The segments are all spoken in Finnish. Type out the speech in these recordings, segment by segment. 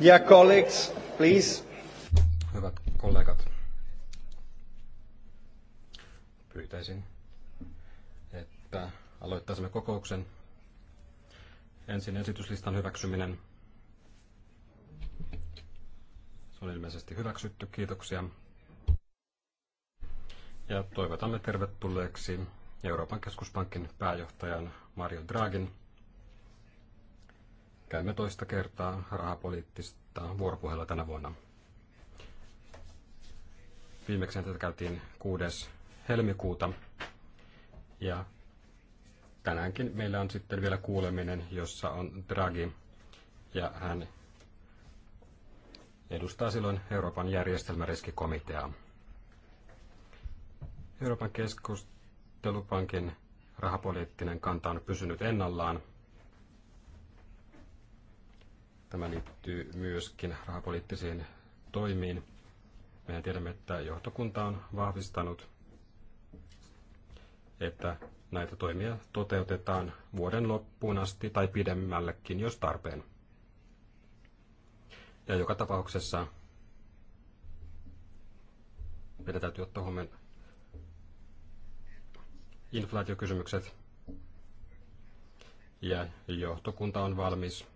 Dear colleagues, please. Hyvät kollegat, pyytäisin, että aloittaisimme kokouksen. Ensin esityslistan hyväksyminen. Se on ilmeisesti hyväksytty, kiitoksia. Ja toivotamme tervetulleeksi Euroopan keskuspankin pääjohtajan Mario Draghin Käymme toista kertaa rahapoliittista vuoropuhelua tänä vuonna. Viimeksi tätä käytiin 6. helmikuuta ja tänäänkin meillä on sitten vielä kuuleminen, jossa on Draghi ja hän edustaa silloin Euroopan järjestelmäriskikomiteaa. Euroopan keskustelupankin rahapoliittinen kanta on pysynyt ennallaan Tämä liittyy myöskin rahapoliittisiin toimiin. Mehän tiedämme, että johtokunta on vahvistanut, että näitä toimia toteutetaan vuoden loppuun asti tai pidemmällekin, jos tarpeen. Ja joka tapauksessa meidän täytyy ottaa huomioon inflaatiokysymykset. Ja johtokunta on valmis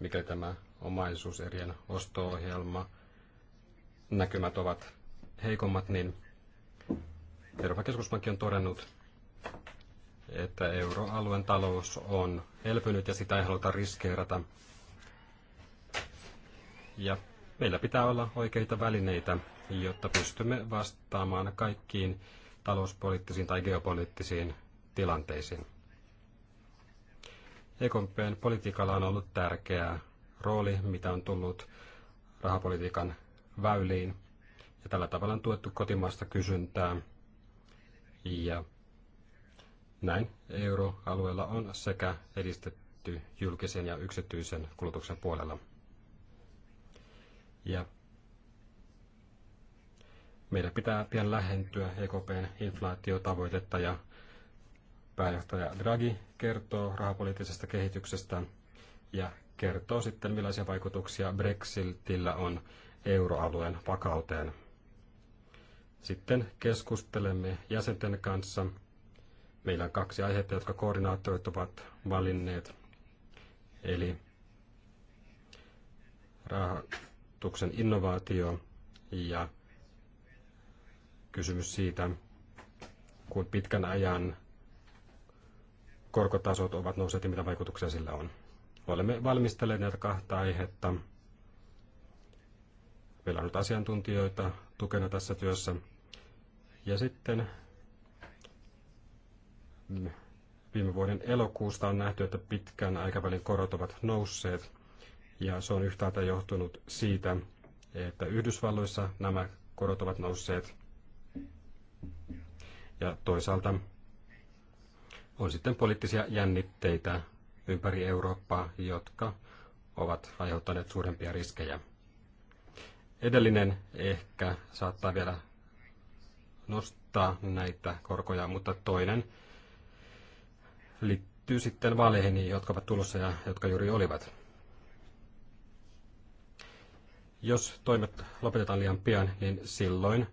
mikä tämä omaisuuserien osto-ohjelma näkymät ovat heikommat, niin Euroopan keskuspankki on todennut, että euroalueen talous on elpynyt ja sitä ei haluta riskeerata. Ja meillä pitää olla oikeita välineitä, jotta pystymme vastaamaan kaikkiin talouspoliittisiin tai geopoliittisiin tilanteisiin. EKPn politiikalla on ollut tärkeä rooli, mitä on tullut rahapolitiikan väyliin. Ja tällä tavalla on tuettu kotimaista kysyntää. Ja näin euroalueella on sekä edistetty julkisen ja yksityisen kulutuksen puolella. Ja meidän pitää pian lähentyä EKPn inflaatiotavoitetta ja Pääjohtaja Draghi kertoo rahapoliittisesta kehityksestä ja kertoo sitten, millaisia vaikutuksia Brexitillä on euroalueen vakauteen. Sitten keskustelemme jäsenten kanssa. Meillä on kaksi aihetta, jotka koordinaattorit ovat valinneet. Eli rahoituksen innovaatio ja kysymys siitä, kun pitkän ajan korkotasot ovat nousseet ja mitä vaikutuksia sillä on. Olemme valmistelleet näitä kahta aihetta. Meillä on nyt asiantuntijoita tukena tässä työssä. Ja sitten viime vuoden elokuusta on nähty, että pitkän aikavälin korot ovat nousseet. Ja se on yhtäältä johtunut siitä, että Yhdysvalloissa nämä korot ovat nousseet. Ja toisaalta on sitten poliittisia jännitteitä ympäri Eurooppaa, jotka ovat aiheuttaneet suurempia riskejä. Edellinen ehkä saattaa vielä nostaa näitä korkoja, mutta toinen liittyy sitten vaaleihin, jotka ovat tulossa ja jotka juuri olivat. Jos toimet lopetetaan liian pian, niin silloin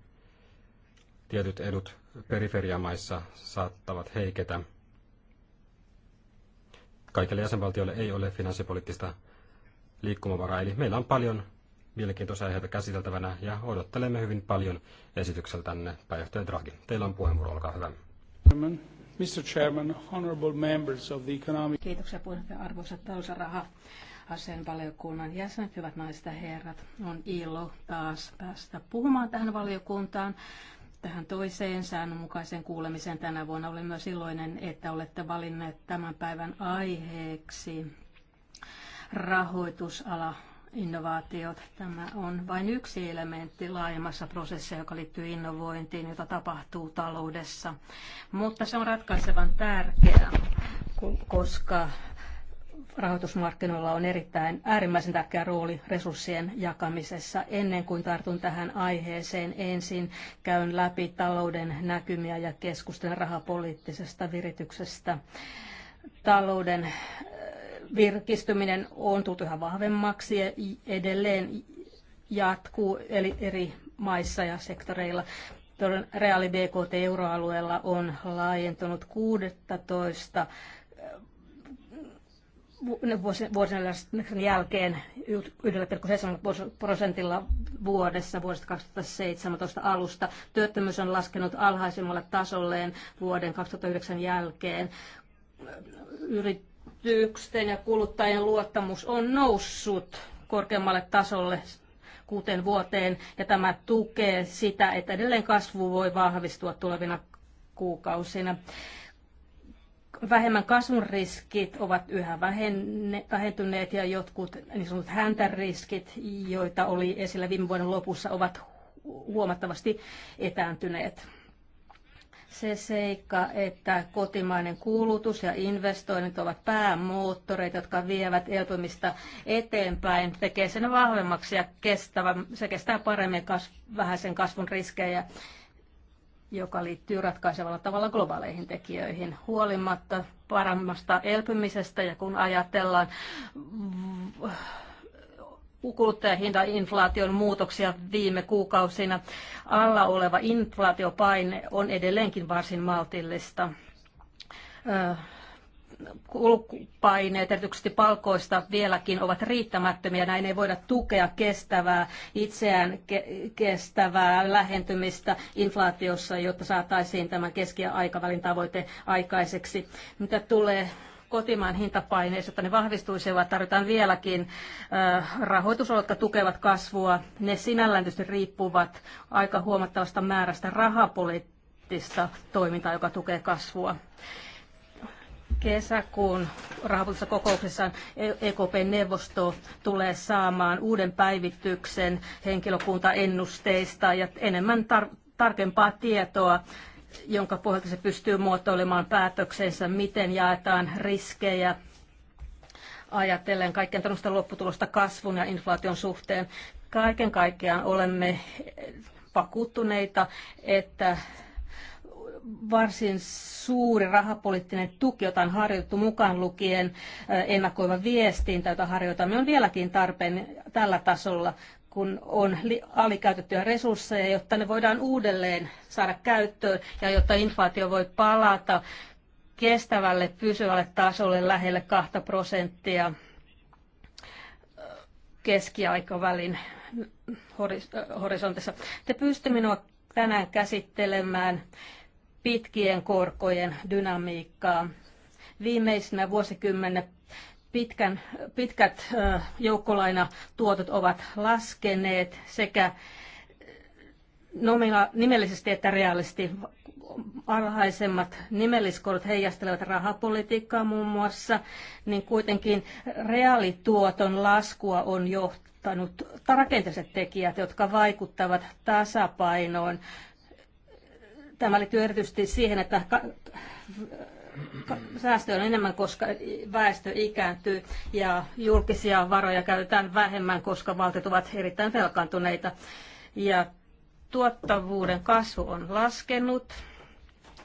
tietyt edut periferiamaissa saattavat heiketä kaikille jäsenvaltioille ei ole finanssipoliittista liikkumavaraa. Eli meillä on paljon mielenkiintoisia aiheita käsiteltävänä ja odottelemme hyvin paljon esitykseltänne pääjohtaja Draghi. Teillä on puheenvuoro, olkaa hyvä. Mr. Chairman, honorable members of the economic... Kiitoksia puheenjohtaja arvoisat talousraha asian valiokunnan jäsenet, hyvät naiset ja herrat. On ilo taas päästä puhumaan tähän valiokuntaan tähän toiseen säännönmukaiseen kuulemiseen tänä vuonna. Olen myös iloinen, että olette valinneet tämän päivän aiheeksi rahoitusala innovaatiot. Tämä on vain yksi elementti laajemmassa prosessissa, joka liittyy innovointiin, jota tapahtuu taloudessa. Mutta se on ratkaisevan tärkeää, koska rahoitusmarkkinoilla on erittäin äärimmäisen tärkeä rooli resurssien jakamisessa. Ennen kuin tartun tähän aiheeseen, ensin käyn läpi talouden näkymiä ja keskustelen rahapoliittisesta virityksestä. Talouden äh, virkistyminen on tullut yhä vahvemmaksi ja edelleen jatkuu eli eri maissa ja sektoreilla. Reaali BKT euroalueella on laajentunut 16 vuosien jälkeen 1,7 prosentilla vuodessa vuodesta 2017 alusta. Työttömyys on laskenut alhaisimmalle tasolleen vuoden 2009 jälkeen. Yritysten ja kuluttajien luottamus on noussut korkeammalle tasolle kuuteen vuoteen, ja tämä tukee sitä, että edelleen kasvu voi vahvistua tulevina kuukausina vähemmän kasvun riskit ovat yhä vähentyneet ja jotkut niin sanotut häntäriskit, joita oli esillä viime vuoden lopussa, ovat huomattavasti etääntyneet. Se seikka, että kotimainen kulutus ja investoinnit ovat päämoottoreita, jotka vievät elpymistä eteenpäin, tekee sen vahvemmaksi ja kestävä, se kestää paremmin kasv- vähäisen kasvun riskejä joka liittyy ratkaisevalla tavalla globaaleihin tekijöihin. Huolimatta paremmasta elpymisestä ja kun ajatellaan kuluttajahintainflaation muutoksia viime kuukausina, alla oleva inflaatiopaine on edelleenkin varsin maltillista kulupaineet, erityisesti palkoista, vieläkin ovat riittämättömiä. Näin ei voida tukea kestävää, itseään ke- kestävää lähentymistä inflaatiossa, jotta saataisiin tämän keski- ja aikavälin tavoite aikaiseksi. Mitä tulee kotimaan hintapaineissa, jotta ne vahvistuisivat, tarvitaan vieläkin äh, rahoitusolot, jotka tukevat kasvua. Ne sinällään tietysti riippuvat aika huomattavasta määrästä rahapoliittista toimintaa, joka tukee kasvua kesäkuun rahapoliittisessa kokouksessa EKP-neuvosto tulee saamaan uuden päivityksen henkilökuntaennusteista ja enemmän tar- tarkempaa tietoa jonka pohjalta se pystyy muotoilemaan päätöksensä, miten jaetaan riskejä ajatellen kaikkien tämmöistä lopputulosta kasvun ja inflaation suhteen. Kaiken kaikkiaan olemme vakuuttuneita, että varsin suuri rahapoliittinen tuki, jota on harjoitettu mukaan lukien eh, ennakoiva viestiin, jota harjoitamme, on vieläkin tarpeen tällä tasolla, kun on alikäytettyjä resursseja, jotta ne voidaan uudelleen saada käyttöön ja jotta inflaatio voi palata kestävälle pysyvälle tasolle lähelle 2 prosenttia eh, keskiaikavälin eh, horisontissa. Te pystytte minua tänään käsittelemään pitkien korkojen dynamiikkaa. Viimeisenä vuosikymmenen pitkän, pitkät joukkolainatuotot ovat laskeneet sekä nomina, nimellisesti että reaalisti alhaisemmat nimelliskorot heijastelevat rahapolitiikkaa muun muassa, niin kuitenkin reaalituoton laskua on johtanut rakenteelliset tekijät, jotka vaikuttavat tasapainoon Tämä liittyy erityisesti siihen, että säästö on enemmän, koska väestö ikääntyy ja julkisia varoja käytetään vähemmän, koska valtiot ovat erittäin velkaantuneita. Ja tuottavuuden kasvu on laskenut.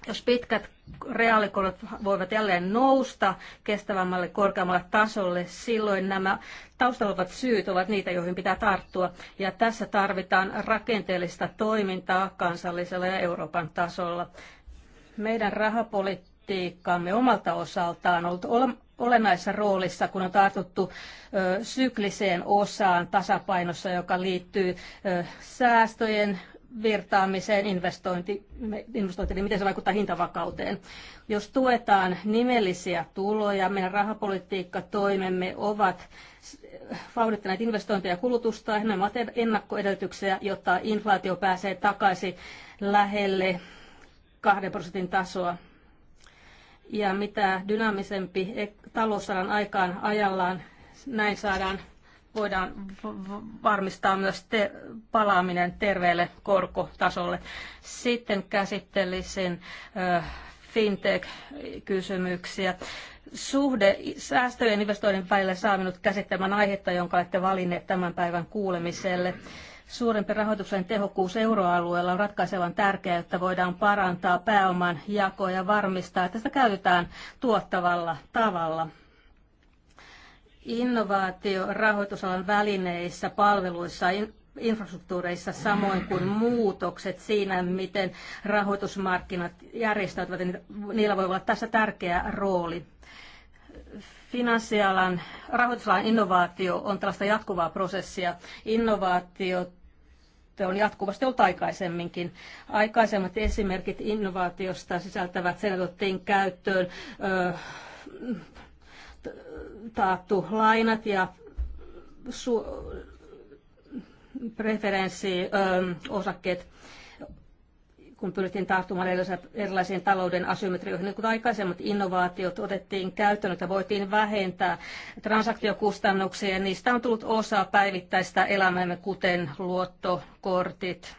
Jos pitkät reaalikorot voivat jälleen nousta kestävämmälle, korkeammalle tasolle, silloin nämä taustalla olevat syyt ovat niitä, joihin pitää tarttua. Ja tässä tarvitaan rakenteellista toimintaa kansallisella ja Euroopan tasolla. Meidän rahapolitiikkaamme omalta osaltaan on ollut olennaisessa roolissa, kun on tartuttu sykliseen osaan tasapainossa, joka liittyy säästöjen virtaamiseen investointi, investointi, eli niin miten se vaikuttaa hintavakauteen. Jos tuetaan nimellisiä tuloja, meidän rahapolitiikka toimemme ovat vauhdittaneet investointeja ja kulutusta, nämä ovat ennakkoedellytyksiä, jotta inflaatio pääsee takaisin lähelle 2 prosentin tasoa. Ja mitä dynaamisempi e- talous saadaan aikaan ajallaan, näin saadaan voidaan varmistaa myös te- palaaminen terveelle korkotasolle. Sitten käsittelisin ö, äh, fintech-kysymyksiä. Suhde säästöjen ja investoinnin päälle saa minut käsittelemään aihetta, jonka olette valinneet tämän päivän kuulemiselle. Suurempi rahoituksen tehokkuus euroalueella on ratkaisevan tärkeää, että voidaan parantaa pääoman jakoa ja varmistaa, että sitä käytetään tuottavalla tavalla innovaatiorahoitusalan rahoitusalan välineissä, palveluissa, infrastruktuureissa, samoin kuin muutokset siinä, miten rahoitusmarkkinat järjestäytyvät, niin niillä voi olla tässä tärkeä rooli. Finanssialan, rahoitusalan innovaatio on tällaista jatkuvaa prosessia. Innovaatio on jatkuvasti ollut aikaisemminkin. Aikaisemmat esimerkit innovaatiosta sisältävät sen, että otettiin käyttöön ö, taattu lainat ja su- preferenssiosakkeet, kun pyrittiin tarttumaan erilaisiin talouden asymmetrioihin, niin kuin aikaisemmat innovaatiot otettiin käyttöön, että voitiin vähentää transaktiokustannuksia, ja niistä on tullut osa päivittäistä elämäämme, kuten luottokortit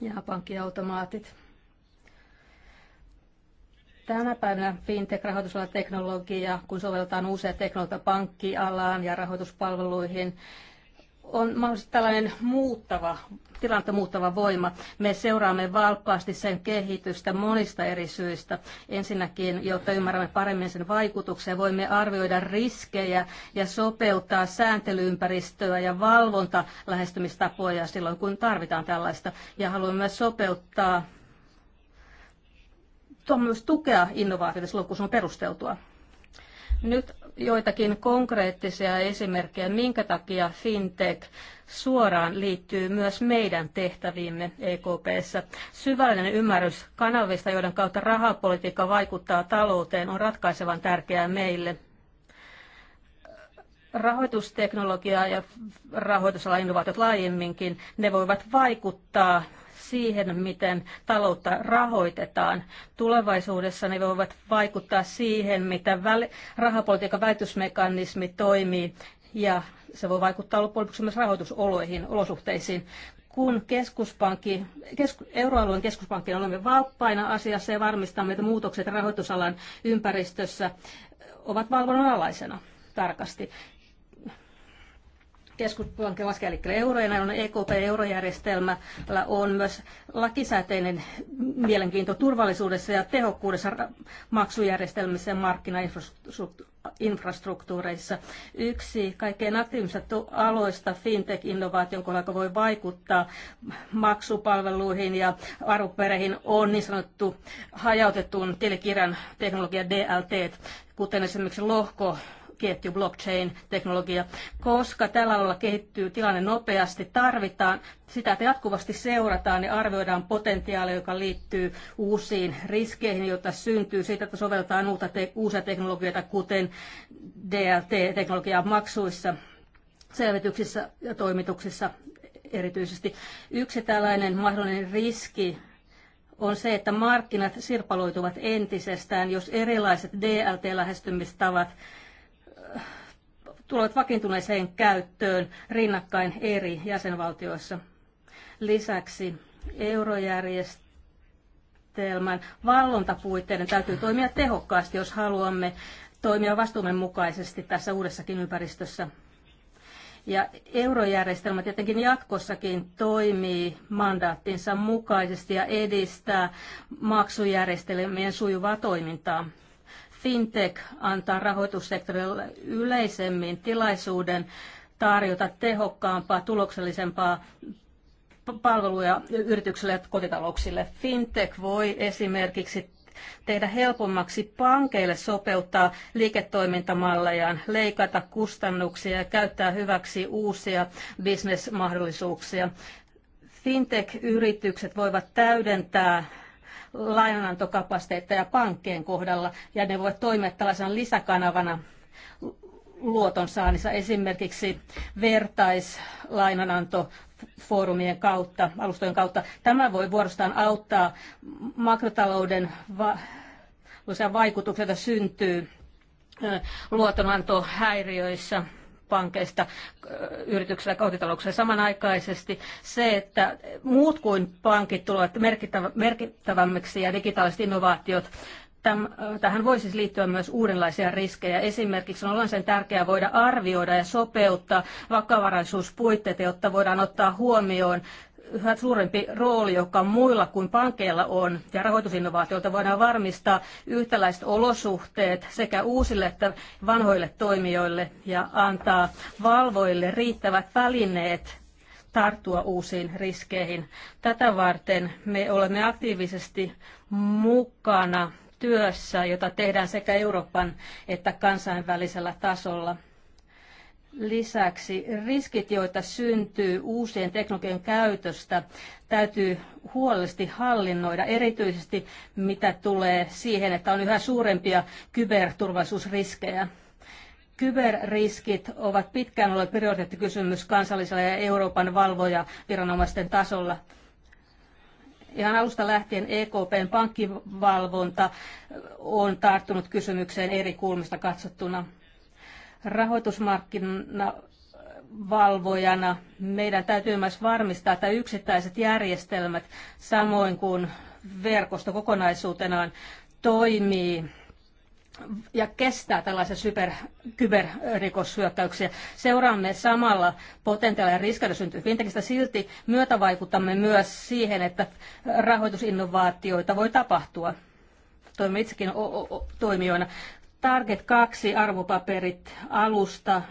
ja pankkiautomaatit. Tänä päivänä fintech-rahoitusalan teknologia, kun sovelletaan uusia teknologioita pankkialaan ja rahoituspalveluihin, on mahdollisesti tällainen muuttava, tilannetta muuttava voima. Me seuraamme valppaasti sen kehitystä monista eri syistä. Ensinnäkin, jotta ymmärrämme paremmin sen vaikutuksia, voimme arvioida riskejä ja sopeuttaa sääntelyympäristöä ja valvonta lähestymistapoja silloin, kun tarvitaan tällaista. Ja haluamme myös sopeuttaa on myös tukea innovaatioita silloin, kun se on perusteltua. Nyt joitakin konkreettisia esimerkkejä, minkä takia fintech suoraan liittyy myös meidän tehtäviimme EKPssä. Syvällinen ymmärrys kanavista, joiden kautta rahapolitiikka vaikuttaa talouteen, on ratkaisevan tärkeää meille. Rahoitusteknologia ja rahoitusalan innovaatiot laajemminkin, ne voivat vaikuttaa siihen, miten taloutta rahoitetaan. Tulevaisuudessa ne voivat vaikuttaa siihen, mitä rahapolitiikan väitysmekanismi toimii ja se voi vaikuttaa loppujen lopuksi myös rahoitusoloihin, olosuhteisiin kun keskuspankki, kesku, euroalueen keskuspankkina olemme valppaina asiassa ja varmistamme, että muutokset rahoitusalan ympäristössä ovat valvonnan alaisena tarkasti keskuspankin laskee eli euroja, näillä on EKP-eurojärjestelmällä on myös lakisääteinen mielenkiinto turvallisuudessa ja tehokkuudessa maksujärjestelmissä ja markkinainfrastruktuureissa. Yksi kaikkein aktiivisista aloista fintech-innovaation kohdalla, voi vaikuttaa maksupalveluihin ja arvopereihin, on niin sanottu hajautetun tilikirjan teknologia DLT, kuten esimerkiksi lohko ketju blockchain-teknologia. Koska tällä alalla kehittyy tilanne nopeasti, tarvitaan sitä, että jatkuvasti seurataan ja arvioidaan potentiaalia, joka liittyy uusiin riskeihin, joita syntyy siitä, että sovelletaan uutta te- uusia teknologioita, kuten DLT-teknologiaa maksuissa, selvityksissä ja toimituksissa erityisesti. Yksi tällainen mahdollinen riski on se, että markkinat sirpaloituvat entisestään, jos erilaiset DLT-lähestymistavat tulevat vakiintuneeseen käyttöön rinnakkain eri jäsenvaltioissa. Lisäksi eurojärjestelmän valvontapuitteiden täytyy toimia tehokkaasti, jos haluamme toimia vastuumme mukaisesti tässä uudessakin ympäristössä. Ja eurojärjestelmä tietenkin jatkossakin toimii mandaattinsa mukaisesti ja edistää maksujärjestelmien sujuvaa toimintaa. FinTech antaa rahoitussektorille yleisemmin tilaisuuden tarjota tehokkaampaa, tuloksellisempaa palveluja yrityksille ja kotitalouksille. FinTech voi esimerkiksi tehdä helpommaksi pankeille sopeuttaa liiketoimintamallejaan, leikata kustannuksia ja käyttää hyväksi uusia bisnesmahdollisuuksia. Fintech-yritykset voivat täydentää ja pankkien kohdalla, ja ne voivat toimia tällaisena lisäkanavana luoton saannissa esimerkiksi vertaislainananto foorumien kautta, alustojen kautta. Tämä voi vuorostaan auttaa makrotalouden va- vaikutuksia, joita syntyy luotonantohäiriöissä pankeista yrityksillä ja kotitalouksilla samanaikaisesti. Se, että muut kuin pankit tulevat merkittävämmiksi ja digitaaliset innovaatiot Täm, tähän voi siis liittyä myös uudenlaisia riskejä. Esimerkiksi on sen tärkeää voida arvioida ja sopeuttaa vakavaraisuuspuitteita, jotta voidaan ottaa huomioon yhä suurempi rooli, joka muilla kuin pankeilla on, ja rahoitusinnovaatioilta voidaan varmistaa yhtäläiset olosuhteet sekä uusille että vanhoille toimijoille ja antaa valvoille riittävät välineet tarttua uusiin riskeihin. Tätä varten me olemme aktiivisesti mukana työssä, jota tehdään sekä Euroopan että kansainvälisellä tasolla – Lisäksi riskit, joita syntyy uusien teknologian käytöstä, täytyy huolellisesti hallinnoida, erityisesti mitä tulee siihen, että on yhä suurempia kyberturvallisuusriskejä. Kyberriskit ovat pitkään olleet prioriteettikysymys kansallisella ja Euroopan valvoja viranomaisten tasolla. Ihan alusta lähtien EKPn pankkivalvonta on tarttunut kysymykseen eri kulmista katsottuna rahoitusmarkkinavalvojana valvojana meidän täytyy myös varmistaa, että yksittäiset järjestelmät samoin kuin verkosto kokonaisuutenaan toimii ja kestää tällaisia super kyberrikoshyökkäyksiä. Seuraamme samalla potentiaalia riskejä syntyy fintechistä. Silti myötävaikutamme myös siihen, että rahoitusinnovaatioita voi tapahtua. Toimimme itsekin o- o- toimijoina. Target 2 arvopaperit alusta,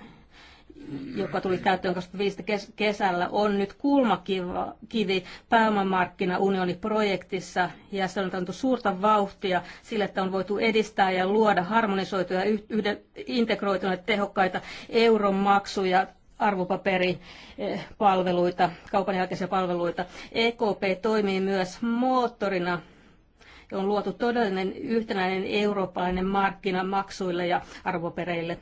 joka tuli käyttöön 2005 kesällä, on nyt kulmakivi pääomamarkkinaunioniprojektissa ja se on antanut suurta vauhtia sille, että on voitu edistää ja luoda harmonisoituja, yhden, integroituneita, tehokkaita euromaksuja arvopaperipalveluita, eh, kaupan jälkeisiä palveluita. EKP toimii myös moottorina on luotu todellinen yhtenäinen eurooppalainen markkina maksuille ja arvopereille.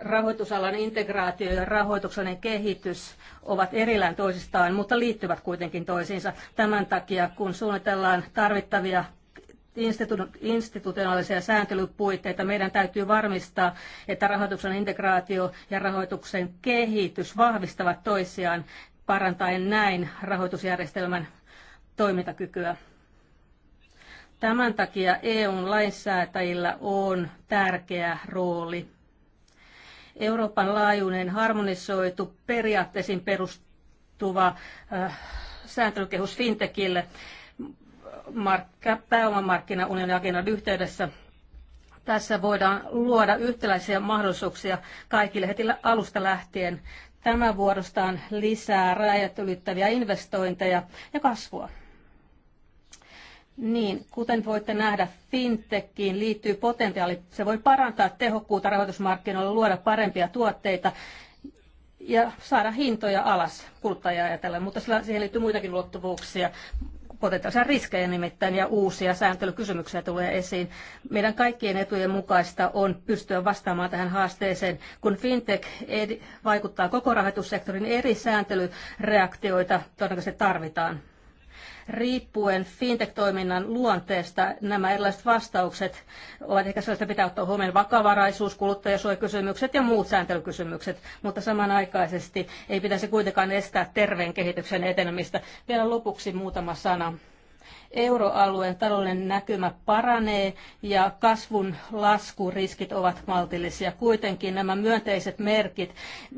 Rahoitusalan integraatio ja rahoituksen kehitys ovat erillään toisistaan, mutta liittyvät kuitenkin toisiinsa. Tämän takia, kun suunnitellaan tarvittavia institutionaalisia sääntelypuitteita. Meidän täytyy varmistaa, että rahoituksen integraatio ja rahoituksen kehitys vahvistavat toisiaan parantaen näin rahoitusjärjestelmän toimintakykyä. Tämän takia EUn lainsäätäjillä on tärkeä rooli. Euroopan laajuinen harmonisoitu periaatteisiin perustuva äh, sääntelykehus fintechille mark- pääomamarkkinaunionin agendan yhteydessä. Tässä voidaan luoda yhtäläisiä mahdollisuuksia kaikille heti alusta lähtien. Tämä vuorostaan lisää rajat ylittäviä investointeja ja kasvua. Niin, kuten voitte nähdä, fintechiin liittyy potentiaali. Se voi parantaa tehokkuutta rahoitusmarkkinoilla, luoda parempia tuotteita ja saada hintoja alas kuluttajia ajatellen, mutta siihen liittyy muitakin luottuvuuksia, potentiaalisia riskejä nimittäin ja uusia sääntelykysymyksiä tulee esiin. Meidän kaikkien etujen mukaista on pystyä vastaamaan tähän haasteeseen, kun fintech vaikuttaa koko rahoitussektorin eri sääntelyreaktioita todennäköisesti tarvitaan riippuen fintech-toiminnan luonteesta nämä erilaiset vastaukset ovat ehkä sellaista, pitää ottaa huomioon vakavaraisuus, kuluttajasuojakysymykset ja muut sääntelykysymykset, mutta samanaikaisesti ei pitäisi kuitenkaan estää terveen kehityksen etenemistä. Vielä lopuksi muutama sana euroalueen talouden näkymä paranee ja kasvun laskuriskit ovat maltillisia. Kuitenkin nämä myönteiset merkit,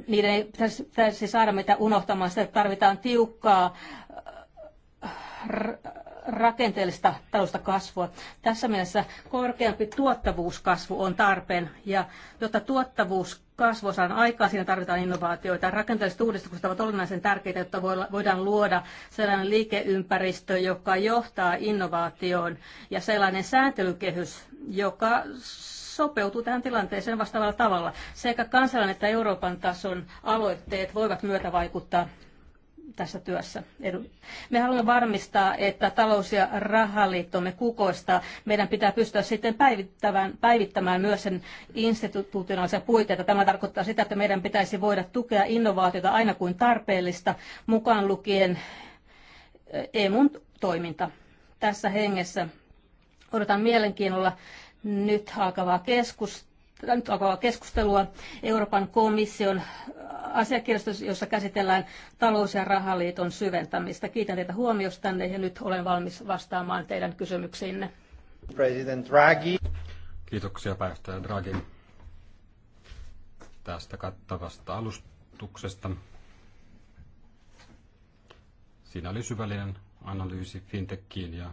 niiden ei pitäisi saada mitä unohtamaan. Sitä tarvitaan tiukkaa rakenteellista talousta kasvua. Tässä mielessä korkeampi tuottavuuskasvu on tarpeen ja jotta tuottavuus kasvua saadaan aikaan, siinä tarvitaan innovaatioita. Rakenteelliset uudistukset ovat olennaisen tärkeitä, jotta voidaan luoda sellainen liikeympäristö, joka johtaa innovaatioon ja sellainen sääntelykehys, joka sopeutuu tähän tilanteeseen vastaavalla tavalla. Sekä kansallinen että Euroopan tason aloitteet voivat myötävaikuttaa tässä työssä. Me haluamme varmistaa, että talous- ja rahaliittomme kukoistaa. Meidän pitää pystyä sitten päivittämään, päivittämään myös sen institutionaalisia puitteita. Tämä tarkoittaa sitä, että meidän pitäisi voida tukea innovaatiota aina kuin tarpeellista, mukaan lukien eh, EMUn toiminta. Tässä hengessä odotan mielenkiinnolla nyt alkavaa keskustelua nyt alkaa keskustelua Euroopan komission asiakirjasta, jossa käsitellään talous- ja rahaliiton syventämistä. Kiitän teitä huomiostanne ja nyt olen valmis vastaamaan teidän kysymyksiinne. President Draghi. Kiitoksia pääjohtaja Draghi tästä kattavasta alustuksesta. Siinä oli syvällinen analyysi fintechiin ja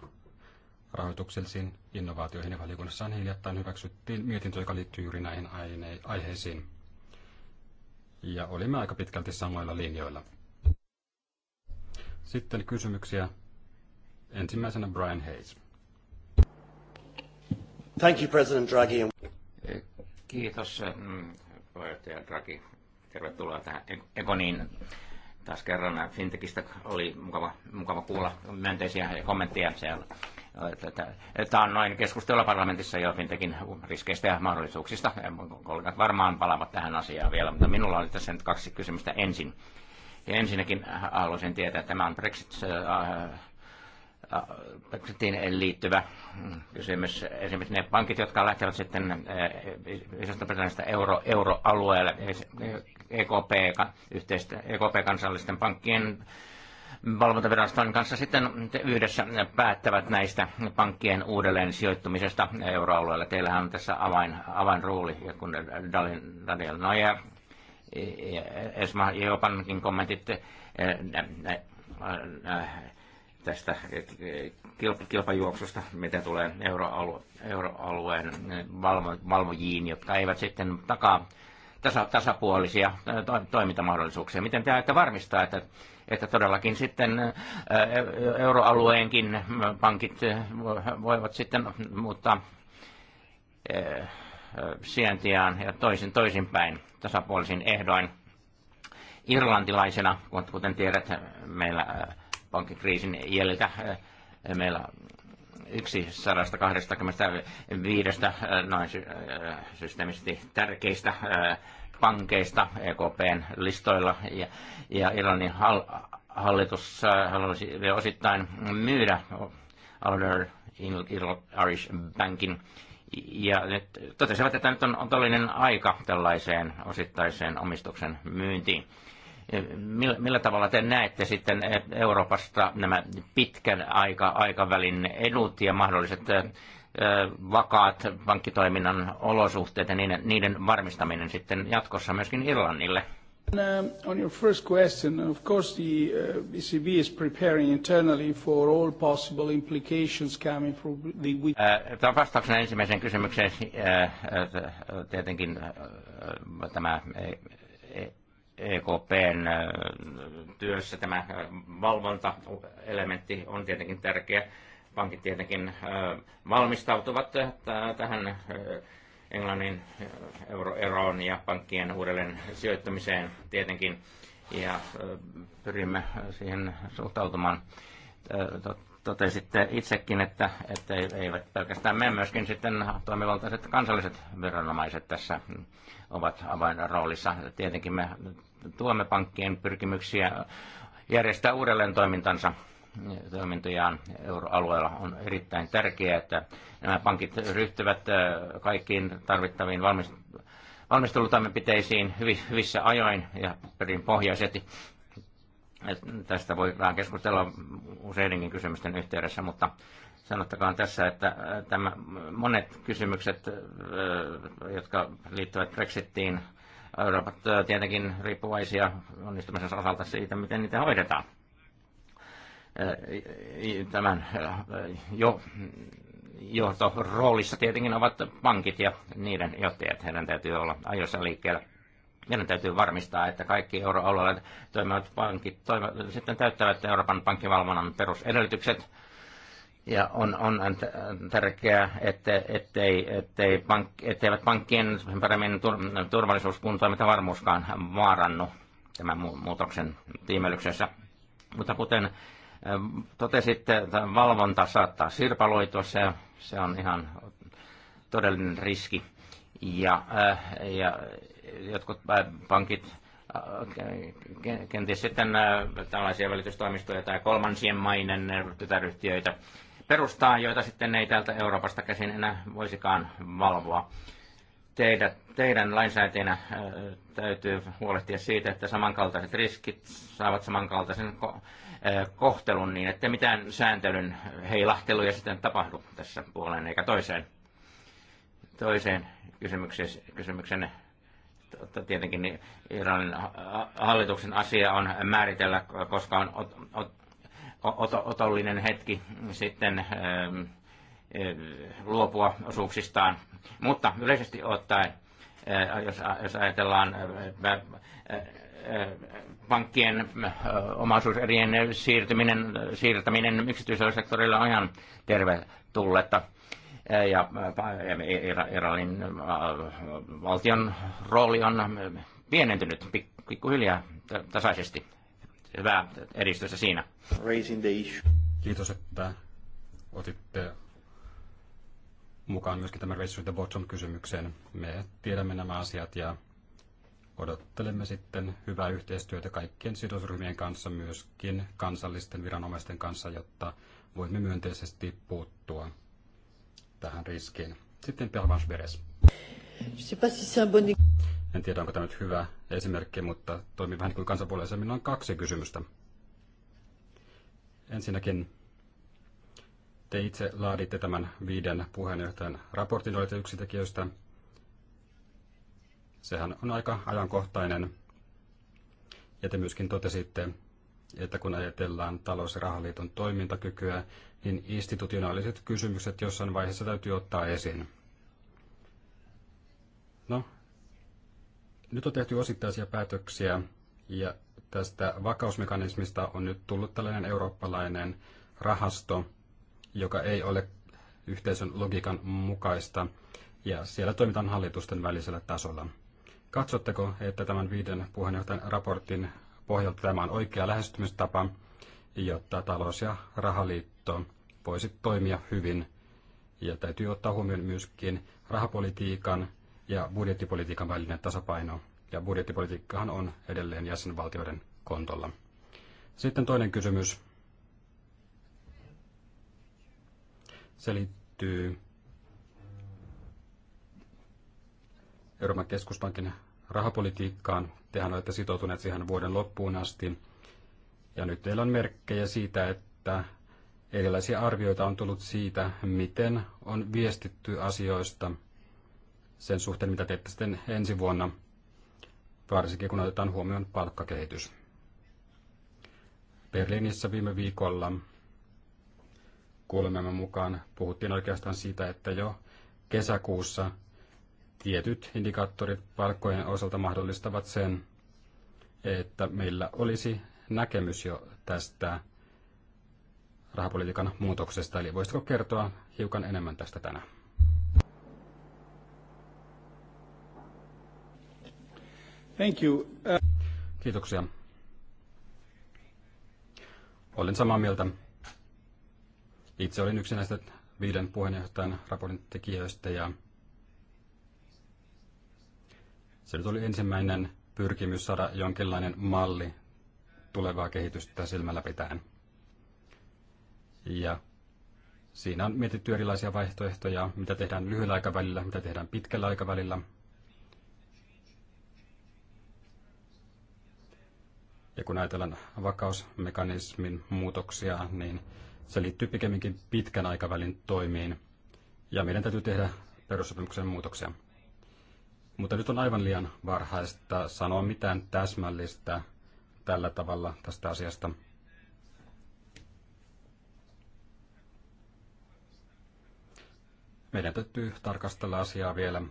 rahoituksellisiin innovaatioihin ja valiokunnassaan hiljattain hyväksyttiin mietintö, joka liittyy juuri näihin aine- aiheisiin. Ja olimme aika pitkälti samoilla linjoilla. Sitten kysymyksiä. Ensimmäisenä Brian Hayes. Thank you, President Draghi. Kiitos, eh, puheenjohtaja Draghi. Tervetuloa tähän Ekoniin. Taas kerran eh, Fintechistä oli mukava, mukava kuulla myönteisiä kommentteja. Siellä Tämä on noin keskustella parlamentissa jo fintekin riskeistä ja mahdollisuuksista. Kollegat varmaan palaavat tähän asiaan vielä, mutta minulla oli tässä nyt kaksi kysymystä ensin. Ja ensinnäkin haluaisin tietää, että tämä on Brexit, äh, äh, Brexitiin liittyvä mm, kysymys. Esimerkiksi ne pankit, jotka lähtevät sitten äh, isosta britannista euro, euroalueelle, EKP, e yhteistä, EKP kansallisten pankkien valvontaviraston kanssa sitten yhdessä päättävät näistä pankkien uudelleen sijoittumisesta euroalueella Teillähän on tässä avain, avainrooli, ja kun Daniel Neuer, Esma Jopankin kommentit eh, eh, eh, tästä kilpajuoksusta, mitä tulee euroalue, euroalueen valvo, valvojiin, jotka eivät sitten takaa tasa, tasapuolisia toimintamahdollisuuksia. Miten te ajatte varmistaa, että että todellakin sitten euroalueenkin pankit voivat sitten muuttaa sijaintiaan ja toisin toisinpäin tasapuolisin ehdoin. Irlantilaisena, kuten tiedät, meillä pankkikriisin jäljiltä meillä yksi 125 noin systeemisesti tärkeistä pankeista EKPn listoilla ja, ja Irlannin hal, hallitus äh, halusi vielä osittain myydä Outer Irish Bankin. Ja nyt totesivat, että nyt on, on todellinen aika tällaiseen osittaiseen omistuksen myyntiin. Millä, millä tavalla te näette sitten Euroopasta nämä pitkän aika, aikavälin edut ja mahdolliset äh, vakaat pankkitoiminnan olosuhteet ja niiden, niiden varmistaminen sitten jatkossa myöskin Irlannille. And, uh, On your first question, of course, the uh, ECB is preparing internally for all possible implications coming from the. Uh, Vastauksena ensimmäiseen kysymykseen uh, tietenkin uh, tämä EKPn e, e uh, työssä tämä valvontaelementti on tietenkin tärkeä Uh, pankit tietenkin valmistautuvat tähän Englannin euroeroon ja pankkien uudelleen sijoittamiseen tietenkin. Ja pyrimme siihen suhtautumaan. Totesitte itsekin, että, että eivät pelkästään me, myöskin sitten toimivaltaiset kansalliset viranomaiset tässä ovat avainroolissa. Tietenkin me tuomme pankkien pyrkimyksiä järjestää uudelleen toimintansa toimintojaan euroalueella. On erittäin tärkeää, että nämä pankit ryhtyvät äh, kaikkiin tarvittaviin valmistelutoimenpiteisiin hyvissä ajoin ja perinpohjaisesti. Tästä voi vähän keskustella useidenkin kysymysten yhteydessä, mutta sanottakaan tässä, että äh, tämä, monet kysymykset, äh, jotka liittyvät Brexittiin, Euroopat tietenkin riippuvaisia onnistumisen osalta siitä, miten niitä hoidetaan tämän jo johtoroolissa tietenkin ovat pankit ja niiden johtajat. Heidän täytyy olla ajoissa liikkeellä. Meidän täytyy varmistaa, että kaikki euroalueella toimivat pankit toimivat, sitten täyttävät Euroopan pankkivalvonnan perusedellytykset. Ja on, on tärkeää, että, ettei, ettei pank, etteivät pankkien paremmin turvallisuus kuin varmuuskaan vaarannu tämän muutoksen tiimelyksessä. Mutta kuten Totesitte, että valvonta saattaa sirpaloitua, se, se on ihan todellinen riski. Ja, äh, ja jotkut äh, pankit äh, kenties sitten tällaisia välitystoimistoja tai kolmansien mainen tytäryhtiöitä perustaa, joita sitten ei täältä Euroopasta käsin enää voisikaan valvoa. teidän teidän lainsäätäjänä täytyy huolehtia siitä, että samankaltaiset riskit saavat samankaltaisen kohtelun niin, että mitään sääntelyn heilahteluja sitten tapahdu tässä puoleen eikä toiseen. Toiseen kysymykseen, kysymykseen tietenkin niin Iranin hallituksen asia on määritellä, koska on ot, ot, ot, otollinen hetki sitten ähm, äh, luopua osuuksistaan. Mutta yleisesti ottaen, äh, jos, jos ajatellaan äh, pankkien omaisuuserien siirtyminen, siirtäminen yksityisellä sektorilla on ihan tervetulletta. Ja Iranin valtion rooli on pienentynyt pikkuhiljaa tasaisesti. Hyvää edistystä siinä. Kiitos, että otitte mukaan myöskin tämän Race to the Bottom kysymykseen. Me tiedämme nämä asiat ja odottelemme sitten hyvää yhteistyötä kaikkien sidosryhmien kanssa, myöskin kansallisten viranomaisten kanssa, jotta voimme myönteisesti puuttua tähän riskiin. Sitten Pelvans Beres. En tiedä, onko tämä nyt hyvä esimerkki, mutta toimi vähän niin kuin kansanpuolueessa. Minulla on kaksi kysymystä. Ensinnäkin te itse laaditte tämän viiden puheenjohtajan raportin, olette yksi tekijöistä – Sehän on aika ajankohtainen. Ja te myöskin totesitte, että kun ajatellaan talous- ja rahaliiton toimintakykyä, niin institutionaaliset kysymykset jossain vaiheessa täytyy ottaa esiin. No, nyt on tehty osittaisia päätöksiä ja tästä vakausmekanismista on nyt tullut tällainen eurooppalainen rahasto, joka ei ole yhteisön logiikan mukaista ja siellä toimitaan hallitusten välisellä tasolla. Katsotteko, että tämän viiden puheenjohtajan raportin pohjalta tämä on oikea lähestymistapa, jotta talous- ja rahaliitto voisi toimia hyvin? Ja täytyy ottaa huomioon myöskin rahapolitiikan ja budjettipolitiikan välinen tasapaino. Ja budjettipolitiikkahan on edelleen jäsenvaltioiden kontolla. Sitten toinen kysymys. Se liittyy Euroopan keskuspankin rahapolitiikkaan. Tehän olette sitoutuneet siihen vuoden loppuun asti. Ja nyt teillä on merkkejä siitä, että erilaisia arvioita on tullut siitä, miten on viestitty asioista sen suhteen, mitä teette sitten ensi vuonna, varsinkin kun otetaan huomioon palkkakehitys. Berliinissä viime viikolla kuulemme mukaan puhuttiin oikeastaan siitä, että jo kesäkuussa – tietyt indikaattorit palkkojen osalta mahdollistavat sen, että meillä olisi näkemys jo tästä rahapolitiikan muutoksesta. Eli voisitko kertoa hiukan enemmän tästä tänään? Thank you. Uh- Kiitoksia. Olen samaa mieltä. Itse olin yksi näistä viiden puheenjohtajan raportin tekijöistä ja se nyt oli ensimmäinen pyrkimys saada jonkinlainen malli tulevaa kehitystä silmällä pitäen. Ja siinä on mietitty erilaisia vaihtoehtoja, mitä tehdään lyhyellä aikavälillä, mitä tehdään pitkällä aikavälillä. Ja kun ajatellaan vakausmekanismin muutoksia, niin se liittyy pikemminkin pitkän aikavälin toimiin. Ja meidän täytyy tehdä perussopimuksen muutoksia. Mutta nyt on aivan liian varhaista sanoa mitään täsmällistä tällä tavalla tästä asiasta. Meidän täytyy tarkastella asiaa vielä.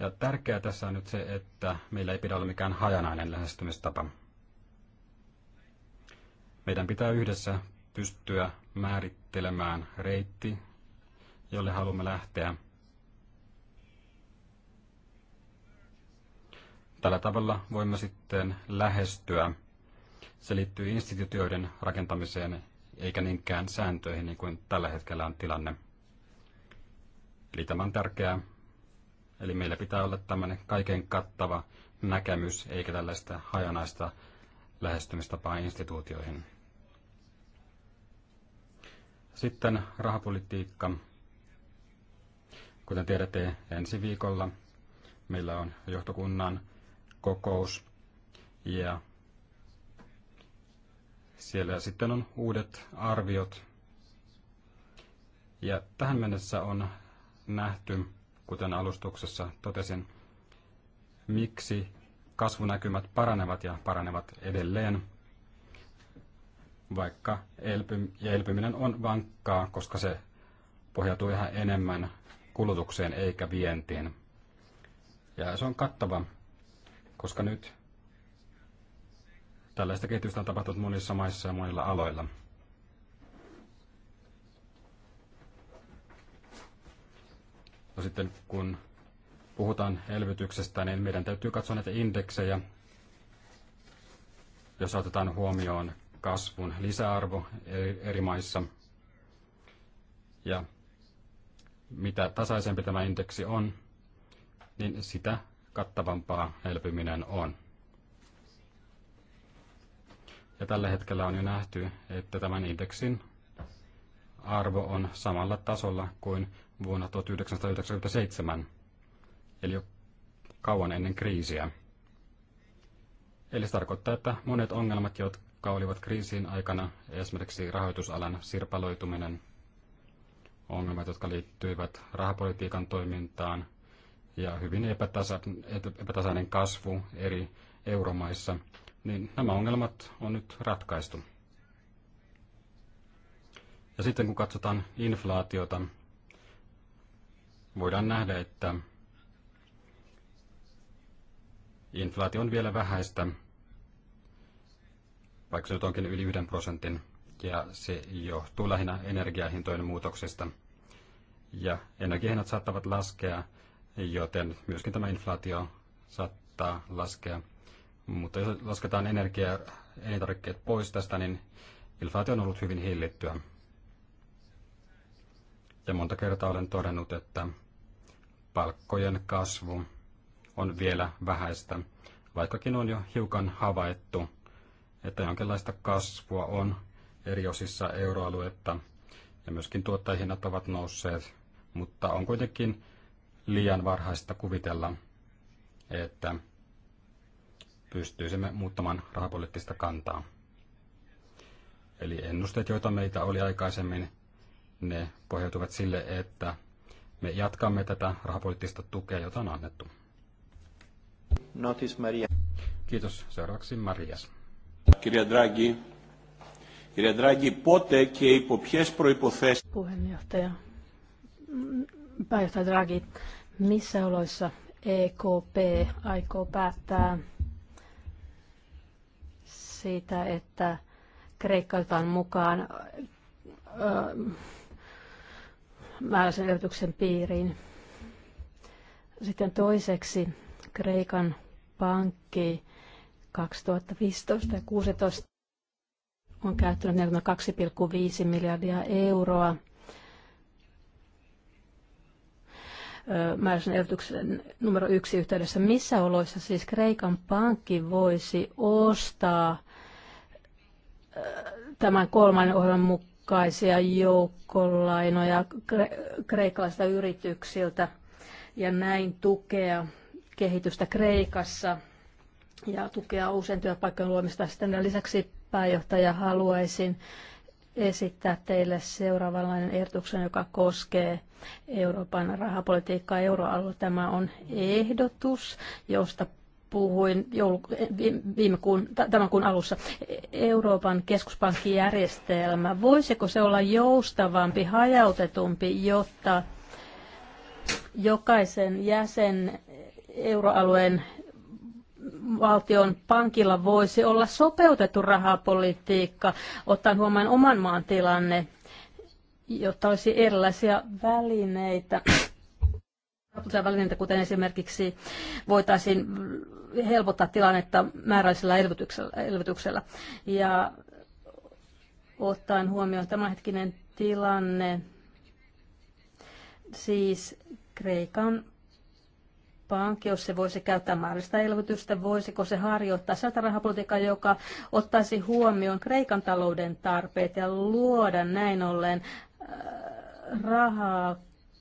Ja tärkeää tässä on nyt se, että meillä ei pidä olla mikään hajanainen lähestymistapa. Meidän pitää yhdessä pystyä määrittelemään reitti, jolle haluamme lähteä – Tällä tavalla voimme sitten lähestyä. Se liittyy instituutioiden rakentamiseen eikä niinkään sääntöihin, niin kuin tällä hetkellä on tilanne. Eli tämä on tärkeää. Eli meillä pitää olla tämmöinen kaiken kattava näkemys, eikä tällaista hajanaista lähestymistapaa instituutioihin. Sitten rahapolitiikka. Kuten tiedätte, ensi viikolla meillä on johtokunnan kokous. Ja siellä sitten on uudet arviot. Ja tähän mennessä on nähty, kuten alustuksessa totesin, miksi kasvunäkymät paranevat ja paranevat edelleen, vaikka elpy- ja elpyminen on vankkaa, koska se pohjautuu ihan enemmän kulutukseen eikä vientiin. Ja se on kattava koska nyt tällaista kehitystä on tapahtunut monissa maissa ja monilla aloilla. No sitten kun puhutaan elvytyksestä, niin meidän täytyy katsoa näitä indeksejä, jos otetaan huomioon kasvun lisäarvo eri maissa ja mitä tasaisempi tämä indeksi on, niin sitä kattavampaa elpyminen on. Ja tällä hetkellä on jo nähty, että tämän indeksin arvo on samalla tasolla kuin vuonna 1997, eli jo kauan ennen kriisiä. Eli se tarkoittaa, että monet ongelmat, jotka olivat kriisin aikana, esimerkiksi rahoitusalan sirpaloituminen, ongelmat, jotka liittyivät rahapolitiikan toimintaan, ja hyvin epätasa, epätasainen kasvu eri euromaissa, niin nämä ongelmat on nyt ratkaistu. Ja sitten kun katsotaan inflaatiota, voidaan nähdä, että inflaatio on vielä vähäistä, vaikka se nyt onkin yli yhden prosentin, ja se johtuu lähinnä energiahintojen muutoksista. Ja energiahinnat saattavat laskea joten myöskin tämä inflaatio saattaa laskea. Mutta jos lasketaan energia ja elintarvikkeet pois tästä, niin inflaatio on ollut hyvin hillittyä. Ja monta kertaa olen todennut, että palkkojen kasvu on vielä vähäistä, vaikkakin on jo hiukan havaittu, että jonkinlaista kasvua on eri osissa euroaluetta ja myöskin tuottajahinnat ovat nousseet, mutta on kuitenkin liian varhaista kuvitella, että pystyisimme muuttamaan rahapoliittista kantaa. Eli ennusteet, joita meitä oli aikaisemmin, ne pohjautuvat sille, että me jatkamme tätä rahapoliittista tukea, jota on annettu. Notis Maria. Kiitos. Seuraavaksi Marias. Kirja Draghi. Kirja Draghi, pote και υπό ποιες Puheenjohtaja pääjohtaja Draghi, missä oloissa EKP aikoo päättää siitä, että Kreikka otetaan mukaan öö, määräisen elvytyksen piiriin. Sitten toiseksi Kreikan pankki 2015 ja 2016 on käyttänyt 42,5 miljardia euroa määräisen ehdotuksen numero yksi yhteydessä. Missä oloissa siis Kreikan pankki voisi ostaa äh, tämän kolmannen ohjelman mukaisia joukkolainoja kreikkalaisilta yrityksiltä ja näin tukea kehitystä Kreikassa ja tukea uusien työpaikkojen luomista. Sitten lisäksi pääjohtaja haluaisin esittää teille seuraavanlainen ehdotuksen, joka koskee Euroopan rahapolitiikkaa euroalue. Tämä on ehdotus, josta puhuin joulu- viime kuun, tämän kuun alussa. Euroopan keskuspankkijärjestelmä, voisiko se olla joustavampi, hajautetumpi, jotta jokaisen jäsen euroalueen valtion pankilla voisi olla sopeutettu rahapolitiikka, ottaen huomioon oman maan tilanne jotta olisi erilaisia välineitä, välineitä, kuten esimerkiksi voitaisiin helpottaa tilannetta määräisellä elvytyksellä, elvytyksellä. Ja ottaen huomioon tämänhetkinen tilanne, siis Kreikan pankki, jos se voisi käyttää määräistä elvytystä, voisiko se harjoittaa sieltä rahapolitiikkaa, joka ottaisi huomioon Kreikan talouden tarpeet ja luoda näin ollen Äh, rahaa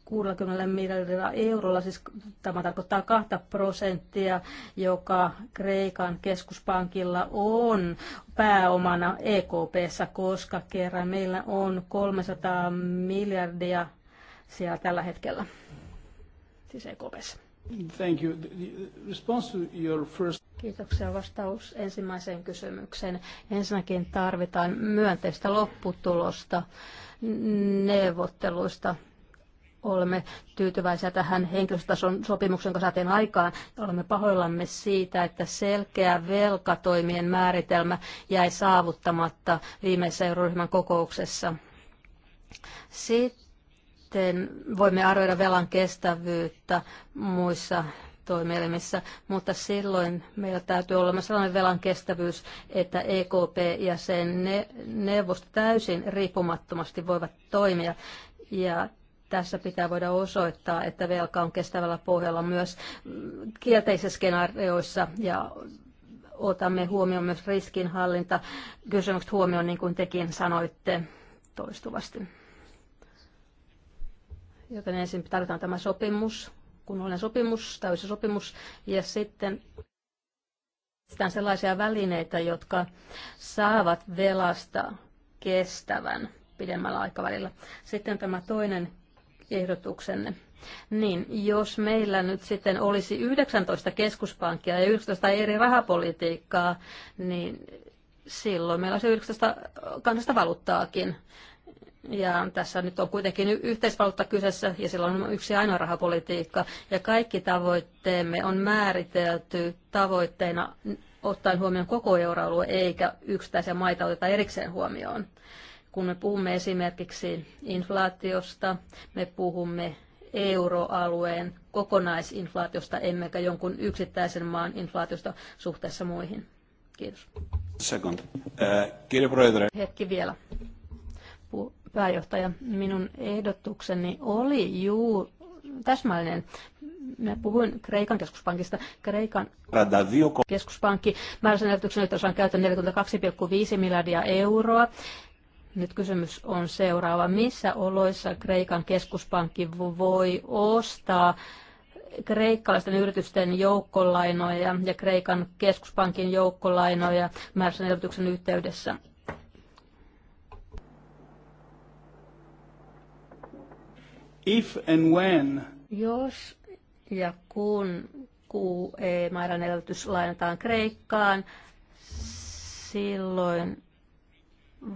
60 miljardilla eurolla, siis tämä tarkoittaa 2 prosenttia, joka Kreikan keskuspankilla on pääomana EKPssä, koska kerran meillä on 300 miljardia siellä tällä hetkellä, siis EKPssä. Thank you. The response to your first... Kiitoksia vastaus ensimmäiseen kysymykseen. Ensinnäkin tarvitaan myönteistä lopputulosta neuvotteluista. Olemme tyytyväisiä tähän henkilöstötason sopimuksen, jonka saatiin aikaan. Olemme pahoillamme siitä, että selkeä velkatoimien määritelmä jäi saavuttamatta viimeisessä euroryhmän kokouksessa. Sitten voimme arvioida velan kestävyyttä muissa toimielimissä, mutta silloin meillä täytyy olla sellainen velan kestävyys, että EKP ja sen ne, neuvosto täysin riippumattomasti voivat toimia. Ja tässä pitää voida osoittaa, että velka on kestävällä pohjalla myös kielteisissä skenaarioissa ja otamme huomioon myös riskinhallinta. Kysymykset huomioon, niin kuin tekin sanoitte toistuvasti. Joten ensin tarvitaan tämä sopimus kunnollinen sopimus, täysi sopimus, ja sitten sellaisia välineitä, jotka saavat velasta kestävän pidemmällä aikavälillä. Sitten tämä toinen ehdotuksenne. Niin, jos meillä nyt sitten olisi 19 keskuspankkia ja 19 eri rahapolitiikkaa, niin silloin meillä olisi 19 kansasta valuuttaakin. Ja tässä nyt on kuitenkin yhteisvaluutta kyseessä ja sillä on yksi ainoa rahapolitiikka. Ja kaikki tavoitteemme on määritelty tavoitteena ottaen huomioon koko euroalue eikä yksittäisiä maita oteta erikseen huomioon. Kun me puhumme esimerkiksi inflaatiosta, me puhumme euroalueen kokonaisinflaatiosta, emmekä jonkun yksittäisen maan inflaatiosta suhteessa muihin. Kiitos. Second. Uh, Hetki vielä. Puh- pääjohtaja, minun ehdotukseni oli juu täsmällinen. Mä puhuin Kreikan keskuspankista. Kreikan keskuspankki määräsen ehdotuksen yhteydessä on käytön 42,5 miljardia euroa. Nyt kysymys on seuraava. Missä oloissa Kreikan keskuspankki voi ostaa kreikkalaisten yritysten joukkolainoja ja Kreikan keskuspankin joukkolainoja määräisen ehdotuksen yhteydessä? If and when. Jos ja kun QE-määrän elvytys lainataan Kreikkaan, silloin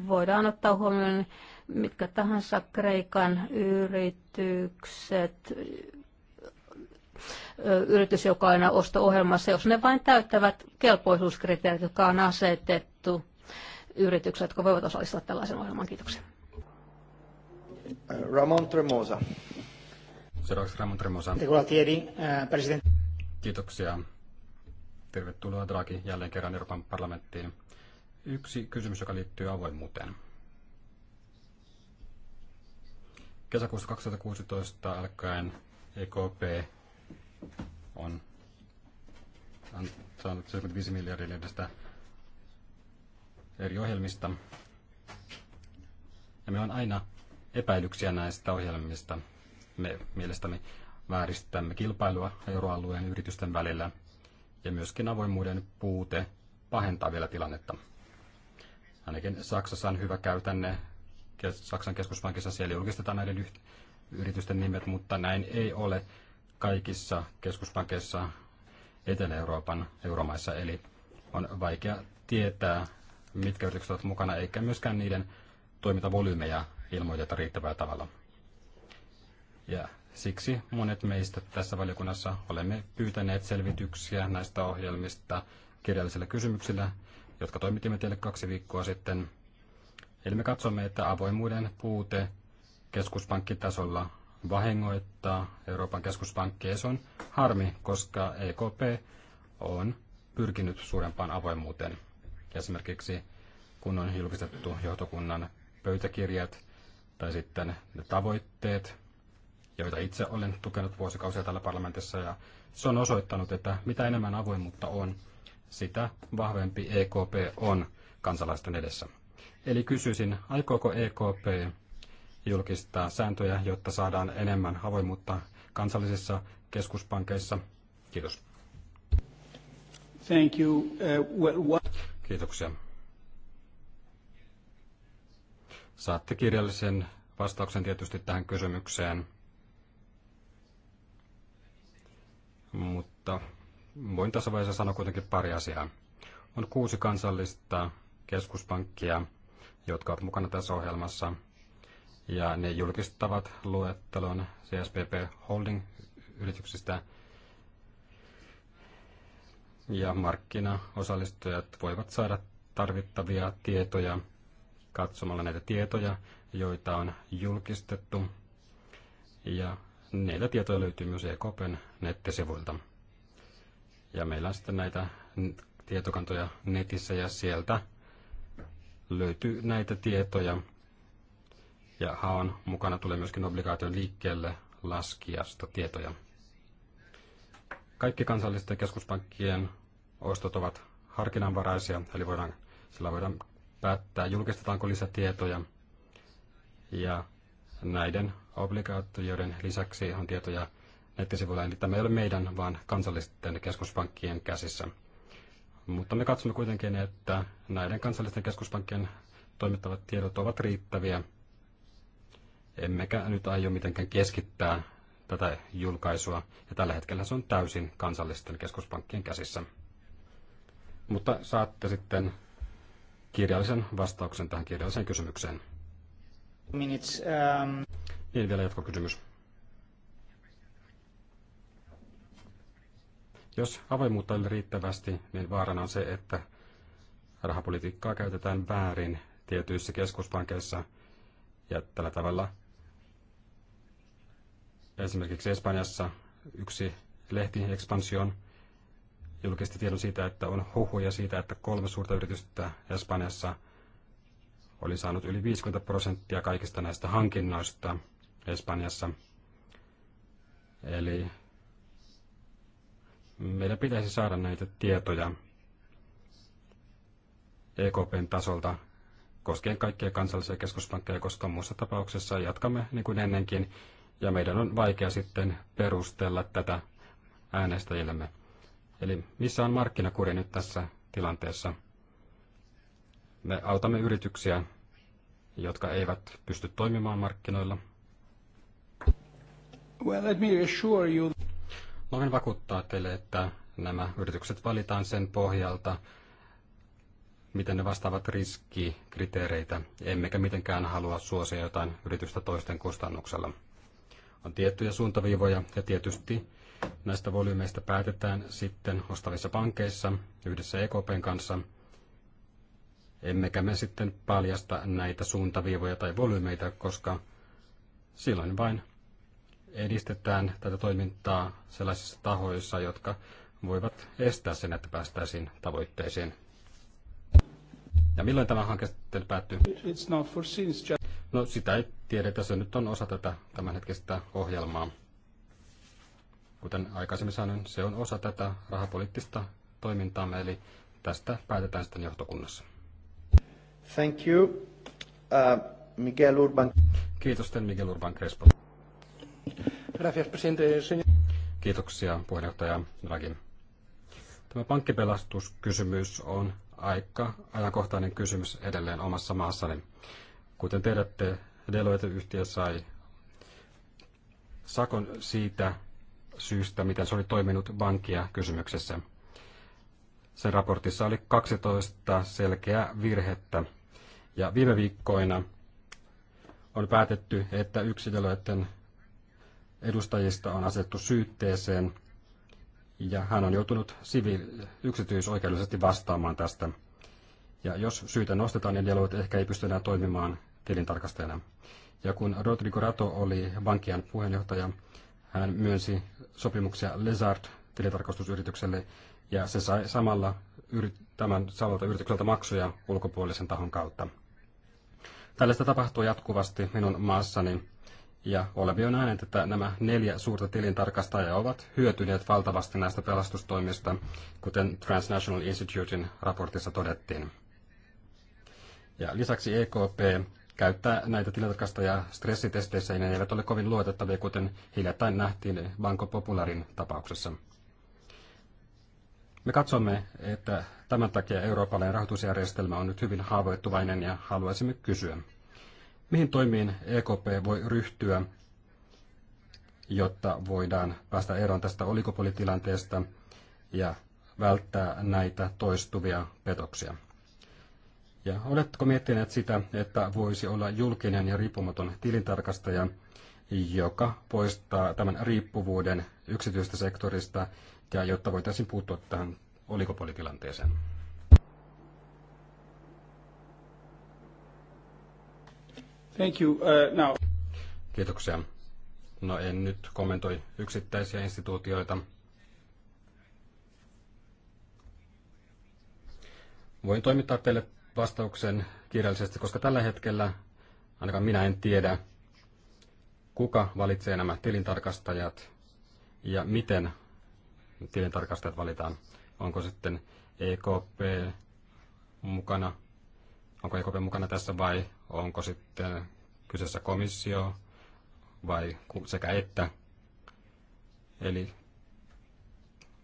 voidaan ottaa huomioon mitkä tahansa Kreikan yritykset, yritys, joka aina osto-ohjelmassa, jos ne vain täyttävät kelpoisuuskriteerit, jotka on asetettu yritykset, jotka voivat osallistua tällaisen ohjelman. Kiitoksia. Eh, Ramon Tremosa. Seuraavaksi Ramon Tremosa. Eh, Kiitoksia. Tervetuloa Draghi jälleen kerran Euroopan parlamenttiin. Yksi kysymys, joka liittyy avoimuuteen. Kesäkuussa 2016 alkaen EKP on saanut 75 miljardin edestä eri ohjelmista. Ja me on aina epäilyksiä näistä ohjelmista. Me mielestäni vääristämme kilpailua euroalueen yritysten välillä ja myöskin avoimuuden puute pahentaa vielä tilannetta. Ainakin Saksassa on hyvä käytänne. Saksan keskuspankissa siellä julkistetaan näiden yritysten nimet, mutta näin ei ole kaikissa keskuspankeissa Etelä-Euroopan euromaissa. Eli on vaikea tietää, mitkä yritykset ovat mukana, eikä myöskään niiden toimintavolyymejä ilmoiteta riittävällä tavalla. Ja siksi monet meistä tässä valiokunnassa olemme pyytäneet selvityksiä näistä ohjelmista kirjallisilla kysymyksillä, jotka toimitimme teille kaksi viikkoa sitten. Eli me katsomme, että avoimuuden puute keskuspankkitasolla vahingoittaa Euroopan keskuspankkia. se on harmi, koska EKP on pyrkinyt suurempaan avoimuuteen. Esimerkiksi kun on julkistettu johtokunnan pöytäkirjat tai sitten ne tavoitteet, joita itse olen tukenut vuosikausia täällä parlamentissa, ja se on osoittanut, että mitä enemmän avoimuutta on, sitä vahvempi EKP on kansalaisten edessä. Eli kysyisin, aikooko EKP julkistaa sääntöjä, jotta saadaan enemmän avoimuutta kansallisissa keskuspankeissa? Kiitos. Thank you. Uh, what... Kiitoksia. Saatte kirjallisen vastauksen tietysti tähän kysymykseen. Mutta voin tässä vaiheessa sanoa kuitenkin pari asiaa. On kuusi kansallista keskuspankkia, jotka ovat mukana tässä ohjelmassa. Ja ne julkistavat luettelon CSPP Holding-yrityksistä. Ja markkinaosallistujat voivat saada tarvittavia tietoja katsomalla näitä tietoja, joita on julkistettu. Ja näitä tietoja löytyy myös EKPn nettisivuilta. Ja meillä on sitten näitä tietokantoja netissä ja sieltä löytyy näitä tietoja. Ja haon mukana tulee myöskin obligaation liikkeelle laskijasta tietoja. Kaikki kansallisten keskuspankkien ostot ovat harkinnanvaraisia, eli voidaan, sillä voidaan päättää, julkistetaanko lisätietoja. Ja näiden obligaatioiden lisäksi on tietoja nettisivuilla, eli tämä ei ole meidän, vaan kansallisten keskuspankkien käsissä. Mutta me katsomme kuitenkin, että näiden kansallisten keskuspankkien toimittavat tiedot ovat riittäviä, emmekä nyt aio mitenkään keskittää tätä julkaisua, ja tällä hetkellä se on täysin kansallisten keskuspankkien käsissä. Mutta saatte sitten kirjallisen vastauksen tähän kirjalliseen kysymykseen. Minutes, um... Niin, vielä jatkokysymys. Jos avoimuutta ei ole riittävästi, niin vaarana on se, että rahapolitiikkaa käytetään väärin tietyissä keskuspankeissa ja tällä tavalla esimerkiksi Espanjassa yksi lehti Expansion julkisti tiedon siitä, että on huhuja siitä, että kolme suurta yritystä Espanjassa oli saanut yli 50 prosenttia kaikista näistä hankinnoista Espanjassa. Eli meidän pitäisi saada näitä tietoja EKPn tasolta koskien kaikkia kansallisia keskuspankkeja, koska muussa tapauksessa jatkamme niin kuin ennenkin, ja meidän on vaikea sitten perustella tätä äänestäjillemme. Eli missä on markkinakuri nyt tässä tilanteessa? Me autamme yrityksiä, jotka eivät pysty toimimaan markkinoilla. Well, let me assure you. Mä voin vakuuttaa teille, että nämä yritykset valitaan sen pohjalta, miten ne vastaavat riskikriteereitä, emmekä mitenkään halua suosia jotain yritystä toisten kustannuksella. On tiettyjä suuntaviivoja ja tietysti Näistä volyymeista päätetään sitten ostavissa pankeissa yhdessä EKPn kanssa, emmekä me sitten paljasta näitä suuntaviivoja tai volyymeita, koska silloin vain edistetään tätä toimintaa sellaisissa tahoissa, jotka voivat estää sen, että päästäisiin tavoitteisiin. Ja milloin tämä hanke sitten päättyy? It's not for just... No sitä ei tiedetä, se nyt on osa tätä tämänhetkistä ohjelmaa. Kuten aikaisemmin sanoin, se on osa tätä rahapoliittista toimintaamme, eli tästä päätetään sitten johtokunnassa. Thank you. Uh, Miguel Urban. Kiitos sitten Miguel Urban Crespo. Gracias, presidente. Kiitoksia puheenjohtaja Dragin. Tämä pankkipelastuskysymys on aika ajankohtainen kysymys edelleen omassa maassani. Kuten tiedätte, Deloitte-yhtiö sai sakon siitä, syystä, miten se oli toiminut bankia kysymyksessä. Sen raportissa oli 12 selkeää virhettä. Ja viime viikkoina on päätetty, että yksilöiden edustajista on asettu syytteeseen ja hän on joutunut siviil- yksityisoikeudellisesti vastaamaan tästä. Ja jos syytä nostetaan, niin Deloitte ehkä ei pysty enää toimimaan tilintarkastajana. Ja kun Rodrigo Rato oli vankian puheenjohtaja, hän myönsi sopimuksia Lezard tilitarkastusyritykselle ja se sai samalla tämän samalta yritykseltä maksuja ulkopuolisen tahon kautta. Tällaista tapahtuu jatkuvasti minun maassani ja olemme jo nähneet, että nämä neljä suurta tilintarkastajaa ovat hyötyneet valtavasti näistä pelastustoimista, kuten Transnational Institutein raportissa todettiin. Ja lisäksi EKP käyttää näitä tilintarkastajia stressitesteissä, ja ne eivät ole kovin luotettavia, kuten hiljattain nähtiin Banco Popularin tapauksessa. Me katsomme, että tämän takia eurooppalainen rahoitusjärjestelmä on nyt hyvin haavoittuvainen ja haluaisimme kysyä, mihin toimiin EKP voi ryhtyä, jotta voidaan päästä eroon tästä olikopolitilanteesta ja välttää näitä toistuvia petoksia. Ja oletko miettineet sitä, että voisi olla julkinen ja riippumaton tilintarkastaja, joka poistaa tämän riippuvuuden yksityistä sektorista, ja jotta voitaisiin puuttua tähän olikopolitilanteeseen? Thank you. Uh, now. Kiitoksia. No en nyt kommentoi yksittäisiä instituutioita. Voin toimittaa teille vastauksen kirjallisesti, koska tällä hetkellä ainakaan minä en tiedä, kuka valitsee nämä tilintarkastajat ja miten tilintarkastajat valitaan. Onko sitten EKP mukana, onko EKP mukana tässä vai onko sitten kyseessä komissio vai sekä että. Eli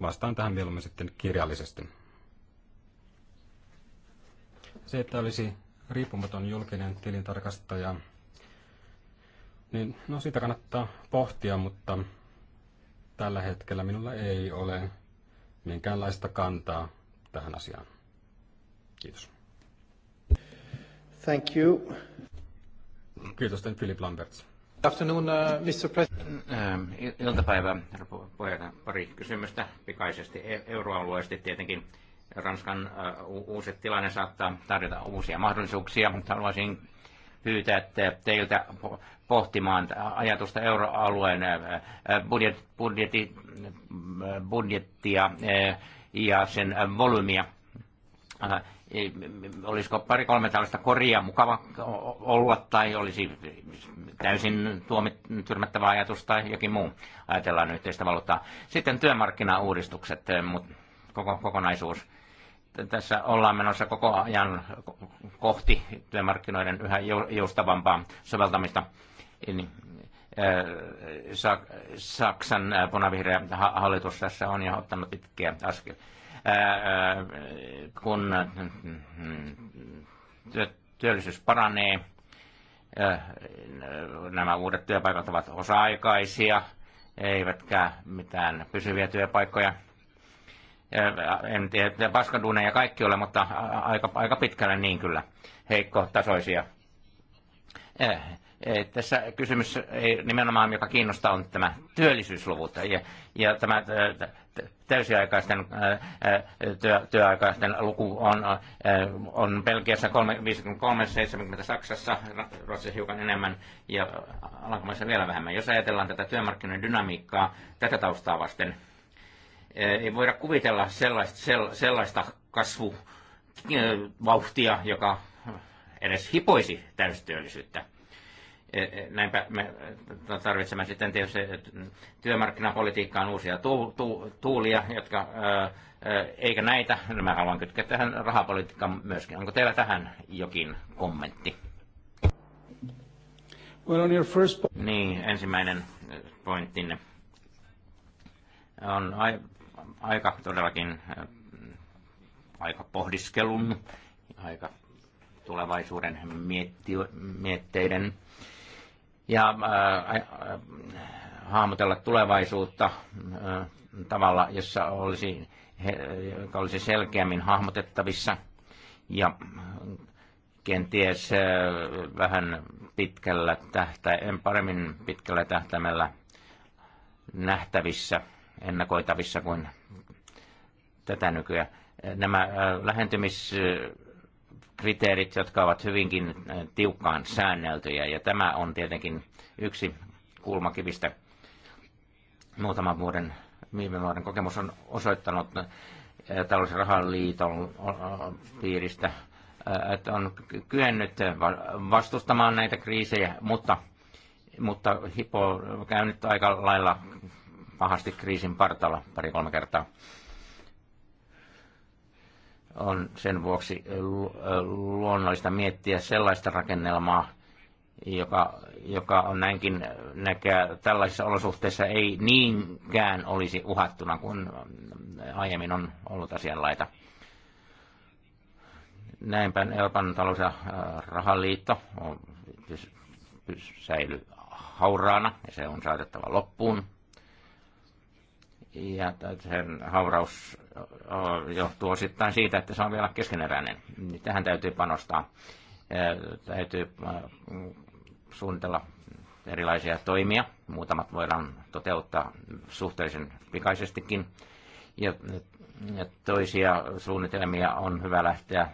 vastaan tähän mieluummin sitten kirjallisesti. Se, että olisi riippumaton julkinen tilintarkastaja, niin no sitä kannattaa pohtia, mutta tällä hetkellä minulla ei ole minkäänlaista kantaa tähän asiaan. Kiitos. Thank you. Kiitos, Philip Lamberts. Afternoon, uh, Mr. President. Mm, ähm, iltapäivä, herra puheenjohtaja. Pari kysymystä pikaisesti, e-, euroalueesti tietenkin. Ranskan uusi tilanne saattaa tarjota uusia mahdollisuuksia, mutta haluaisin pyytää teiltä pohtimaan ajatusta euroalueen budjet, budjeti, budjettia ja sen volyymia. Olisiko pari-kolme tällaista koria mukava olla tai olisi täysin tuomit, tyrmättävä ajatus tai jokin muu? Ajatellaan yhteistä valuuttaa. Sitten työmarkkinauudistukset, mutta koko, kokonaisuus tässä ollaan menossa koko ajan kohti työmarkkinoiden yhä joustavampaa soveltamista. Saksan punavihreä hallitus tässä on jo ottanut pitkiä askel. Kun mm, työllisyys paranee, nämä uudet työpaikat ovat osa-aikaisia, eivätkä mitään pysyviä työpaikkoja – en tiedä, paskaduuneja ja kaikki ole, mutta aika, aika pitkälle niin kyllä, heikkotasoisia. Eh, eh, tässä kysymys ei, nimenomaan, joka kiinnostaa, on tämä työllisyysluvut ja, ja tämä täysiaikaisten työ, työaikaisten luku on, on Belgiassa 53-70 Saksassa, Ruotsissa hiukan enemmän ja Alankomaissa vielä vähemmän. Jos ajatellaan tätä työmarkkinoiden dynamiikkaa tätä taustaa vasten, ei voida kuvitella sellaista, sellaista kasvuvauhtia, joka edes hipoisi täystyöllisyyttä. E, e, näinpä me tarvitsemme sitten tietysti työmarkkinapolitiikkaan uusia tu, tu, tuulia, jotka, eikä näitä, no mä haluan kytkeä tähän rahapolitiikkaan myöskin. Onko teillä tähän jokin kommentti? Well, on your first... Niin, ensimmäinen pointtinne on aika todellakin äh, aika pohdiskelun, aika tulevaisuuden mietti, mietteiden ja äh, äh, hahmotella tulevaisuutta äh, tavalla, jossa olisi, he, joka olisi selkeämmin hahmotettavissa ja kenties äh, vähän pitkällä tähtä, en paremmin pitkällä tähtäimellä nähtävissä, ennakoitavissa kuin tätä nykyään. Nämä äh, lähentymiskriteerit, jotka ovat hyvinkin äh, tiukkaan säänneltyjä, ja tämä on tietenkin yksi kulmakivistä. Muutaman vuoden, viime vuoden kokemus on osoittanut äh, talous- rahaliiton piiristä, että on kyennyt vastustamaan näitä kriisejä, mutta, mutta Hipo on käynyt aika lailla pahasti kriisin partalla pari-kolme kertaa on sen vuoksi äh, äh, luonnollista miettiä sellaista rakennelmaa, joka, joka on näinkin näkää tällaisissa olosuhteissa ei niinkään olisi uhattuna kuin aiemmin on ollut asianlaita. Näinpä Euroopan talous- ja äh, rahaliitto on, säilyy hauraana ja se on saatettava loppuun. Ja sen hauraus johtuu osittain siitä, että se on vielä keskeneräinen. Niin tähän täytyy panostaa. Täytyy suunnitella erilaisia toimia. Muutamat voidaan toteuttaa suhteellisen pikaisestikin. Ja, ja toisia suunnitelmia on hyvä lähteä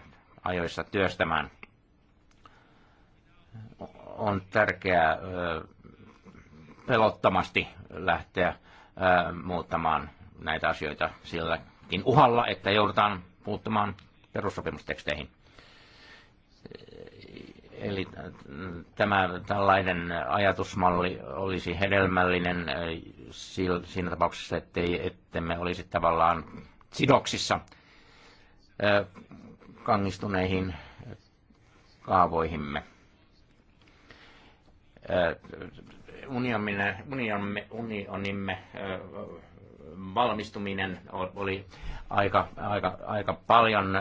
ajoissa työstämään. On tärkeää pelottomasti lähteä muuttamaan näitä asioita silläkin uhalla, että joudutaan puuttumaan perussopimusteksteihin. Eli tämä tällainen ajatusmalli olisi hedelmällinen siinä tapauksessa, ettei, me olisi tavallaan sidoksissa kangistuneihin kaavoihimme unionimme, unionimme, unionimme valmistuminen oli aika, aika, aika paljon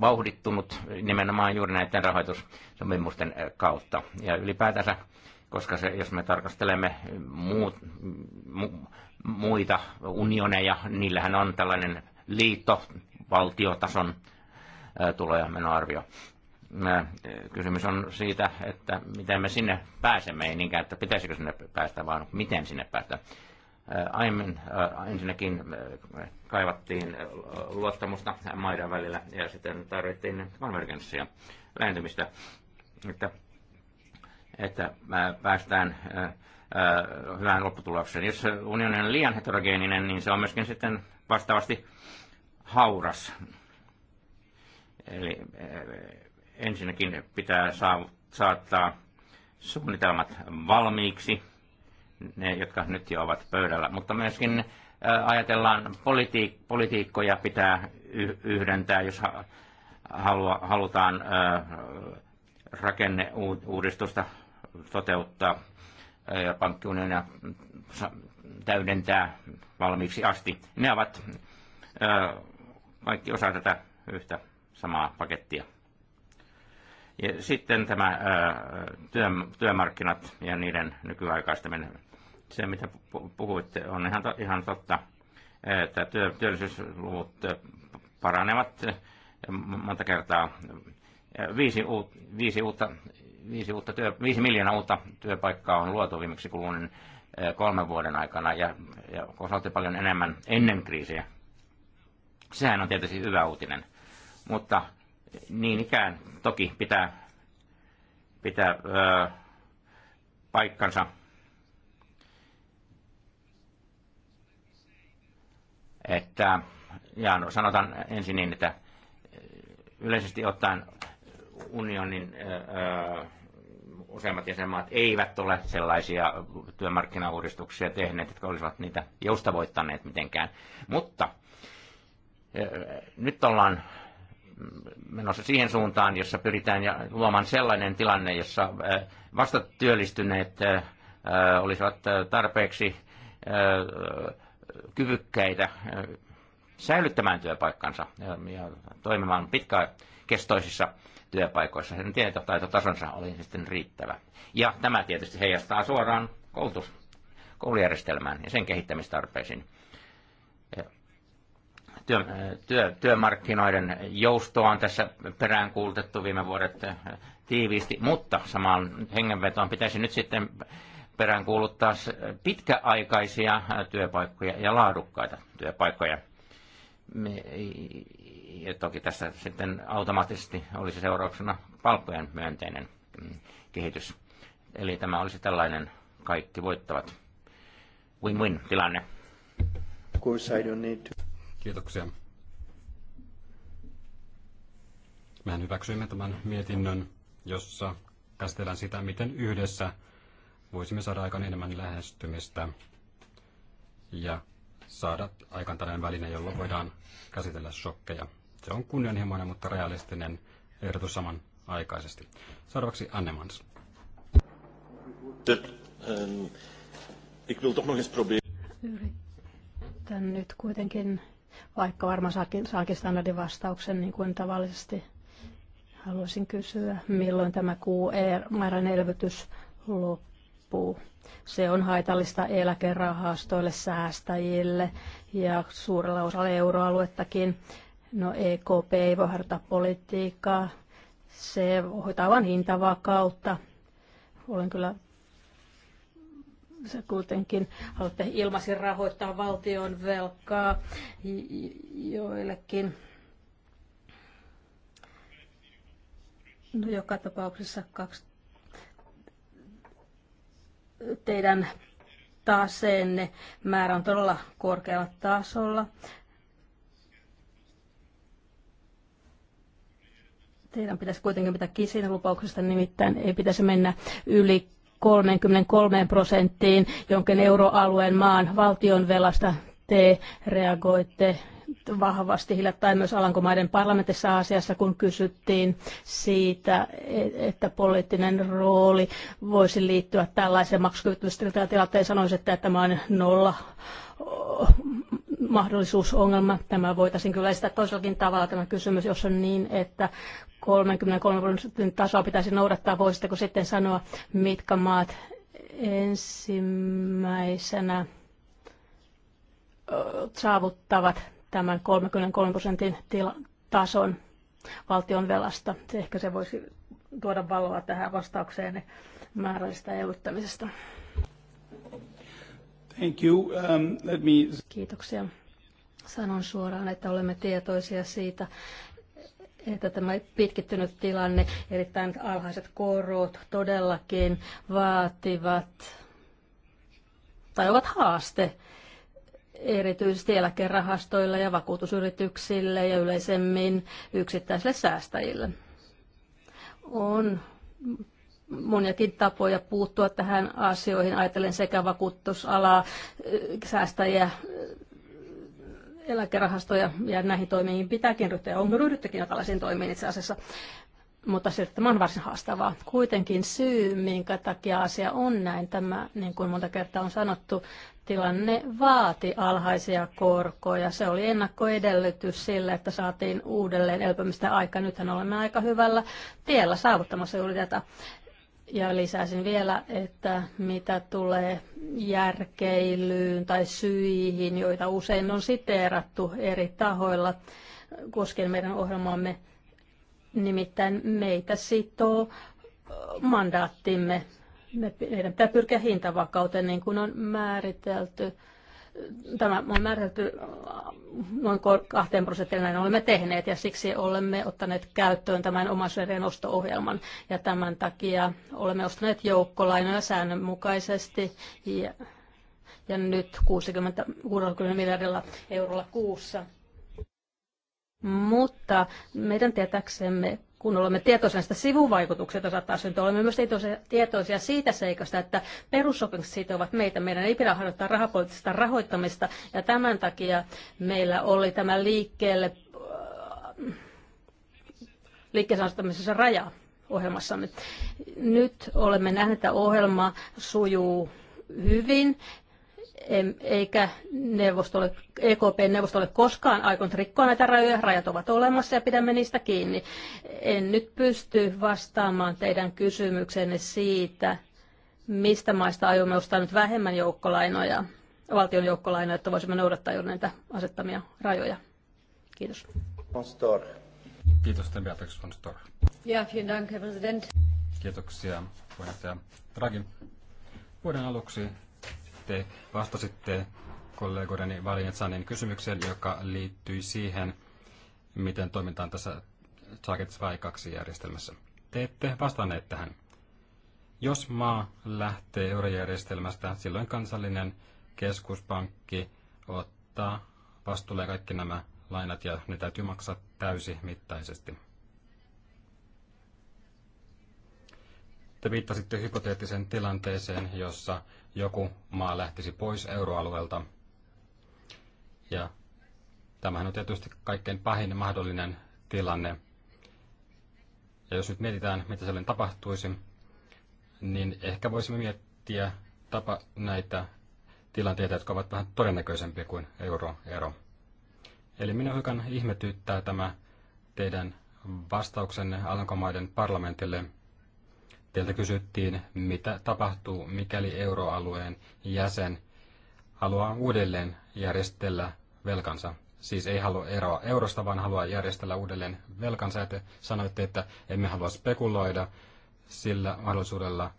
vauhdittunut nimenomaan juuri näiden rahoitussopimusten kautta. Ja ylipäätänsä, koska se, jos me tarkastelemme muut, mu, muita unioneja, niillähän on tällainen valtiotason tulo- ja menoarvio Eh, kysymys on siitä, että miten me sinne pääsemme, ei niinkään, että pitäisikö sinne päästä, vaan miten sinne päästä. Eh, aiemmin eh, ensinnäkin kaivattiin luottamusta maiden välillä ja sitten tarvittiin konvergenssia, lähentymistä, että, että päästään hyvään lopputulokseen. Jos unioni on liian heterogeeninen, niin se on myöskin sitten vastaavasti hauras. Eli Ensinnäkin pitää saattaa suunnitelmat valmiiksi, ne, jotka nyt jo ovat pöydällä, mutta myöskin ajatellaan, politiik- politiikkoja pitää yhdentää, jos halua, halutaan rakenneuudistusta toteuttaa ja pankkiunionia täydentää valmiiksi asti. Ne ovat kaikki osa tätä yhtä samaa pakettia. Ja sitten tämä ää, äh, työ, työmarkkinat ja niiden nykyaikaistaminen. Se, mitä puhuitte, on ihan, to, ihan totta, että työ, työllisyysluvut äh, paranevat äh, monta kertaa. Viisi, uut, viisi, uutta, viisi, uutta työ, viisi miljoonaa uutta työpaikkaa on luotu viimeksi kuluneen kolmen vuoden aikana ja, ja osalti paljon enemmän ennen kriisiä. Sehän on tietysti hyvä uutinen, mutta niin ikään toki pitää, pitää ö, paikkansa. Että, ja no, sanotaan ensin niin, että yleisesti ottaen unionin ö, useimmat jäsenmaat eivät ole sellaisia työmarkkinauudistuksia tehneet, jotka olisivat niitä joustavoittaneet mitenkään. Mutta nyt ollaan menossa siihen suuntaan, jossa pyritään luomaan sellainen tilanne, jossa vastatyöllistyneet olisivat tarpeeksi kyvykkäitä säilyttämään työpaikkansa ja toimimaan pitkäkestoisissa työpaikoissa. Sen tietotaitotasonsa oli sitten riittävä. Ja tämä tietysti heijastaa suoraan koulutus, koulujärjestelmään ja sen kehittämistarpeisiin työ, työ, työmarkkinoiden joustoa on tässä peräänkuultettu viime vuodet äh, tiiviisti, mutta samaan hengenvetoon pitäisi nyt sitten peräänkuuluttaa pitkäaikaisia äh, työpaikkoja ja laadukkaita työpaikkoja. Ja toki tässä sitten automaattisesti olisi seurauksena palkkojen myönteinen mm, kehitys. Eli tämä olisi tällainen kaikki voittavat win-win tilanne. Of course I don't need to. Kiitoksia. Mehän hyväksyimme tämän mietinnön, jossa käsitellään sitä, miten yhdessä voisimme saada aikaan enemmän lähestymistä ja saada aikaan tällainen väline, jolla voidaan käsitellä shokkeja. Se on kunnianhimoinen, mutta realistinen ehdotus samanaikaisesti. Seuraavaksi Mans. Ehm, Yritän nyt kuitenkin vaikka varmaan saakin, saakin standardin vastauksen niin kuin tavallisesti. Haluaisin kysyä, milloin tämä QE-määrän elvytys loppuu. Se on haitallista eläkerahastoille, säästäjille ja suurella osalla euroaluettakin. No EKP ei voi harjoittaa politiikkaa, se hoitaa vain hintavakautta. Olen kyllä se kuitenkin haluatte ilmaisin rahoittaa valtion velkaa joillekin. No, joka tapauksessa kaksi teidän taseenne määrä on todella korkealla tasolla. Teidän pitäisi kuitenkin pitää kisin lupauksesta, nimittäin ei pitäisi mennä yli 33 prosenttiin jonkin euroalueen maan valtion velasta te reagoitte vahvasti hiljattain myös Alankomaiden parlamentissa asiassa, kun kysyttiin siitä, e- että poliittinen rooli voisi liittyä tällaiseen maksukyvyttömyystilanteeseen. Sanoisitte, että tämä on nolla mahdollisuusongelma. Tämä voitaisiin kyllä estää toisellakin tavalla tämä kysymys, jos on niin, että 33 prosentin tasoa pitäisi noudattaa. Voisitteko sitten sanoa, mitkä maat ensimmäisenä saavuttavat tämän 33 prosentin tason valtion velasta. Ehkä se voisi tuoda valoa tähän vastaukseen määrällisestä elvyttämisestä. Thank you. Um, let me... Kiitoksia. Sanon suoraan, että olemme tietoisia siitä, että tämä pitkittynyt tilanne, erittäin alhaiset korot todellakin vaativat tai ovat haaste erityisesti eläkerahastoille ja vakuutusyrityksille ja yleisemmin yksittäisille säästäjille. On moniakin tapoja puuttua tähän asioihin, ajatellen sekä vakuutusalaa, säästäjiä, eläkerahastoja ja näihin toimiin pitääkin ryhtyä. Onko ryhdyttykin jo tällaisiin toimiin itse asiassa? Mutta se, tämä on varsin haastavaa. Kuitenkin syy, minkä takia asia on näin, tämä, niin kuin monta kertaa on sanottu, tilanne vaati alhaisia korkoja. Se oli ennakkoedellytys sille, että saatiin uudelleen elpymistä aika. Nythän olemme aika hyvällä tiellä saavuttamassa juuri tätä. Ja lisäisin vielä, että mitä tulee järkeilyyn tai syihin, joita usein on siteerattu eri tahoilla koskien meidän ohjelmaamme, nimittäin meitä sitoo mandaattimme. meidän pitää pyrkiä hintavakauteen, niin kuin on määritelty Tämä on määritelty äh, noin kahteen prosenttiin, näin olemme tehneet, ja siksi olemme ottaneet käyttöön tämän omaisuuden osto-ohjelman. Ja tämän takia olemme ostaneet joukkolainoja säännönmukaisesti, ja, ja nyt 60, 60 miljardilla eurolla kuussa. Mutta meidän tietäksemme kun olemme tietoisia näistä sivuvaikutuksista, joita saattaa syntyä, olemme myös tietoisia siitä seikasta, että perussopimukset sitovat meitä. Meidän ei pidä harjoittaa rahapoliittista rahoittamista, ja tämän takia meillä oli tämä liikkeelle äh, liikkeeseen raja ohjelmassamme. Nyt olemme nähneet, että ohjelma sujuu hyvin eikä neuvostolle, EKP-neuvostolle koskaan aikonut rikkoa näitä rajoja. Rajat ovat olemassa ja pidämme niistä kiinni. En nyt pysty vastaamaan teidän kysymyksenne siitä, mistä maista aiomme ostaa nyt vähemmän joukkolainoja, valtion joukkolainoja, että voisimme noudattaa jo näitä asettamia rajoja. Kiitos. Kiitos, Apex von Storch. Ja, vielen Dank, Herr Präsident. Kiitoksia, puheenjohtaja Draghi. Vuoden aluksi te vastasitte kollegoideni Valinetsanin kysymykseen, joka liittyi siihen, miten toimitaan tässä Target Spy 2 järjestelmässä. Te ette vastanneet tähän. Jos maa lähtee eurojärjestelmästä, silloin kansallinen keskuspankki ottaa vastuulle kaikki nämä lainat ja ne täytyy maksaa täysimittaisesti. Te viittasitte hypoteettiseen tilanteeseen, jossa joku maa lähtisi pois euroalueelta. Ja tämähän on tietysti kaikkein pahin mahdollinen tilanne. Ja jos nyt mietitään, mitä sellainen tapahtuisi, niin ehkä voisimme miettiä tapa näitä tilanteita, jotka ovat vähän todennäköisempiä kuin euroero. Eli minä hiukan ihmetyttää tämä teidän vastauksenne Alankomaiden parlamentille – Teiltä kysyttiin, mitä tapahtuu, mikäli euroalueen jäsen haluaa uudelleen järjestellä velkansa. Siis ei halua eroa eurosta, vaan haluaa järjestellä uudelleen velkansa. Ja te sanoitte, että emme halua spekuloida sillä mahdollisuudella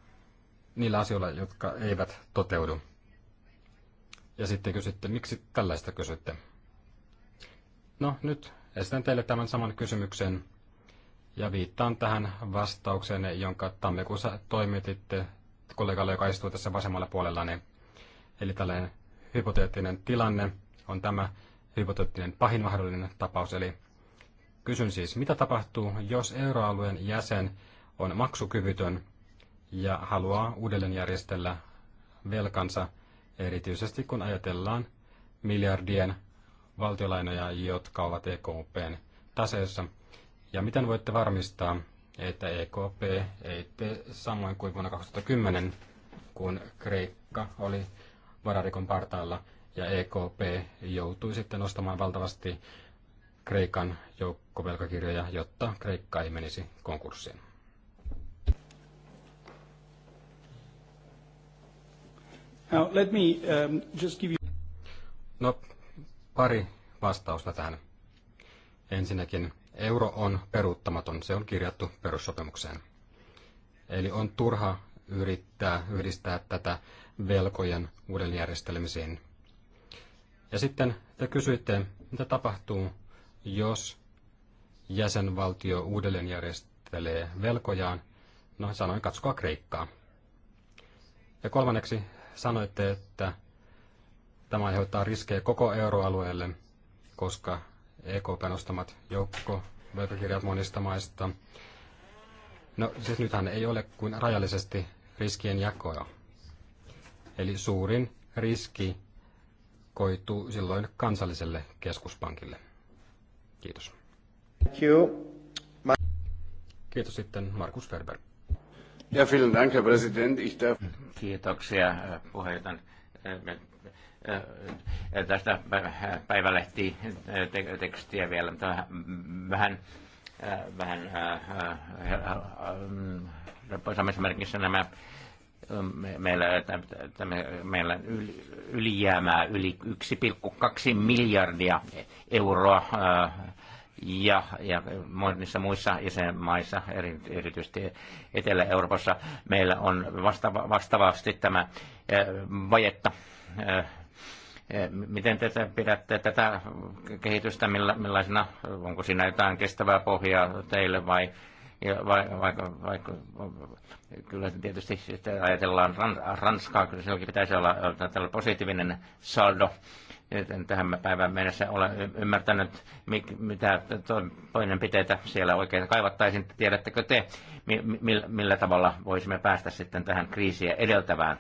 niillä asioilla, jotka eivät toteudu. Ja sitten kysytte, miksi tällaista kysytte? No nyt esitän teille tämän saman kysymyksen ja viittaan tähän vastaukseen, jonka tammikuussa toimititte kollegalle, joka istuu tässä vasemmalla puolella. Niin eli tällainen hypoteettinen tilanne on tämä hypoteettinen pahin mahdollinen tapaus. Eli kysyn siis, mitä tapahtuu, jos euroalueen jäsen on maksukyvytön ja haluaa uudelleenjärjestellä velkansa, erityisesti kun ajatellaan miljardien valtiolainoja, jotka ovat EKPn taseessa – ja miten voitte varmistaa, että EKP ei tee samoin kuin vuonna 2010, kun Kreikka oli vararikon partaalla ja EKP joutui sitten ostamaan valtavasti Kreikan joukkovelkakirjoja, jotta Kreikka ei menisi konkurssiin. Now, let me, um, just give you... No, pari vastausta tähän. Ensinnäkin Euro on peruuttamaton, se on kirjattu perussopimukseen. Eli on turha yrittää yhdistää tätä velkojen uudelleenjärjestelmisiin. Ja sitten te kysyitte, mitä tapahtuu, jos jäsenvaltio uudelleenjärjestelee velkojaan. No sanoin, katsokaa Kreikkaa. Ja kolmanneksi sanoitte, että tämä aiheuttaa riskejä koko euroalueelle, koska EKPn ostamat joukkovelkakirjat monista maista. No siis nythän ei ole kuin rajallisesti riskien jakoja. Eli suurin riski koituu silloin kansalliselle keskuspankille. Kiitos. Thank you. Kiitos sitten Markus Ferber. Ja vielen Dank, Herr Präsident. Ich darf... Kiitoksia äh, puheenjohtaja. Äh, tästä päivälehti tekstiä vielä vähän, vähän samassa merkissä nämä meillä, että, meillä yli, ylijäämää yli 1,2 miljardia euroa ja, ja monissa muissa jäsenmaissa, erityisesti Etelä-Euroopassa, meillä on vasta, vastaavasti tämä vajetta Eh, miten te pidätte tätä kehitystä, millaisena, onko siinä jotain kestävää pohjaa teille vai, vai, vai, vai kyllä tietysti ajatellaan Ranskaa, kyllä silläkin pitäisi olla tällä positiivinen saldo tähän päivään mennessä ole ymmärtänyt, mitä toimenpiteitä siellä oikein kaivattaisiin. Tiedättekö te, millä tavalla voisimme päästä sitten tähän kriisiä edeltävään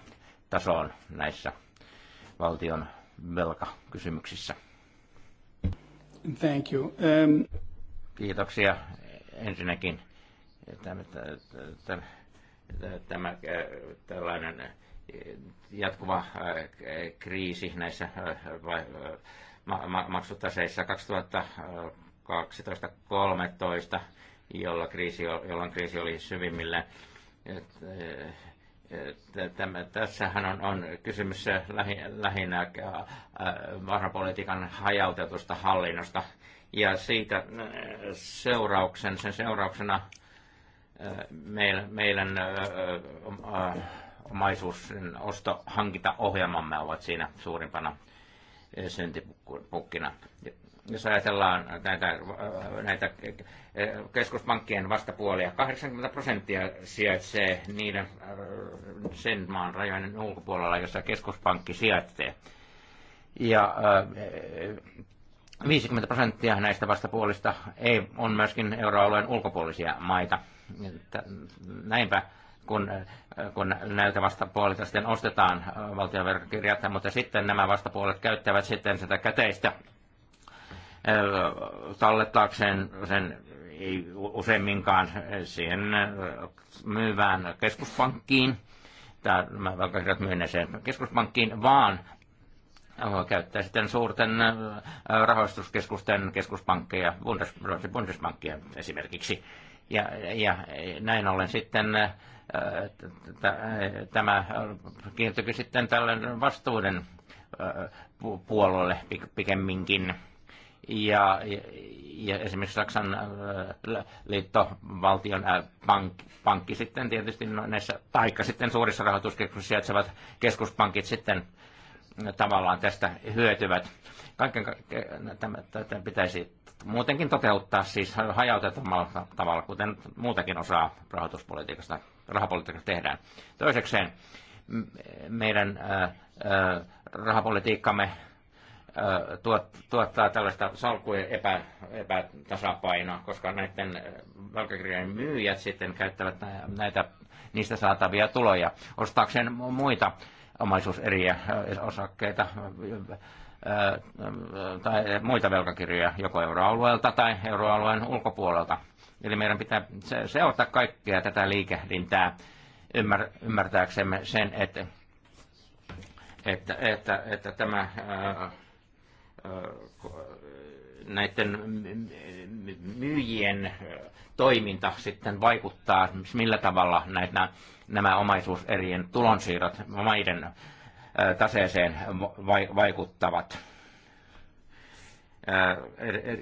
tasoon näissä valtion velkakysymyksissä. Thank you. Um... Kiitoksia ensinnäkin. Tämä, tämä, äh, tämä tällainen äh, jatkuva äh, kriisi näissä maksutaseissa 2012-2013, jolloin kriisi oli syvimmillä Tämä, tässähän on, on kysymys lähi, lähinnä äh, varapolitiikan hajautetusta hallinnosta ja siitä äh, seurauksen, sen seurauksena äh, meillä, meidän omaisuus osto hankintaohjelmamme ovat siinä suurimpana syntipukkina jos ajatellaan näitä, äh, näitä äh, keskuspankkien vastapuolia, 80 prosenttia sijaitsee niiden, äh, sen maan rajojen ulkopuolella, jossa keskuspankki sijaitsee. Ja 50 prosenttia näistä vastapuolista ei, on myöskin euroalueen ulkopuolisia maita. Näinpä kun, kun näitä vastapuolilta sitten ostetaan valtionverkkokirjat, mutta sitten nämä vastapuolet käyttävät sitten sitä käteistä tallettaakseen sen ei useimminkaan siihen myyvään keskuspankkiin, tämä velkakirjat velkakirjat sen keskuspankkiin, vaan käyttää sitten suurten rahoituskeskusten keskuspankkeja, Bundes, Bundesbankkia esimerkiksi. Ja, ja näin ollen sitten tämä kiintyykin sitten tällainen vastuuden puolelle pikemminkin ja, ja esimerkiksi Saksan äh, liittovaltion äh, pank, pankki sitten tietysti no, näissä, taikka sitten suurissa rahoituskeskuksissa sijaitsevat keskuspankit sitten äh, tavallaan tästä hyötyvät. Kaiken tätä pitäisi muutenkin toteuttaa siis hajautetumalla tavalla, kuten muutakin osaa rahoituspolitiikasta, rahapolitiikasta tehdään. Toisekseen meidän rahapolitiikkamme tuot tuottaa tällaista salkujen epä, epätasapainoa, koska näiden velkakirjojen myyjät sitten käyttävät näitä niistä saatavia tuloja ostaakseen muita omaisuuseriä, osakkeita tai muita velkakirjoja joko euroalueelta tai euroalueen ulkopuolelta. Eli meidän pitää seurata kaikkea tätä liikehdintää ymmärtääksemme sen, että että, että, että tämä ää, näiden myyjien toiminta sitten vaikuttaa, millä tavalla näitä, nämä omaisuuserien tulonsiirrot maiden taseeseen vaikuttavat.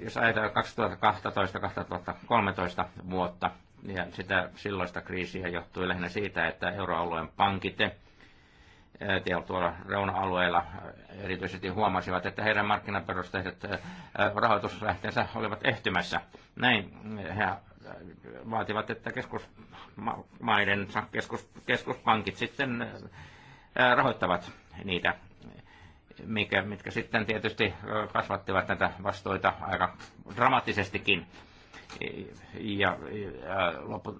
Jos ajatellaan 2012-2013 vuotta, ja sitä silloista kriisiä johtui lähinnä siitä, että euroalueen pankit tuolla reuna-alueilla äh, erityisesti huomasivat, että heidän markkinaperusteiset äh, rahoituslähteensä olivat ehtymässä. Näin äh, he vaativat, että keskusmaiden keskus, keskuspankit sitten rahoittavat niitä, mikä, mitkä sitten tietysti kasvattivat näitä vastoita aika dramaattisestikin. Ja,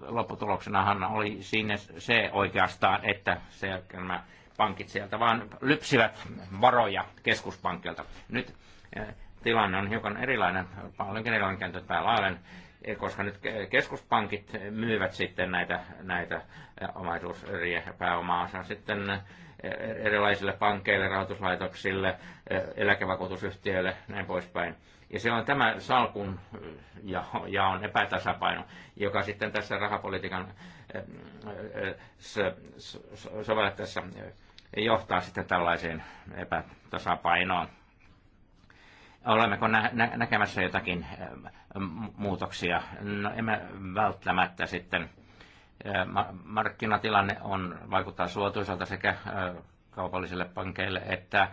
lopputuloksenahan oli siinä se oikeastaan, että se, nämä pankit sieltä, vaan lypsivät varoja keskuspankilta. Nyt eh, tilanne on hiukan erilainen, paljonkin erilainen kääntynyt päälailleen, eh, koska nyt keskuspankit myyvät sitten näitä, näitä eh, omaisuuseriä ja pääomaansa sitten erilaisille pankeille, rahoituslaitoksille, eläkevakuutusyhtiöille, näin poispäin. Ja se on tämä salkun ja, ja on epätasapaino, joka sitten tässä rahapolitiikan sovellettaessa johtaa sitten tällaiseen epätasapainoon. Olemmeko nä- nä- näkemässä jotakin ähm, muutoksia? No, emme välttämättä sitten. Äh, markkinatilanne on, vaikuttaa suotuisalta sekä äh, kaupallisille pankeille että äh,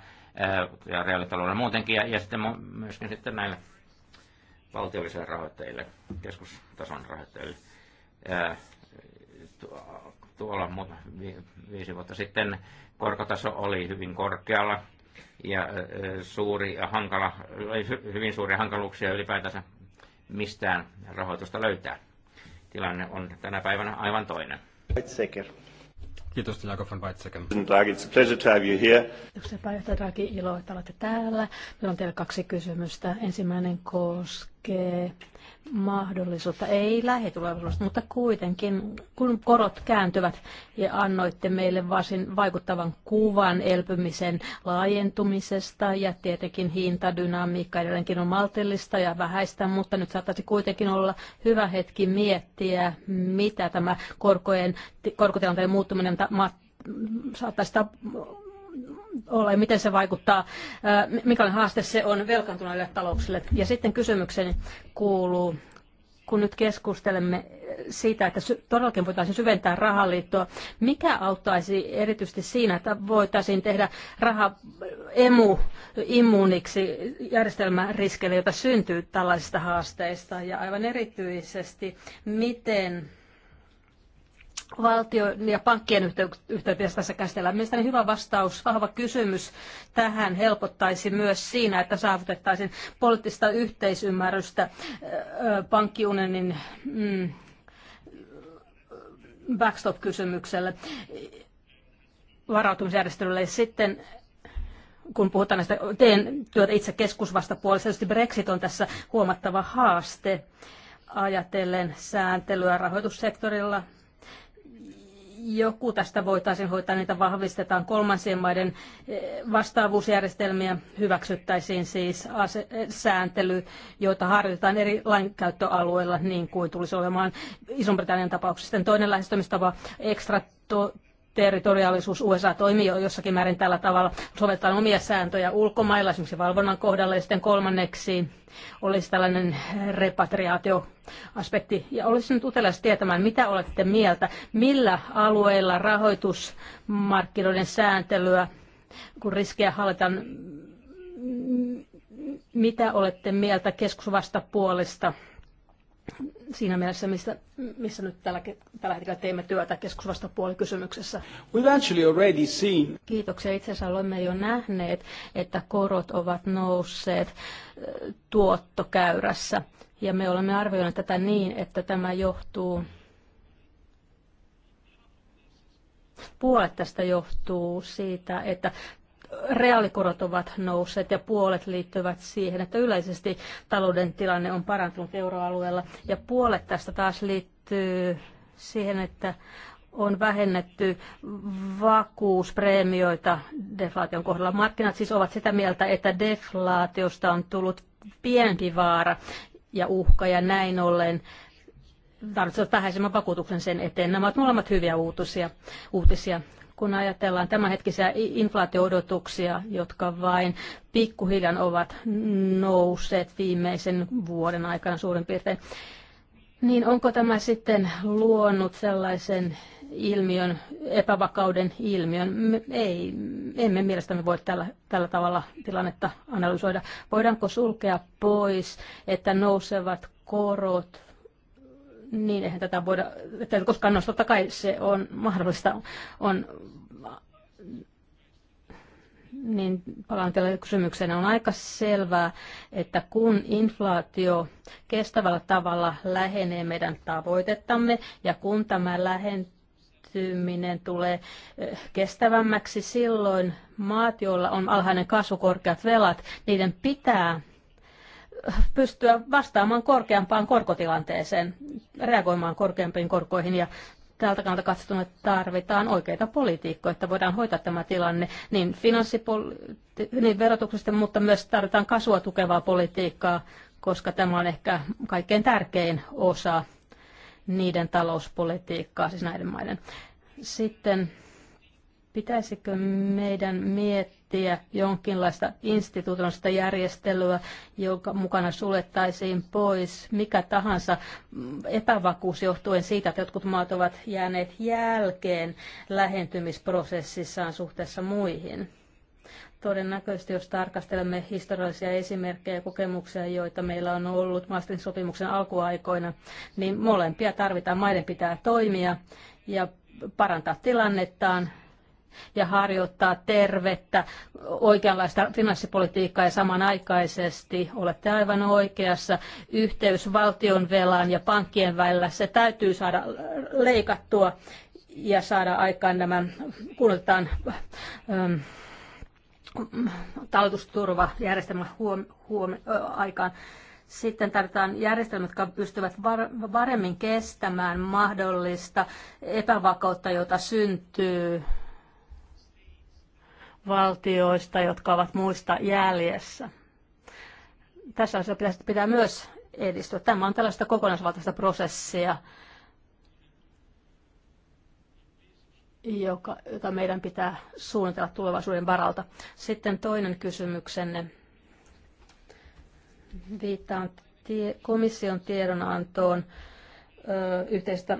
ja reaalitaloudelle muutenkin ja, ja sitten myöskin sitten näille valtiollisille rahoittajille, keskustason rahoittajille. Tuolla viisi vuotta sitten Korkotaso oli hyvin korkealla ja suuri ja hankala, hyvin suuria hankaluuksia ylipäätänsä mistään rahoitusta löytää. Tilanne on tänä päivänä aivan toinen. Weizsäcker. Kiitos Jakob von Weizsäcker. it's a pleasure to have you here. Edustaja pääjohtaja Draghi, ilo, että olette täällä. Meillä on teillä kaksi kysymystä. Ensimmäinen koskee mahdollisuutta, ei lähitulevaisuudesta, mutta kuitenkin, kun korot kääntyvät ja annoitte meille varsin vaikuttavan kuvan elpymisen laajentumisesta ja tietenkin hintadynamiikka edelleenkin on maltillista ja vähäistä, mutta nyt saattaisi kuitenkin olla hyvä hetki miettiä, mitä tämä korkojen, korkotilanteen muuttuminen saattaisi olla ja miten se vaikuttaa, äh, minkälainen haaste se on velkaantuneille talouksille. Ja sitten kysymykseni kuuluu, kun nyt keskustelemme siitä, että todellakin voitaisiin syventää rahaliittoa, mikä auttaisi erityisesti siinä, että voitaisiin tehdä raha emu immuuniksi järjestelmäriskeille, jota syntyy tällaisista haasteista, ja aivan erityisesti, miten Valtio ja pankkien yhteydessä tässä käsitellään. Mielestäni hyvä vastaus, vahva kysymys tähän helpottaisi myös siinä, että saavutettaisiin poliittista yhteisymmärrystä pankkiunionin mm, backstop-kysymykselle, varautumisjärjestelylle. Sitten kun puhutaan näistä, teen työtä itse tietysti Brexit on tässä huomattava haaste ajatellen sääntelyä rahoitussektorilla, joku tästä voitaisiin hoitaa, niitä vahvistetaan kolmansien maiden eh, vastaavuusjärjestelmiä, hyväksyttäisiin siis ase- eh, sääntely, joita harjoitetaan eri lainkäyttöalueilla, niin kuin tulisi olemaan Ison-Britannian tapauksessa. Sitten toinen lähestymistapa, ekstra territoriaalisuus. USA toimii jo jossakin määrin tällä tavalla. Sovelletaan omia sääntöjä ulkomailla, esimerkiksi valvonnan kohdalla. Ja sitten kolmanneksi olisi tällainen repatriaatioaspekti. Ja olisi nyt utelias tietämään, mitä olette mieltä, millä alueilla rahoitusmarkkinoiden sääntelyä, kun riskejä hallitaan, mitä olette mieltä keskusvastapuolesta? siinä mielessä, missä, missä nyt tällä, tällä hetkellä teemme työtä keskusvastapuolikysymyksessä. We've actually already seen. Kiitoksia. Itse asiassa olemme jo nähneet, että korot ovat nousseet äh, tuottokäyrässä. Ja me olemme arvioineet tätä niin, että tämä johtuu puolet tästä johtuu siitä, että reaalikorot ovat nousseet ja puolet liittyvät siihen, että yleisesti talouden tilanne on parantunut euroalueella. Ja puolet tästä taas liittyy siihen, että on vähennetty vakuuspreemioita deflaation kohdalla. Markkinat siis ovat sitä mieltä, että deflaatiosta on tullut pienempi vaara ja uhka ja näin ollen tarvitsevat vähäisemmän vakuutuksen sen eteen. Nämä ovat molemmat hyviä uutisia. uutisia kun ajatellaan tämänhetkisiä inflaatioodotuksia, jotka vain pikkuhiljan ovat nousseet viimeisen vuoden aikana suurin piirtein. Niin onko tämä sitten luonut sellaisen ilmiön, epävakauden ilmiön? Ei, emme mielestäni voi tällä, tällä tavalla tilannetta analysoida. Voidaanko sulkea pois, että nousevat korot niin eihän tätä voida, että koskaan nostaa, totta kai se on mahdollista, on niin palaan tällä kysymykseen. On aika selvää, että kun inflaatio kestävällä tavalla lähenee meidän tavoitettamme ja kun tämä lähentyminen tulee eh, kestävämmäksi, silloin maat, joilla on alhainen kasvu, korkeat velat, niiden pitää pystyä vastaamaan korkeampaan korkotilanteeseen, reagoimaan korkeampiin korkoihin ja tältä kannalta että tarvitaan oikeita politiikkoja, että voidaan hoitaa tämä tilanne niin, finanssipoli- niin verotuksesta, mutta myös tarvitaan kasvua tukevaa politiikkaa, koska tämä on ehkä kaikkein tärkein osa niiden talouspolitiikkaa, siis näiden maiden. Sitten Pitäisikö meidän miettiä jonkinlaista instituutioista järjestelyä, jonka mukana suljettaisiin pois mikä tahansa epävakuus johtuen siitä, että jotkut maat ovat jääneet jälkeen lähentymisprosessissaan suhteessa muihin? todennäköisesti, jos tarkastelemme historiallisia esimerkkejä ja kokemuksia, joita meillä on ollut maastin sopimuksen alkuaikoina, niin molempia tarvitaan. Maiden pitää toimia ja parantaa tilannettaan ja harjoittaa tervettä oikeanlaista finanssipolitiikkaa ja samanaikaisesti olette aivan oikeassa. Yhteys valtion velan ja pankkien välillä, se täytyy saada leikattua ja saada aikaan nämä, kuuletaan ähm, huom, huom, ö, aikaan. Sitten tarvitaan järjestelmät, jotka pystyvät paremmin kestämään mahdollista epävakautta, jota syntyy valtioista, jotka ovat muista jäljessä. Tässä asiassa pitäisi, pitää myös edistyä. Tämä on tällaista kokonaisvaltaista prosessia, joka, jota meidän pitää suunnitella tulevaisuuden varalta. Sitten toinen kysymyksenne. Viittaan tie, komission tiedonantoon yhteistä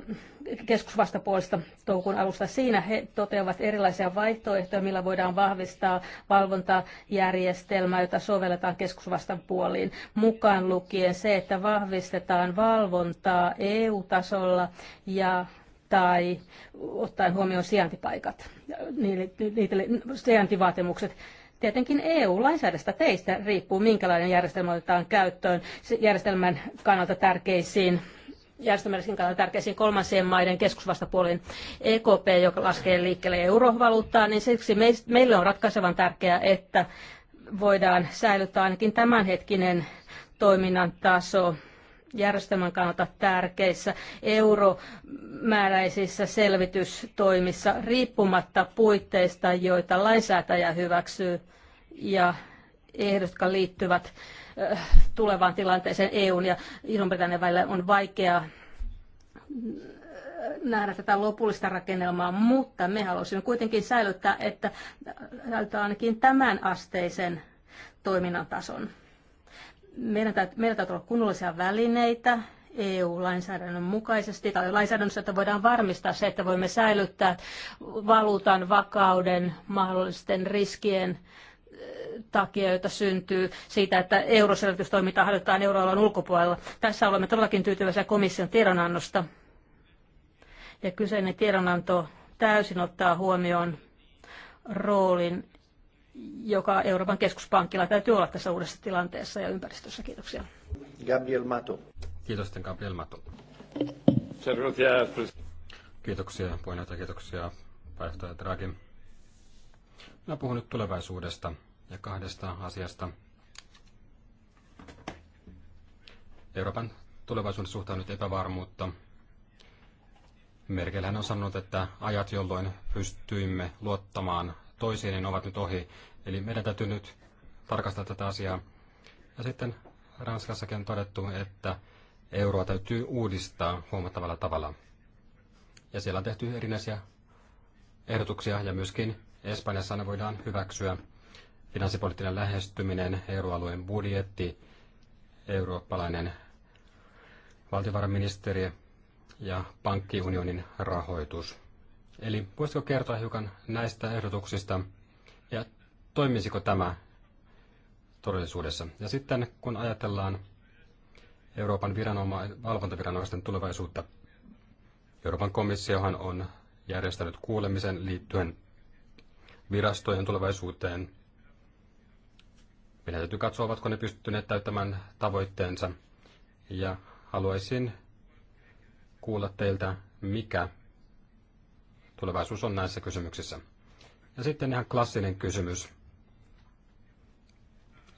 keskusvastapuolista toukokuun alusta. Siinä he toteavat erilaisia vaihtoehtoja, millä voidaan vahvistaa valvontajärjestelmää, jota sovelletaan keskusvastapuoliin, mukaan lukien se, että vahvistetaan valvontaa EU-tasolla ja tai ottaen huomioon sijaintipaikat, niille, sijaintivaatimukset. Tietenkin EU-lainsäädästä teistä riippuu, minkälainen järjestelmä otetaan käyttöön järjestelmän kannalta tärkeisiin järjestelmällisen kannalta tärkeisiin kolmansien maiden keskusvastapuoliin EKP, joka laskee liikkeelle eurovaluuttaa, niin siksi meille on ratkaisevan tärkeää, että voidaan säilyttää ainakin tämänhetkinen toiminnan taso järjestelmän kannalta tärkeissä euromääräisissä selvitystoimissa riippumatta puitteista, joita lainsäätäjä hyväksyy ja ehdot, jotka liittyvät tulevaan tilanteeseen EUn ja Iso-Britannian välillä on vaikea äh, nähdä tätä lopullista rakennelmaa, mutta me haluaisimme kuitenkin säilyttää, että säilyttää ainakin tämän asteisen toiminnan tason. Meidän täytyy, meillä täytyy olla kunnollisia välineitä EU-lainsäädännön mukaisesti tai lainsäädännössä, että voidaan varmistaa se, että voimme säilyttää valuutan vakauden mahdollisten riskien takia, joita syntyy siitä, että euroselvitystoimintaa harjoitetaan euroalueen ulkopuolella. Tässä olemme todellakin tyytyväisiä komission tiedonannosta. Ja kyseinen tiedonanto täysin ottaa huomioon roolin, joka Euroopan keskuspankilla täytyy olla tässä uudessa tilanteessa ja ympäristössä. Kiitoksia. Gabriel Mato. Kiitos, Gabriel Mato. Kiitoksia, puheenjohtaja, kiitoksia, pääjohtaja Draghi. Minä puhun nyt tulevaisuudesta ja kahdesta asiasta. Euroopan tulevaisuudessa suhtaan nyt epävarmuutta. Merkelhän on sanonut, että ajat, jolloin pystyimme luottamaan toisiin, niin ovat nyt ohi. Eli meidän täytyy nyt tarkastaa tätä asiaa. Ja sitten Ranskassakin on todettu, että euroa täytyy uudistaa huomattavalla tavalla. Ja siellä on tehty erinäisiä ehdotuksia ja myöskin Espanjassa ne voidaan hyväksyä finanssipoliittinen lähestyminen, euroalueen budjetti, eurooppalainen valtiovarainministeri ja pankkiunionin rahoitus. Eli voisitko kertoa hiukan näistä ehdotuksista ja toimisiko tämä todellisuudessa? Ja sitten kun ajatellaan Euroopan viranoma- valvontaviranomaisten tulevaisuutta, Euroopan komissiohan on järjestänyt kuulemisen liittyen virastojen tulevaisuuteen meidän täytyy katsoa, ovatko ne pystyneet täyttämään tavoitteensa. Ja haluaisin kuulla teiltä, mikä tulevaisuus on näissä kysymyksissä. Ja sitten ihan klassinen kysymys,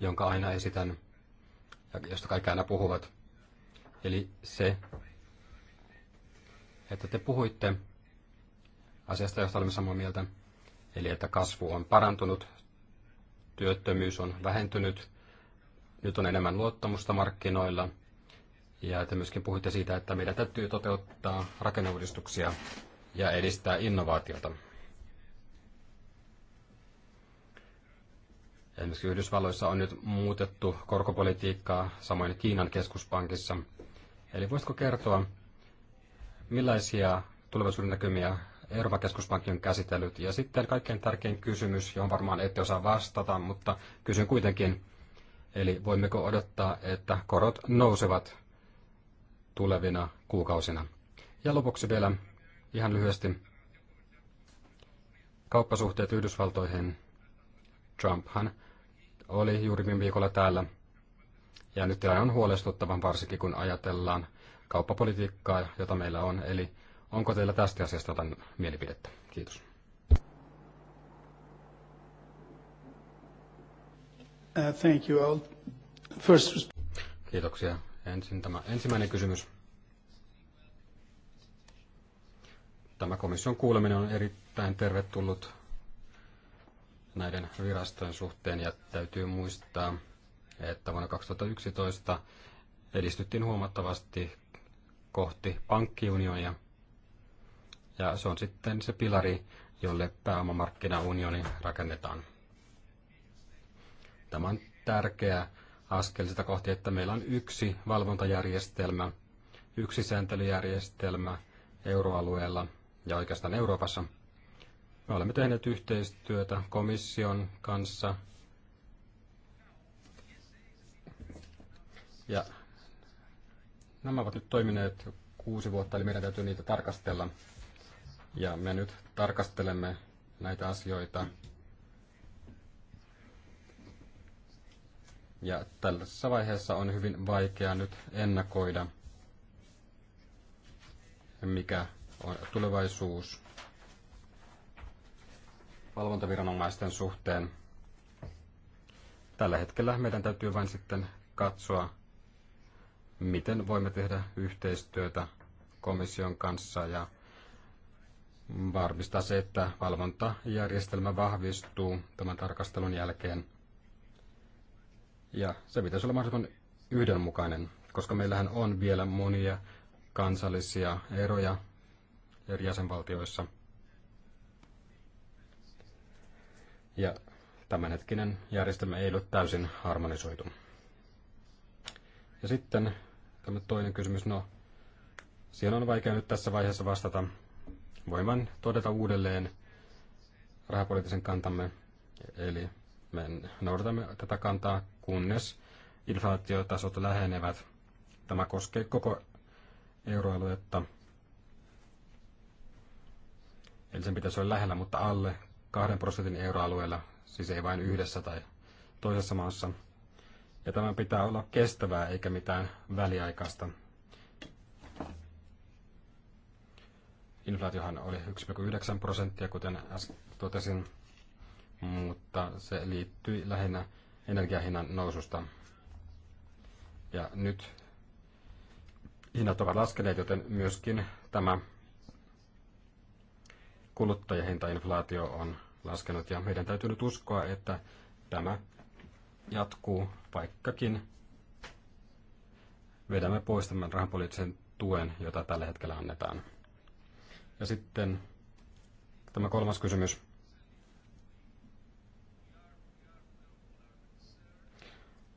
jonka aina esitän ja josta kaikki aina puhuvat. Eli se, että te puhuitte asiasta, josta olemme samaa mieltä, eli että kasvu on parantunut, työttömyys on vähentynyt, nyt on enemmän luottamusta markkinoilla, ja te myöskin puhuitte siitä, että meidän täytyy toteuttaa rakenneuudistuksia ja edistää innovaatiota. Esimerkiksi Yhdysvalloissa on nyt muutettu korkopolitiikkaa, samoin Kiinan keskuspankissa. Eli voisitko kertoa, millaisia tulevaisuuden näkymiä Euroopan keskuspankki on käsitellyt. Ja sitten kaikkein tärkein kysymys, johon varmaan ette osaa vastata, mutta kysyn kuitenkin, eli voimmeko odottaa, että korot nousevat tulevina kuukausina. Ja lopuksi vielä ihan lyhyesti kauppasuhteet Yhdysvaltoihin. Trumphan oli juuri viime viikolla täällä. Ja nyt tilanne on huolestuttavan varsinkin, kun ajatellaan kauppapolitiikkaa, jota meillä on, eli Onko teillä tästä asiasta jotain mielipidettä? Kiitos. Uh, thank you all. First... Kiitoksia. Ensin tämä ensimmäinen kysymys. Tämä komission kuuleminen on erittäin tervetullut näiden virastojen suhteen ja täytyy muistaa, että vuonna 2011 edistyttiin huomattavasti kohti pankkiunionia – ja se on sitten se pilari, jolle pääomamarkkinaunioni rakennetaan. Tämä on tärkeä askel sitä kohti, että meillä on yksi valvontajärjestelmä, yksi sääntelyjärjestelmä euroalueella ja oikeastaan Euroopassa. Me olemme tehneet yhteistyötä komission kanssa ja nämä ovat nyt toimineet kuusi vuotta, eli meidän täytyy niitä tarkastella ja me nyt tarkastelemme näitä asioita. Ja tällaisessa vaiheessa on hyvin vaikea nyt ennakoida, mikä on tulevaisuus valvontaviranomaisten suhteen. Tällä hetkellä meidän täytyy vain sitten katsoa, miten voimme tehdä yhteistyötä komission kanssa ja varmistaa se, että valvontajärjestelmä vahvistuu tämän tarkastelun jälkeen. Ja se pitäisi olla mahdollisimman yhdenmukainen, koska meillähän on vielä monia kansallisia eroja eri jäsenvaltioissa. Ja tämänhetkinen järjestelmä ei ole täysin harmonisoitu. Ja sitten tämä toinen kysymys, no siihen on vaikea nyt tässä vaiheessa vastata, voin vain todeta uudelleen rahapoliittisen kantamme. Eli me noudatamme tätä kantaa, kunnes inflaatiotasot lähenevät. Tämä koskee koko euroaluetta. Eli sen pitäisi olla lähellä, mutta alle kahden prosentin euroalueella, siis ei vain yhdessä tai toisessa maassa. Ja tämän pitää olla kestävää eikä mitään väliaikaista. Inflaatiohan oli 1,9 prosenttia, kuten äsken totesin, mutta se liittyi lähinnä energiahinnan noususta. Ja nyt hinnat ovat laskeneet, joten myöskin tämä kuluttajahintainflaatio on laskenut. Ja meidän täytyy nyt uskoa, että tämä jatkuu, vaikkakin vedämme pois tämän rahapoliittisen tuen, jota tällä hetkellä annetaan. Ja sitten tämä kolmas kysymys.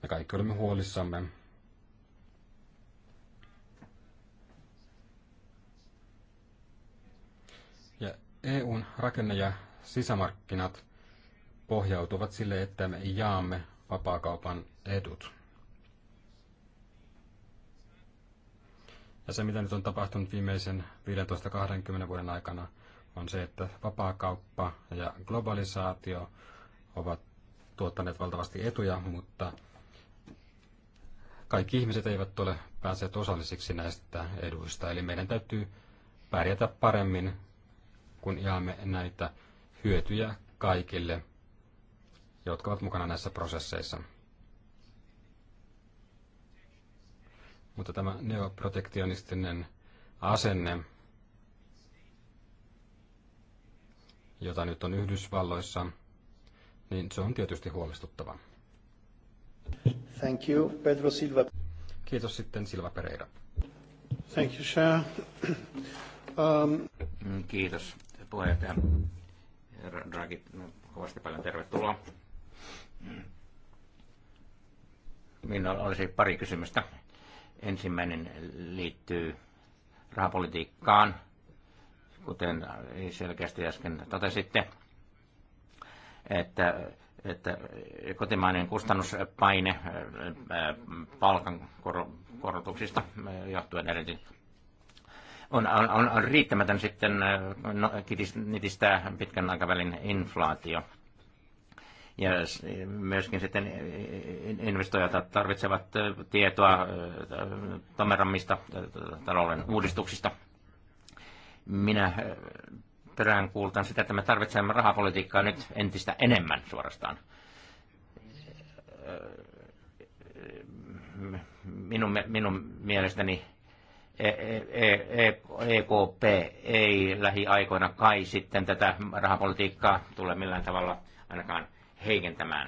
Me kaikki olemme huolissamme. Ja EUn rakenne ja sisämarkkinat pohjautuvat sille, että me jaamme vapaakaupan edut. Ja se, mitä nyt on tapahtunut viimeisen 15-20 vuoden aikana, on se, että vapaakauppa ja globalisaatio ovat tuottaneet valtavasti etuja, mutta kaikki ihmiset eivät ole päässeet osallisiksi näistä eduista. Eli meidän täytyy pärjätä paremmin, kun jaamme näitä hyötyjä kaikille, jotka ovat mukana näissä prosesseissa. Mutta tämä neoprotektionistinen asenne, jota nyt on Yhdysvalloissa, niin se on tietysti huolestuttava. Thank you, Pedro Silva. Kiitos sitten Silva Pereira. Thank you, Chair. Um... Kiitos puheenjohtaja. Draghi, no, kovasti paljon tervetuloa. Minulla olisi pari kysymystä Ensimmäinen liittyy rahapolitiikkaan, kuten selkeästi äsken totesitte, että, että kotimainen kustannuspaine äh, palkan korotuksista äh, johtuen erityisesti on, on, on riittämätön sitten äh, no, kitistää pitkän aikavälin inflaatio ja myöskin sitten investoijat tarvitsevat tietoa Tamerammista talouden uudistuksista. Minä peräänkuultan sitä, että me tarvitsemme rahapolitiikkaa nyt entistä enemmän suorastaan. Minun, minun mielestäni EKP e, e, e, ei lähiaikoina kai sitten tätä rahapolitiikkaa tule millään tavalla ainakaan – heikentämään.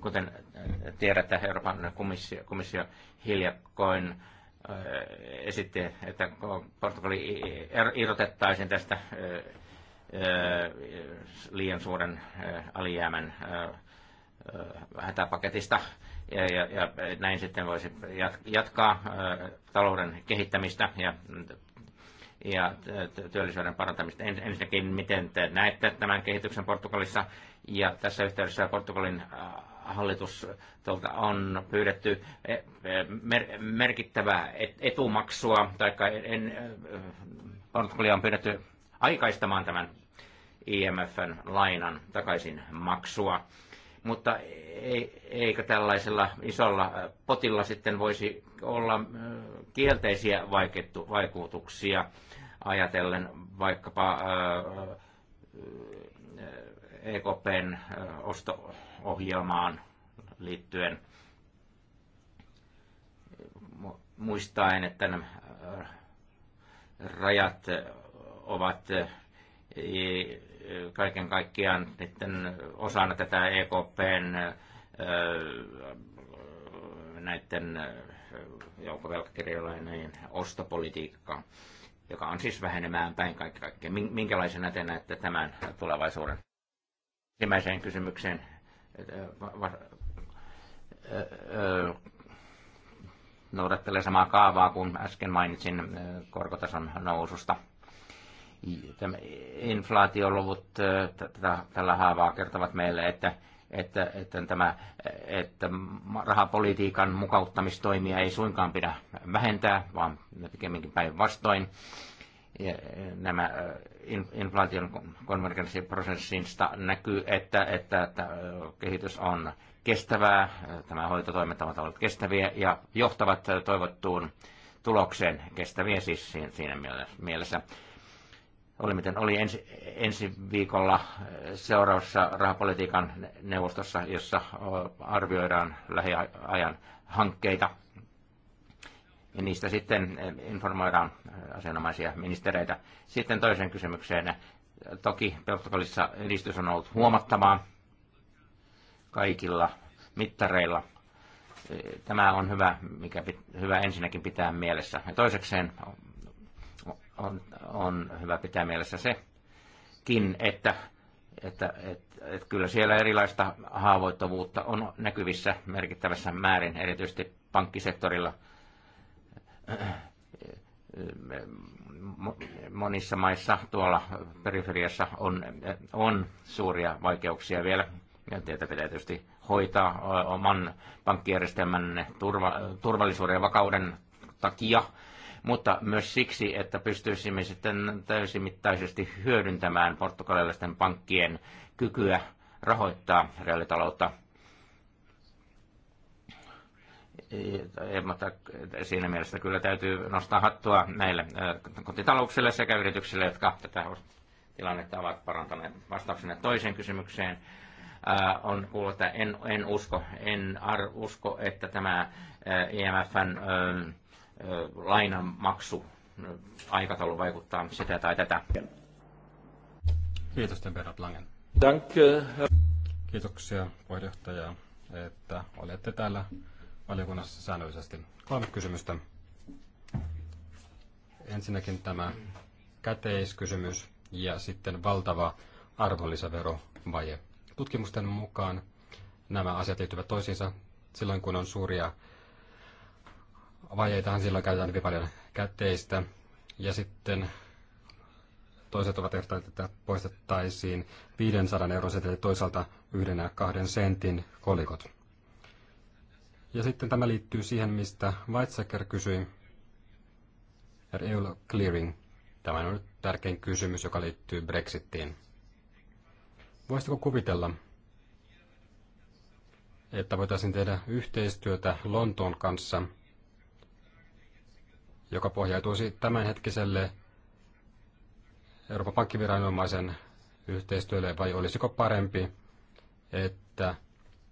Kuten äh, tiedätte, Euroopan komissio, komissio hiljakkoin äh, esitti, että Portugali er, irrotettaisiin tästä äh, liian suuren alijäämän hätäpaketista ja, ja, ja näin sitten voisi jatkaa talouden kehittämistä ja, ja työllisyyden parantamista. Ensinnäkin, miten te näette tämän kehityksen Portugalissa ja tässä yhteydessä Portugalin äh, hallitustolta on pyydetty e, e, merkittävää etumaksua, tai äh, Portugalia on pyydetty aikaistamaan tämän IMFn lainan takaisin maksua. Mutta e-, eikö tällaisella isolla äh, potilla sitten voisi olla kielteisiä vaikutuksia ajatellen vaikkapa EKPn osto-ohjelmaan liittyen muistaen, että nämä rajat ovat kaiken kaikkiaan osana tätä EKPn näiden joukkovelkakirjojen ostopolitiikkaa, joka on siis vähenemään päin kaikki kaikkea. Minkälaisena te näette tämän tulevaisuuden? ensimmäiseen kysymykseen noudattelee samaa kaavaa kuin äsken mainitsin korkotason noususta. Tämä inflaatioluvut tällä haavaa kertovat meille, että, että, että, tämä, että rahapolitiikan mukauttamistoimia ei suinkaan pidä vähentää, vaan pikemminkin päinvastoin. Eh, nämä eh, inflaation konvergenssiprosessista näkyy, että, että, että eh, kehitys on kestävää, tämä hoitotoimet ovat olleet kestäviä ja johtavat toivottuun tulokseen kestäviä siis siinä mielessä. Oli miten oli ensi, ensi viikolla seuraavassa rahapolitiikan neuvostossa, jossa arvioidaan lähiajan hankkeita ja niistä sitten eh, informoidaan eh, asianomaisia ministereitä. Sitten toiseen kysymykseen. Toki Portugalissa edistys on ollut huomattavaa kaikilla mittareilla. Eh, tämä on hyvä, mikä pit, hyvä ensinnäkin pitää mielessä. Ja toisekseen on, on hyvä pitää mielessä sekin, että, että, että, että kyllä siellä erilaista haavoittuvuutta on näkyvissä merkittävässä määrin, erityisesti pankkisektorilla – monissa maissa tuolla periferiassa on, on suuria vaikeuksia vielä. Ja teitä pitää tietysti hoitaa oman pankkijärjestelmän turva, turvallisuuden ja vakauden takia, mutta myös siksi, että pystyisimme sitten täysimittaisesti hyödyntämään portugalilaisten pankkien kykyä rahoittaa reaalitaloutta – mutta siinä mielessä kyllä täytyy nostaa hattua näille kotitalouksille sekä yrityksille, jotka tätä tilannetta ovat parantaneet. Vastauksena toiseen kysymykseen on kuullut, että en, en, usko, en ar- usko, että tämä IMFn lainanmaksu aikataulu vaikuttaa sitä tai tätä. Kiitos, Temperat Langen. Danke. Kiitoksia puheenjohtaja, että olette täällä valiokunnassa säännöllisesti. Kolme kysymystä. Ensinnäkin tämä käteiskysymys ja sitten valtava arvonlisäverovaje. Tutkimusten mukaan nämä asiat liittyvät toisiinsa. Silloin kun on suuria vajeitahan, silloin käytetään hyvin paljon käteistä. Ja sitten toiset ovat ehdottaneet, että poistettaisiin 500 euron setelit, toisaalta yhden ja kahden sentin kolikot. Ja sitten tämä liittyy siihen, mistä Weizsäcker kysyi, clearing. Tämä on nyt tärkein kysymys, joka liittyy Brexittiin. Voisitko kuvitella, että voitaisiin tehdä yhteistyötä Lontoon kanssa, joka pohjautuisi tämänhetkiselle Euroopan pankkiviranomaisen yhteistyölle, vai olisiko parempi, että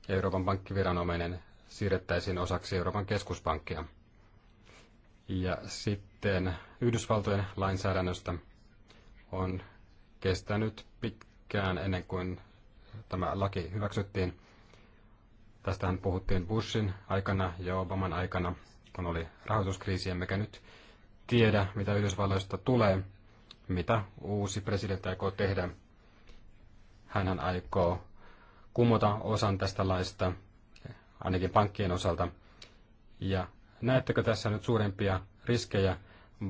Euroopan pankkiviranomainen siirrettäisiin osaksi Euroopan keskuspankkia. Ja sitten Yhdysvaltojen lainsäädännöstä on kestänyt pitkään ennen kuin tämä laki hyväksyttiin. Tästähän puhuttiin Bushin aikana ja Obaman aikana, kun oli rahoituskriisi, emmekä nyt tiedä, mitä Yhdysvalloista tulee, mitä uusi presidentti aikoo tehdä. Hänhän aikoo kumota osan tästä laista ainakin pankkien osalta. Ja näettekö tässä nyt suurempia riskejä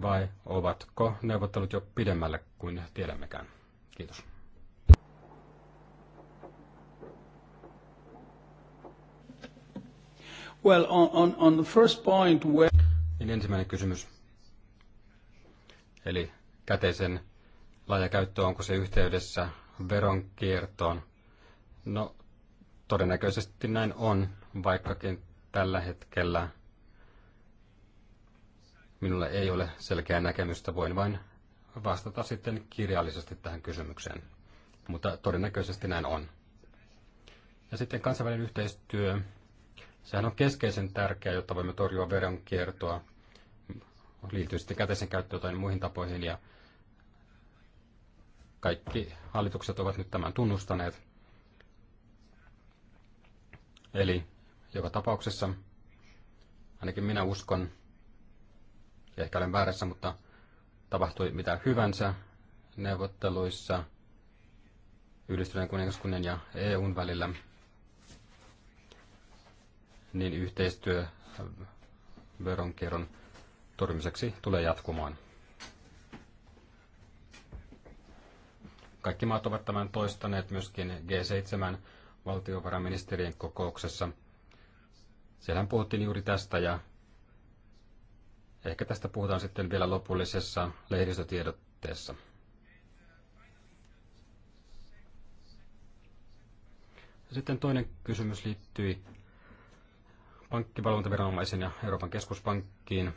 vai ovatko neuvottelut jo pidemmälle kuin tiedämmekään? Kiitos. Well, on, on, on the first point where... Niin ensimmäinen kysymys. Eli käteisen laaja käyttö, onko se yhteydessä veronkiertoon? No, todennäköisesti näin on vaikkakin tällä hetkellä minulla ei ole selkeää näkemystä, voin vain vastata sitten kirjallisesti tähän kysymykseen. Mutta todennäköisesti näin on. Ja sitten kansainvälinen yhteistyö. Sehän on keskeisen tärkeää, jotta voimme torjua veronkiertoa, liittyy sitten käteisen käyttöön tai muihin tapoihin. Ja kaikki hallitukset ovat nyt tämän tunnustaneet. Eli joka tapauksessa, ainakin minä uskon, ja ehkä olen väärässä, mutta tapahtui mitä hyvänsä neuvotteluissa yhdistyneen kuningaskunnan ja EUn välillä, niin yhteistyö veronkierron torjumiseksi tulee jatkumaan. Kaikki maat ovat tämän toistaneet myöskin G7 valtiovarainministerien kokouksessa – Siellähän puhuttiin juuri tästä ja ehkä tästä puhutaan sitten vielä lopullisessa lehdistötiedotteessa. Sitten toinen kysymys liittyi pankkivalvontaviranomaisen ja Euroopan keskuspankkiin.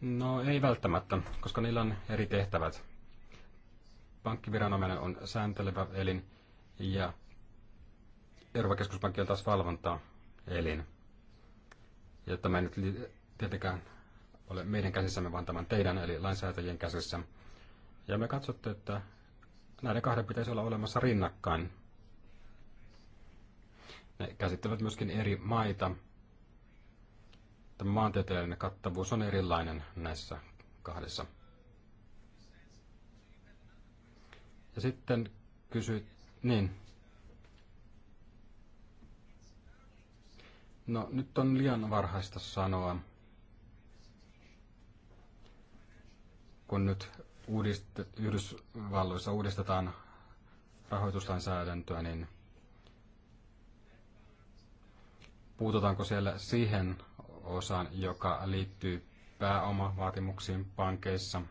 No ei välttämättä, koska niillä on eri tehtävät. Pankkiviranomainen on sääntelevä elin ja Euroopan keskuspankki on taas valvontaelin. Ja tämä ei nyt tietenkään ole meidän käsissämme, vaan tämän teidän eli lainsäätäjien käsissä. Ja me katsotte, että näiden kahden pitäisi olla olemassa rinnakkain. Ne käsittelevät myöskin eri maita. Tämä maantieteellinen kattavuus on erilainen näissä kahdessa. Ja sitten kysyit, niin, No nyt on liian varhaista sanoa, kun nyt uudist, Yhdysvalloissa uudistetaan rahoituslainsäädäntöä, niin puututaanko siellä siihen osaan, joka liittyy pääomavaatimuksiin pankeissa,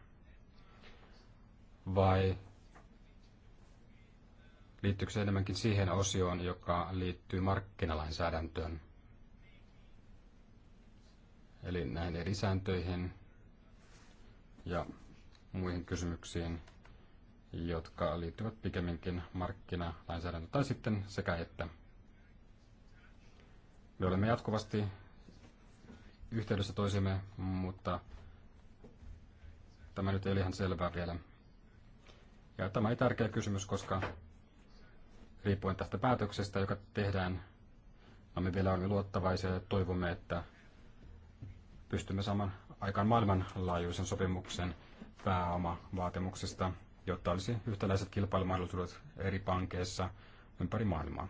vai liittyykö se enemmänkin siihen osioon, joka liittyy markkinalainsäädäntöön? eli näihin eri sääntöihin ja muihin kysymyksiin, jotka liittyvät pikemminkin markkinalainsäädäntöön tai sitten sekä että. Me olemme jatkuvasti yhteydessä toisimme, mutta tämä nyt ei ole ihan selvää vielä. Ja tämä ei tärkeä kysymys, koska riippuen tästä päätöksestä, joka tehdään, no me vielä olemme luottavaisia ja toivomme, että pystymme saman aikaan maailmanlaajuisen sopimuksen pääomavaatimuksista, jotta olisi yhtäläiset kilpailumahdollisuudet eri pankeissa ympäri maailmaa.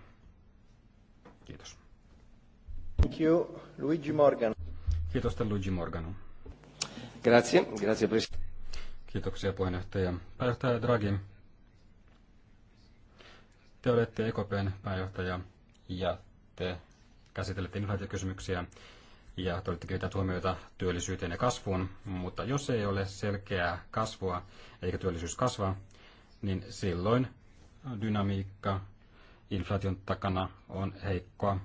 Kiitos. Thank you, Luigi Morgan. Kiitos, Luigi Morgan. Grazie, grazie presidente. Kiitoksia puheenjohtaja. Pääjohtaja Draghi, te olette EKPn pääjohtaja ja te käsittelette inflaatiokysymyksiä. kysymyksiä ja te olette kiinnittäneet huomiota työllisyyteen ja kasvuun, mutta jos ei ole selkeää kasvua eikä työllisyys kasva, niin silloin dynamiikka inflaation takana on heikkoa.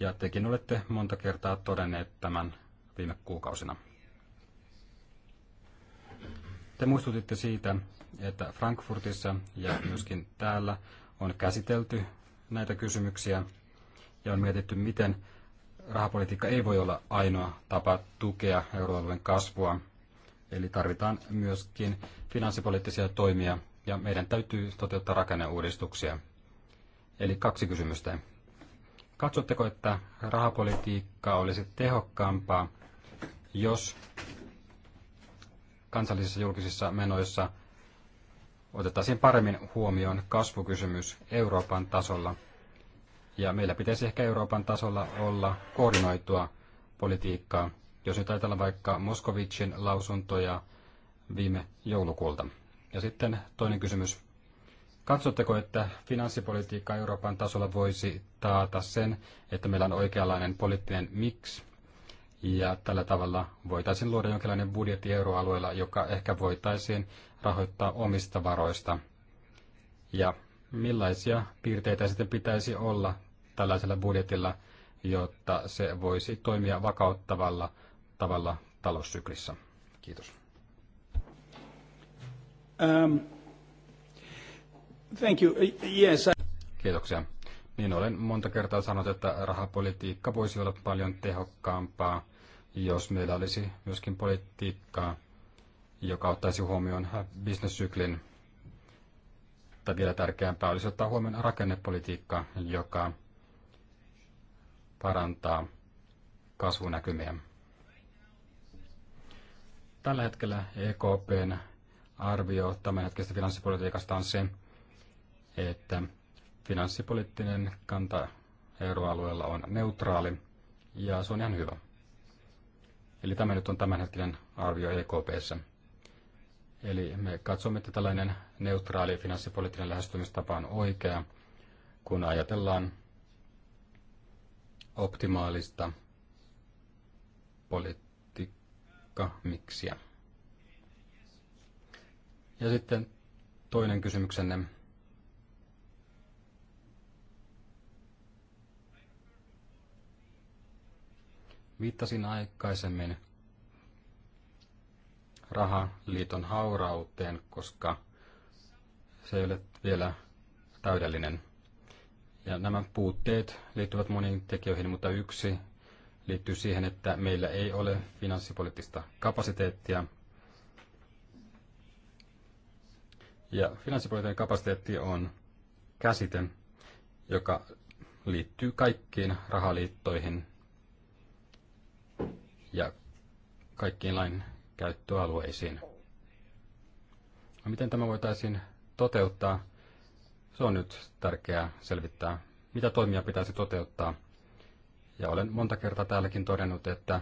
Ja tekin olette monta kertaa todenneet tämän viime kuukausina. Te muistutitte siitä, että Frankfurtissa ja myöskin täällä on käsitelty näitä kysymyksiä ja on mietitty, miten rahapolitiikka ei voi olla ainoa tapa tukea euroalueen kasvua, eli tarvitaan myöskin finanssipoliittisia toimia ja meidän täytyy toteuttaa rakenneuudistuksia. Eli kaksi kysymystä. Katsotteko, että rahapolitiikka olisi tehokkaampaa, jos kansallisissa julkisissa menoissa otettaisiin paremmin huomioon kasvukysymys Euroopan tasolla – ja meillä pitäisi ehkä Euroopan tasolla olla koordinoitua politiikkaa, jos nyt ajatellaan vaikka Moskovicin lausuntoja viime joulukuulta. Ja sitten toinen kysymys. Katsotteko, että finanssipolitiikka Euroopan tasolla voisi taata sen, että meillä on oikeanlainen poliittinen mix, ja tällä tavalla voitaisiin luoda jonkinlainen budjetti euroalueella, joka ehkä voitaisiin rahoittaa omista varoista. Ja millaisia piirteitä sitten pitäisi olla tällaisella budjetilla, jotta se voisi toimia vakauttavalla tavalla taloussyklissä. Kiitos. Um, thank you. Yes, I... Kiitoksia. Niin olen monta kertaa sanonut, että rahapolitiikka voisi olla paljon tehokkaampaa, jos meillä olisi myöskin politiikkaa, joka ottaisi huomioon bisnessyklin. Tai vielä tärkeämpää olisi ottaa huomioon rakennepolitiikka, joka parantaa kasvunäkymiä. Tällä hetkellä EKPn arvio tämänhetkisestä finanssipolitiikasta on se, että finanssipoliittinen kanta euroalueella on neutraali ja se on ihan hyvä. Eli tämä nyt on tämänhetkinen arvio EKPssä. Eli me katsomme, että tällainen neutraali finanssipoliittinen lähestymistapa on oikea, kun ajatellaan optimaalista politiikka-miksiä. Ja sitten toinen kysymyksenne. Viittasin aikaisemmin rahaliiton haurauteen, koska se ei ole vielä täydellinen. Ja nämä puutteet liittyvät moniin tekijöihin, mutta yksi liittyy siihen, että meillä ei ole finanssipoliittista kapasiteettia. Ja finanssipoliittinen kapasiteetti on käsite, joka liittyy kaikkiin rahaliittoihin ja kaikkiin lain käyttöalueisiin. No, miten tämä voitaisiin toteuttaa? Se on nyt tärkeää selvittää, mitä toimia pitäisi toteuttaa. Ja olen monta kertaa täälläkin todennut, että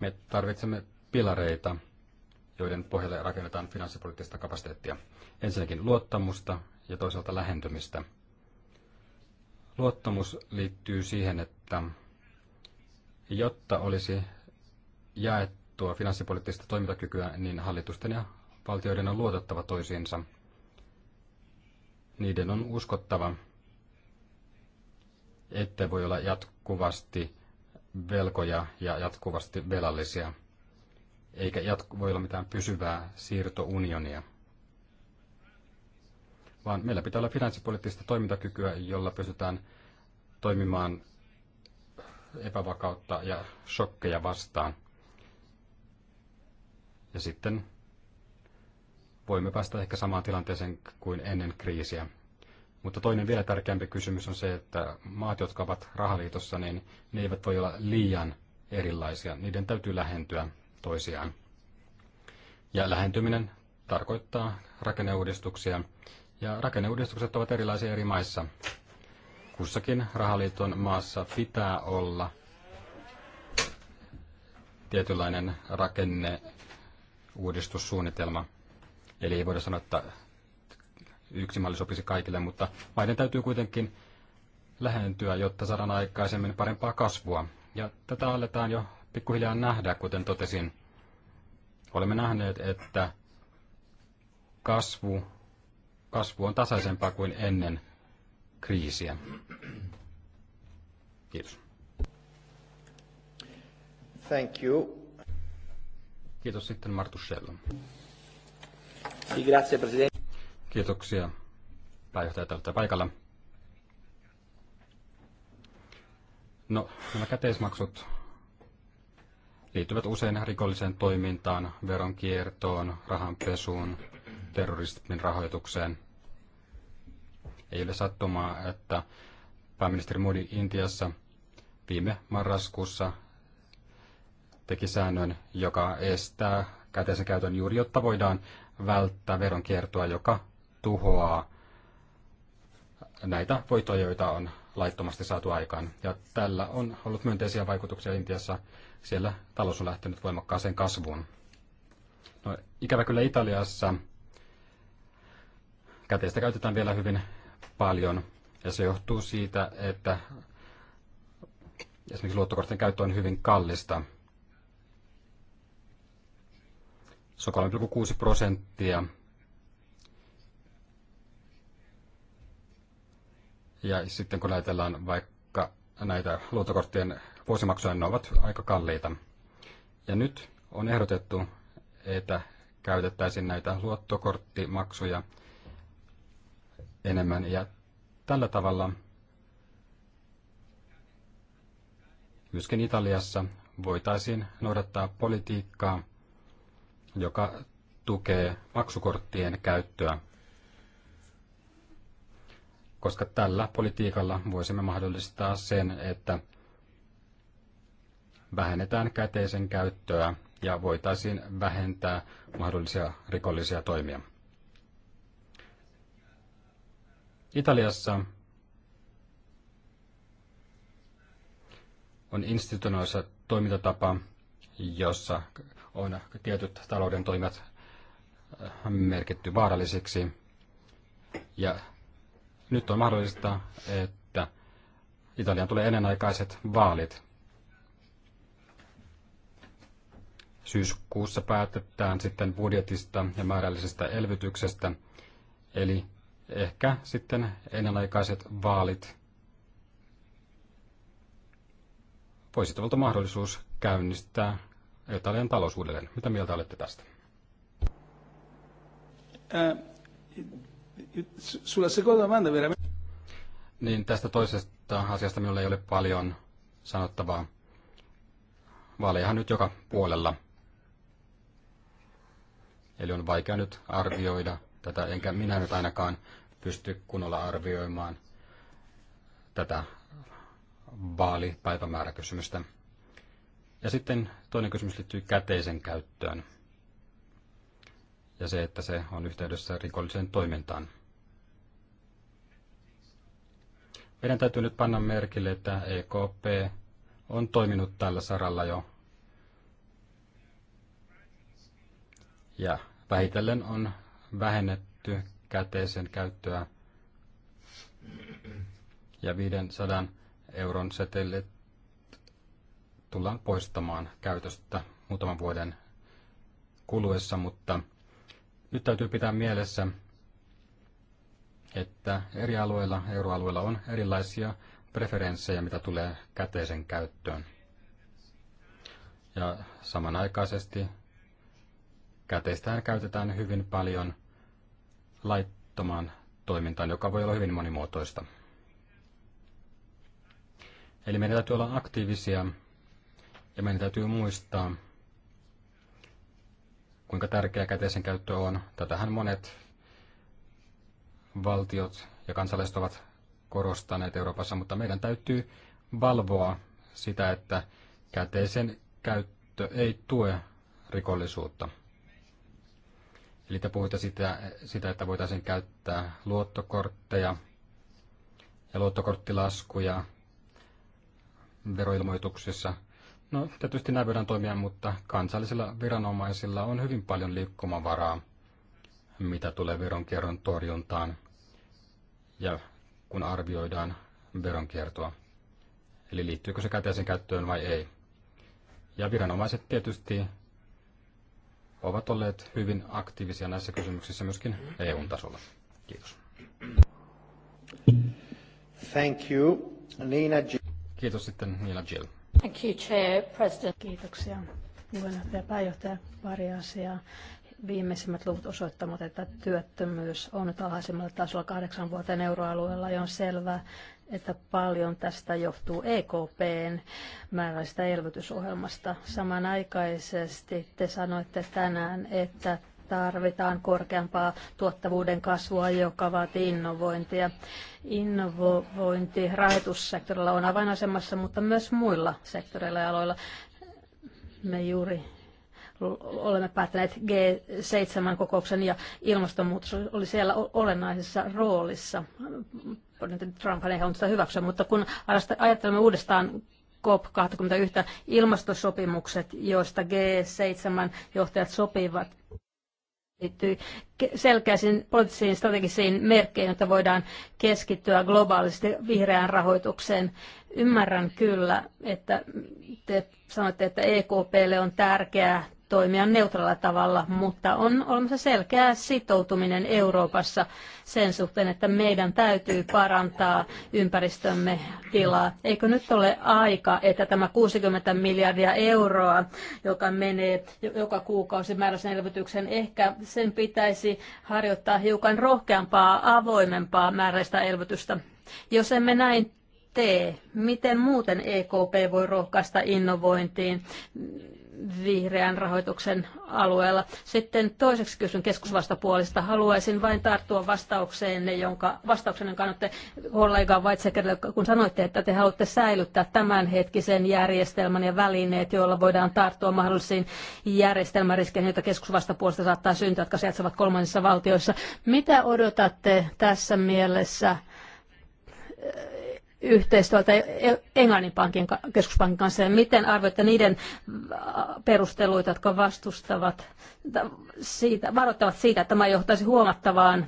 me tarvitsemme pilareita, joiden pohjalle rakennetaan finanssipoliittista kapasiteettia. Ensinnäkin luottamusta ja toisaalta lähentymistä. Luottamus liittyy siihen, että jotta olisi jaettua finanssipoliittista toimintakykyä, niin hallitusten ja valtioiden on luotettava toisiinsa – niiden on uskottava, ette voi olla jatkuvasti velkoja ja jatkuvasti velallisia, eikä jatku- voi olla mitään pysyvää siirtounionia. Vaan meillä pitää olla finanssipoliittista toimintakykyä, jolla pystytään toimimaan epävakautta ja shokkeja vastaan. Ja sitten voimme päästä ehkä samaan tilanteeseen kuin ennen kriisiä. Mutta toinen vielä tärkeämpi kysymys on se, että maat, jotka ovat rahaliitossa, niin ne eivät voi olla liian erilaisia. Niiden täytyy lähentyä toisiaan. Ja lähentyminen tarkoittaa rakenneuudistuksia. Ja rakenneuudistukset ovat erilaisia eri maissa. Kussakin rahaliiton maassa pitää olla tietynlainen rakenneuudistussuunnitelma – Eli ei voida sanoa, että yksi malli sopisi kaikille, mutta maiden täytyy kuitenkin lähentyä, jotta saadaan aikaisemmin parempaa kasvua. Ja tätä aletaan jo pikkuhiljaa nähdä, kuten totesin. Olemme nähneet, että kasvu, kasvu on tasaisempaa kuin ennen kriisiä. Kiitos. Thank you. Kiitos sitten Martus Schellon. Grazie, presidente. Kiitoksia. Pääjohtaja, täyttää paikalla. No, nämä käteismaksut liittyvät usein rikolliseen toimintaan, veronkiertoon, rahanpesuun, terroristin rahoitukseen. Ei ole sattumaa, että pääministeri Modi Intiassa viime marraskuussa teki säännön, joka estää käteisen käytön juuri, jotta voidaan välttää veronkiertoa, joka tuhoaa näitä voittoja, joita on laittomasti saatu aikaan. Ja tällä on ollut myönteisiä vaikutuksia Intiassa. Siellä talous on lähtenyt voimakkaaseen kasvuun. No, ikävä kyllä Italiassa käteistä käytetään vielä hyvin paljon. Ja se johtuu siitä, että esimerkiksi luottokortin käyttö on hyvin kallista. Se on 3,6 prosenttia. Ja sitten kun ajatellaan vaikka näitä luottokorttien vuosimaksuja, ne ovat aika kalliita. Ja nyt on ehdotettu, että käytettäisiin näitä luottokorttimaksuja enemmän. Ja tällä tavalla myöskin Italiassa voitaisiin noudattaa politiikkaa, joka tukee maksukorttien käyttöä, koska tällä politiikalla voisimme mahdollistaa sen, että vähennetään käteisen käyttöä ja voitaisiin vähentää mahdollisia rikollisia toimia. Italiassa on institutionaalissa toimintatapa, jossa on tietyt talouden toimijat äh, merkitty vaarallisiksi. Ja nyt on mahdollista, että Italian tulee ennenaikaiset vaalit. Syyskuussa päätetään sitten budjetista ja määrällisestä elvytyksestä, eli ehkä sitten ennenaikaiset vaalit voisi olla mahdollisuus käynnistää Italian talous uudelleen. Mitä mieltä olette tästä? Eh, sulla seconda domanda veramente... Niin tästä toisesta asiasta minulla ei ole paljon sanottavaa. Vaalejahan nyt joka puolella. Eli on vaikea nyt arvioida tätä, enkä minä nyt ainakaan pysty kunnolla arvioimaan tätä vaalipäivämääräkysymystä. kysymystä ja sitten toinen kysymys liittyy käteisen käyttöön ja se, että se on yhteydessä rikolliseen toimintaan. Meidän täytyy nyt panna merkille, että EKP on toiminut tällä saralla jo. Ja vähitellen on vähennetty käteisen käyttöä ja 500 euron setelit tullaan poistamaan käytöstä muutaman vuoden kuluessa, mutta nyt täytyy pitää mielessä, että eri alueilla, euroalueilla on erilaisia preferenssejä, mitä tulee käteisen käyttöön. Ja samanaikaisesti käteistään käytetään hyvin paljon laittomaan toimintaan, joka voi olla hyvin monimuotoista. Eli meidän täytyy olla aktiivisia ja meidän täytyy muistaa, kuinka tärkeä käteisen käyttö on. Tätähän monet valtiot ja kansalaiset ovat korostaneet Euroopassa, mutta meidän täytyy valvoa sitä, että käteisen käyttö ei tue rikollisuutta. Eli te puhuitte sitä, sitä, että voitaisiin käyttää luottokortteja ja luottokorttilaskuja veroilmoituksissa – No tietysti näin voidaan toimia, mutta kansallisilla viranomaisilla on hyvin paljon liikkumavaraa, mitä tulee veronkierron torjuntaan ja kun arvioidaan veronkiertoa. Eli liittyykö se käteisen käyttöön vai ei. Ja viranomaiset tietysti ovat olleet hyvin aktiivisia näissä kysymyksissä myöskin eu tasolla. Kiitos. Thank you. Nina G- Kiitos sitten Nina Jill. Thank you, Chair, President. Kiitoksia puheenjohtaja pääjohtaja pari asiaa. Viimeisimmät luvut osoittavat, että työttömyys on nyt alhaisimmalla tasolla kahdeksan vuoteen euroalueella ja on selvää, että paljon tästä johtuu EKPn määräistä elvytysohjelmasta. Samanaikaisesti te sanoitte tänään, että tarvitaan korkeampaa tuottavuuden kasvua, joka vaatii innovointia. Innovointi rahoitussektorilla on avainasemassa, mutta myös muilla sektoreilla ja aloilla. Me juuri olemme päättäneet G7-kokouksen ja ilmastonmuutos oli siellä olennaisessa roolissa. Trump ei halunnut sitä hyväksyä, mutta kun ajattelemme uudestaan COP21 ilmastosopimukset, joista G7-johtajat sopivat, liittyy selkeisiin poliittisiin strategisiin merkkeihin, jotta voidaan keskittyä globaalisti vihreään rahoitukseen. Ymmärrän kyllä, että te sanoitte, että EKPlle on tärkeää toimia neutraalilla tavalla, mutta on olemassa selkeä sitoutuminen Euroopassa sen suhteen, että meidän täytyy parantaa ympäristömme tilaa. Eikö nyt ole aika, että tämä 60 miljardia euroa, joka menee joka kuukausi määräisen elvytyksen, ehkä sen pitäisi harjoittaa hiukan rohkeampaa, avoimempaa määräistä elvytystä. Jos emme näin tee, miten muuten EKP voi rohkaista innovointiin vihreän rahoituksen alueella. Sitten toiseksi kysyn keskusvastapuolista. Haluaisin vain tarttua vastaukseenne, jonka vastauksen kannatte kollegaan Weizsäckerille, kun sanoitte, että te haluatte säilyttää tämänhetkisen järjestelmän ja välineet, joilla voidaan tarttua mahdollisiin järjestelmäriskeihin, joita keskusvastapuolista saattaa syntyä, jotka sijaitsevat kolmansissa valtioissa. Mitä odotatte tässä mielessä yhteistyötä e- Englannin pankin, keskuspankin kanssa ja miten arvioitte niiden äh, perusteluita, jotka vastustavat siitä, varoittavat siitä, että tämä johtaisi huomattavaan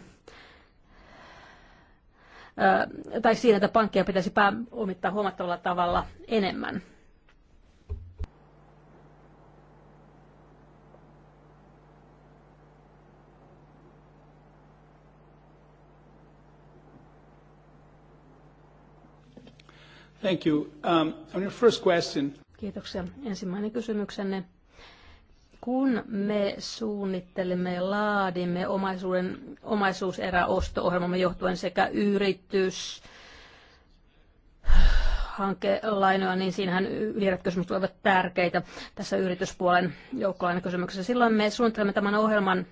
äh, tai siinä, että pankkia pitäisi pääomittaa huomattavalla tavalla enemmän. Thank you. Um, on your first question. Kiitoksia. Ensimmäinen kysymyksenne. Kun me suunnittelemme ja laadimme omaisuuden, omaisuuseräosto-ohjelmamme johtuen sekä yritys, hankelainoja, niin siinähän vihreät kysymykset ovat tärkeitä tässä yrityspuolen joukkolainakysymyksessä. Silloin me suunnittelemme tämän ohjelman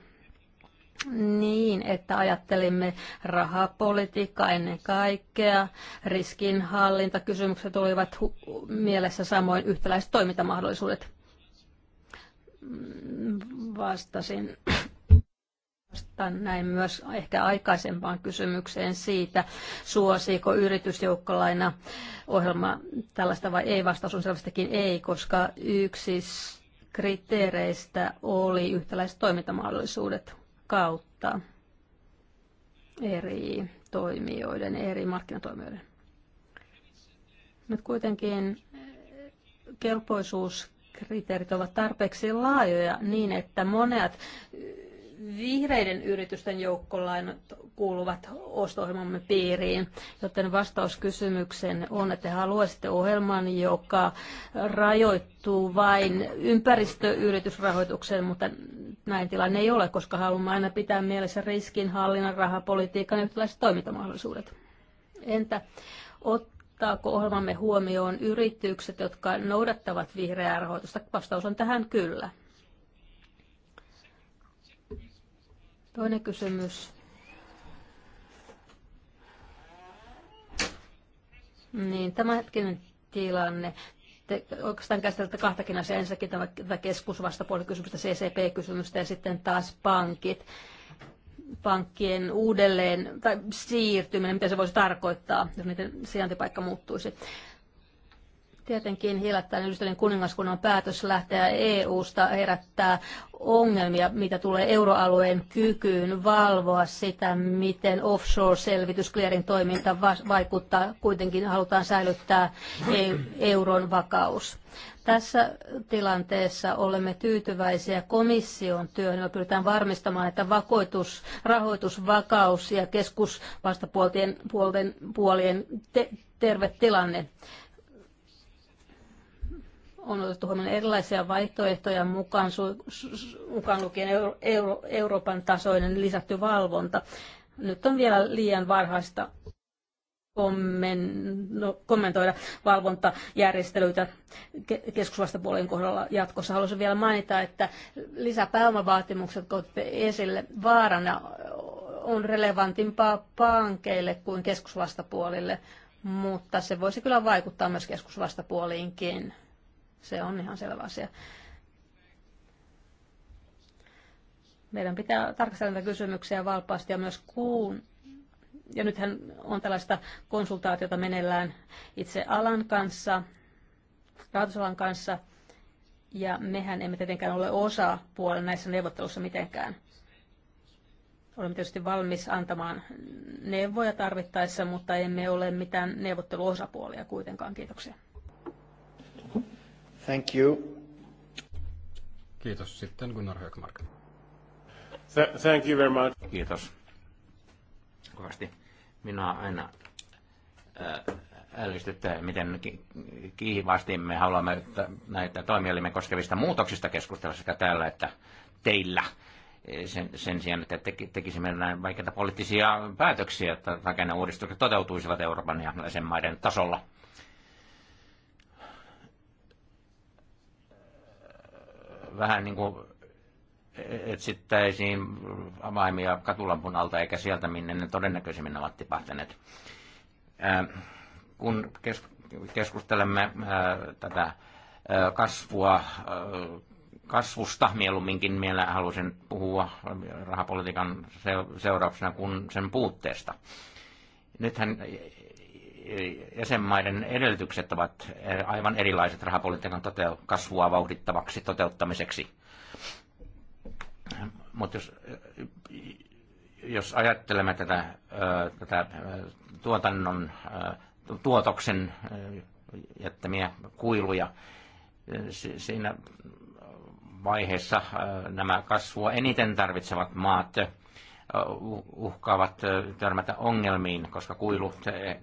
niin, että ajattelimme rahapolitiikkaa ennen kaikkea, riskinhallintakysymykset olivat hu- mielessä samoin yhtäläiset toimintamahdollisuudet. Mm, vastasin Vastaan näin myös ehkä aikaisempaan kysymykseen siitä, suosiiko yritysjoukkolaina ohjelma tällaista vai ei. Vastaus on selvästikin ei, koska yksi kriteereistä oli yhtäläiset toimintamahdollisuudet kautta eri toimijoiden, eri markkinatoimijoiden. Nyt kuitenkin kelpoisuuskriteerit ovat tarpeeksi laajoja niin, että monet vihreiden yritysten joukkolainat kuuluvat osto piiriin, joten vastaus kysymykseen on, että haluaisitte ohjelman, joka rajoittuu vain ympäristöyritysrahoitukseen, mutta näin tilanne ei ole, koska haluamme aina pitää mielessä riskinhallinnan, rahapolitiikan ja yhtäläiset toimintamahdollisuudet. Entä ottaako ohjelmamme huomioon yritykset, jotka noudattavat vihreää rahoitusta? Vastaus on tähän kyllä. Toinen kysymys. Niin, tämänhetkinen tilanne. Te oikeastaan käsittelette kahtakin asiaa. Ensinnäkin tämä keskusvastapuolikysymystä, CCP-kysymystä ja sitten taas pankit. Pankkien uudelleen tai siirtyminen, mitä se voisi tarkoittaa, jos niiden sijaintipaikka muuttuisi. Tietenkin hiljattain Yhdistyneen kuningaskunnan päätös lähteä EU-sta herättää ongelmia, mitä tulee euroalueen kykyyn valvoa sitä, miten offshore-selvitys, clearing toiminta vaikuttaa. Kuitenkin halutaan säilyttää e-, euron vakaus. Tässä tilanteessa olemme tyytyväisiä komission työhön, ja pyritään varmistamaan, että vakoitus, rahoitusvakaus ja keskusvastapuolien puolien te, terve tilanne on otettu huomioon erilaisia vaihtoehtoja mukaan, mukaan lukien Euro, Euro, Euroopan tasoinen lisätty valvonta. Nyt on vielä liian varhaista no, kommentoida valvontajärjestelyitä keskusvastapuolen kohdalla jatkossa. Haluaisin vielä mainita, että lisäpääomavaatimukset, kun esille, vaarana on relevantimpaa pankeille kuin keskusvastapuolille, mutta se voisi kyllä vaikuttaa myös keskusvastapuoliinkin. Se on ihan selvä asia. Meidän pitää tarkastella näitä kysymyksiä valpaasti ja myös kuun. Ja nythän on tällaista konsultaatiota meneillään itse alan kanssa, rahoitusalan kanssa, ja mehän emme tietenkään ole osa puolen näissä neuvottelussa mitenkään. Olemme tietysti valmis antamaan neuvoja tarvittaessa, mutta emme ole mitään neuvotteluosapuolia kuitenkaan. Kiitoksia. Thank you. Kiitos. Sitten Gunnar Högmark. thank you very much. Kiitos. Kovasti. Minä aina äh, ällistyttää, miten kiivaasti me haluamme näitä toimielimen koskevista muutoksista keskustella sekä täällä että teillä. Sen, sen sijaan, että tekisimme näin vaikeita poliittisia päätöksiä, että rakenneuudistukset toteutuisivat Euroopan ja jäsenmaiden tasolla vähän niin kuin etsittäisiin avaimia katulampun alta eikä sieltä, minne ne todennäköisimmin ovat tipahtaneet. Kun keskustelemme tätä kasvua, kasvusta mieluumminkin, vielä halusin puhua rahapolitiikan seurauksena kuin sen puutteesta. Nythän jäsenmaiden edellytykset ovat aivan erilaiset rahapolitiikan toteu- kasvua vauhdittavaksi toteuttamiseksi. Mutta jos, jos ajattelemme tätä, tätä tuotannon, tuotoksen jättämiä kuiluja, siinä vaiheessa nämä kasvua eniten tarvitsevat maat – Uh, uh, uhkaavat uh, törmätä ongelmiin, koska kuilu eh,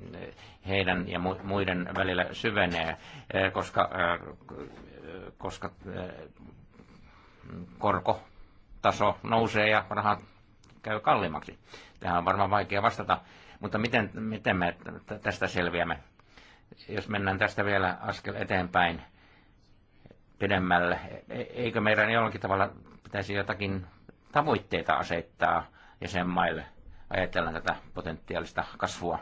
heidän ja muiden välillä syvenee, eh, koska, eh, koska korkotaso nousee ja rahat käy kalliimmaksi. Tähän on varmaan vaikea vastata, mutta miten, miten me tästä selviämme? Jos mennään tästä vielä askel eteenpäin pidemmälle, e-, eikö meidän jollakin tavalla pitäisi jotakin tavoitteita asettaa jäsenmaille ajatellaan tätä potentiaalista kasvua,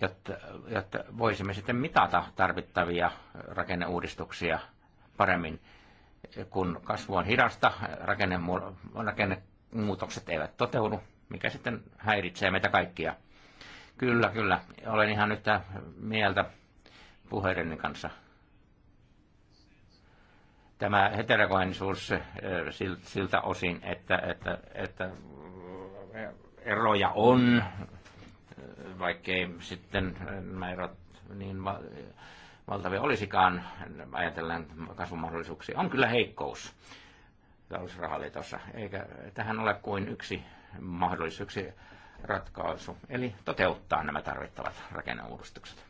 jotta, jotta voisimme sitten mitata tarvittavia rakenneuudistuksia paremmin. Kun kasvu on hidasta, rakennemuutokset eivät toteudu, mikä sitten häiritsee meitä kaikkia. Kyllä, kyllä. Olen ihan yhtä mieltä puheiden kanssa tämä heterokohenisuus siltä osin, että, että, että eroja on, vaikkei sitten nämä erot niin valtavia olisikaan, ajatellaan kasvumahdollisuuksia, on kyllä heikkous talousrahaliitossa, eikä tähän ole kuin yksi mahdollisuus, yksi ratkaisu, eli toteuttaa nämä tarvittavat rakenneuudistukset.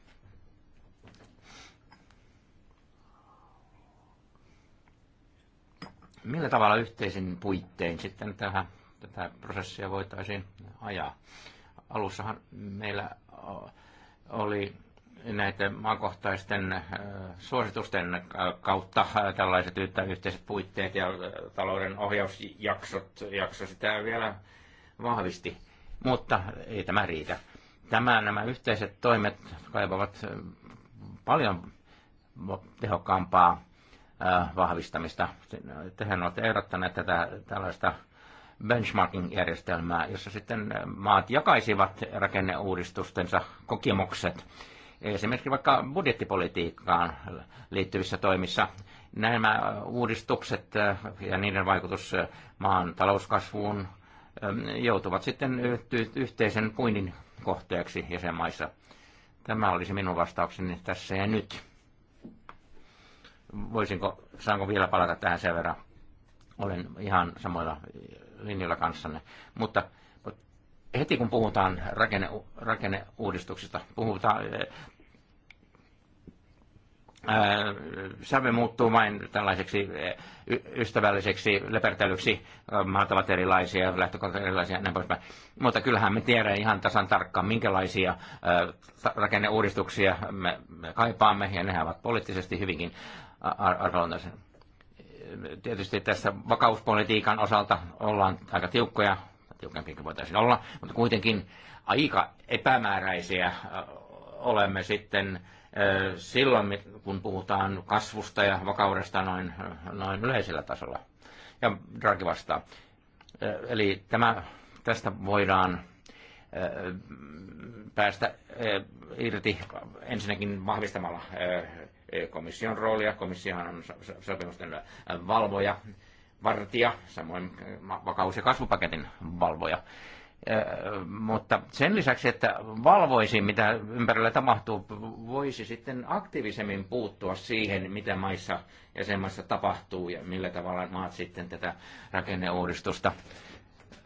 Millä tavalla yhteisin puittein sitten tähän, tätä prosessia voitaisiin ajaa? Alussahan meillä oli näiden maakohtaisten suositusten kautta tällaiset yhteiset puitteet ja talouden ohjausjaksot jakso sitä vielä vahvisti. Mutta ei tämä riitä. Tämä, nämä yhteiset toimet kaivavat paljon tehokkaampaa vahvistamista. Tehän olette ehdottaneet tätä tällaista benchmarking-järjestelmää, jossa sitten maat jakaisivat rakenneuudistustensa kokemukset esimerkiksi vaikka budjettipolitiikkaan liittyvissä toimissa. Nämä uudistukset ja niiden vaikutus maan talouskasvuun ähm, joutuvat sitten yhteisen puinin kohteeksi jäsenmaissa. Tämä olisi minun vastaukseni tässä ja nyt voisinko, saanko vielä palata tähän sen verran? Olen ihan samoilla linjoilla kanssanne. Mutta heti kun puhutaan rakenne, rakenneuudistuksista, puhutaan, säve muuttuu vain tällaiseksi ystävälliseksi lepertelyksi, maat ovat erilaisia, lähtökohdat erilaisia ja näin poispäin. Mutta kyllähän me tiedämme ihan tasan tarkkaan, minkälaisia rakenneuudistuksia me kaipaamme, ja nehän ovat poliittisesti hyvinkin arvonnoisen. Tietysti tässä vakauspolitiikan osalta ollaan aika tiukkoja, tiukempiakin voitaisiin olla, mutta kuitenkin aika epämääräisiä olemme sitten silloin, kun puhutaan kasvusta ja vakaudesta noin, noin yleisellä tasolla. Ja Draghi vastaa. Eli tämä, tästä voidaan päästä irti ensinnäkin vahvistamalla komission roolia. Komissiohan on sopimusten valvoja, vartija, samoin vakaus- ja kasvupaketin valvoja. Mutta sen lisäksi, että valvoisi, mitä ympärillä tapahtuu, voisi sitten aktiivisemmin puuttua siihen, mitä maissa ja maissa tapahtuu ja millä tavalla maat sitten tätä rakenneuudistusta,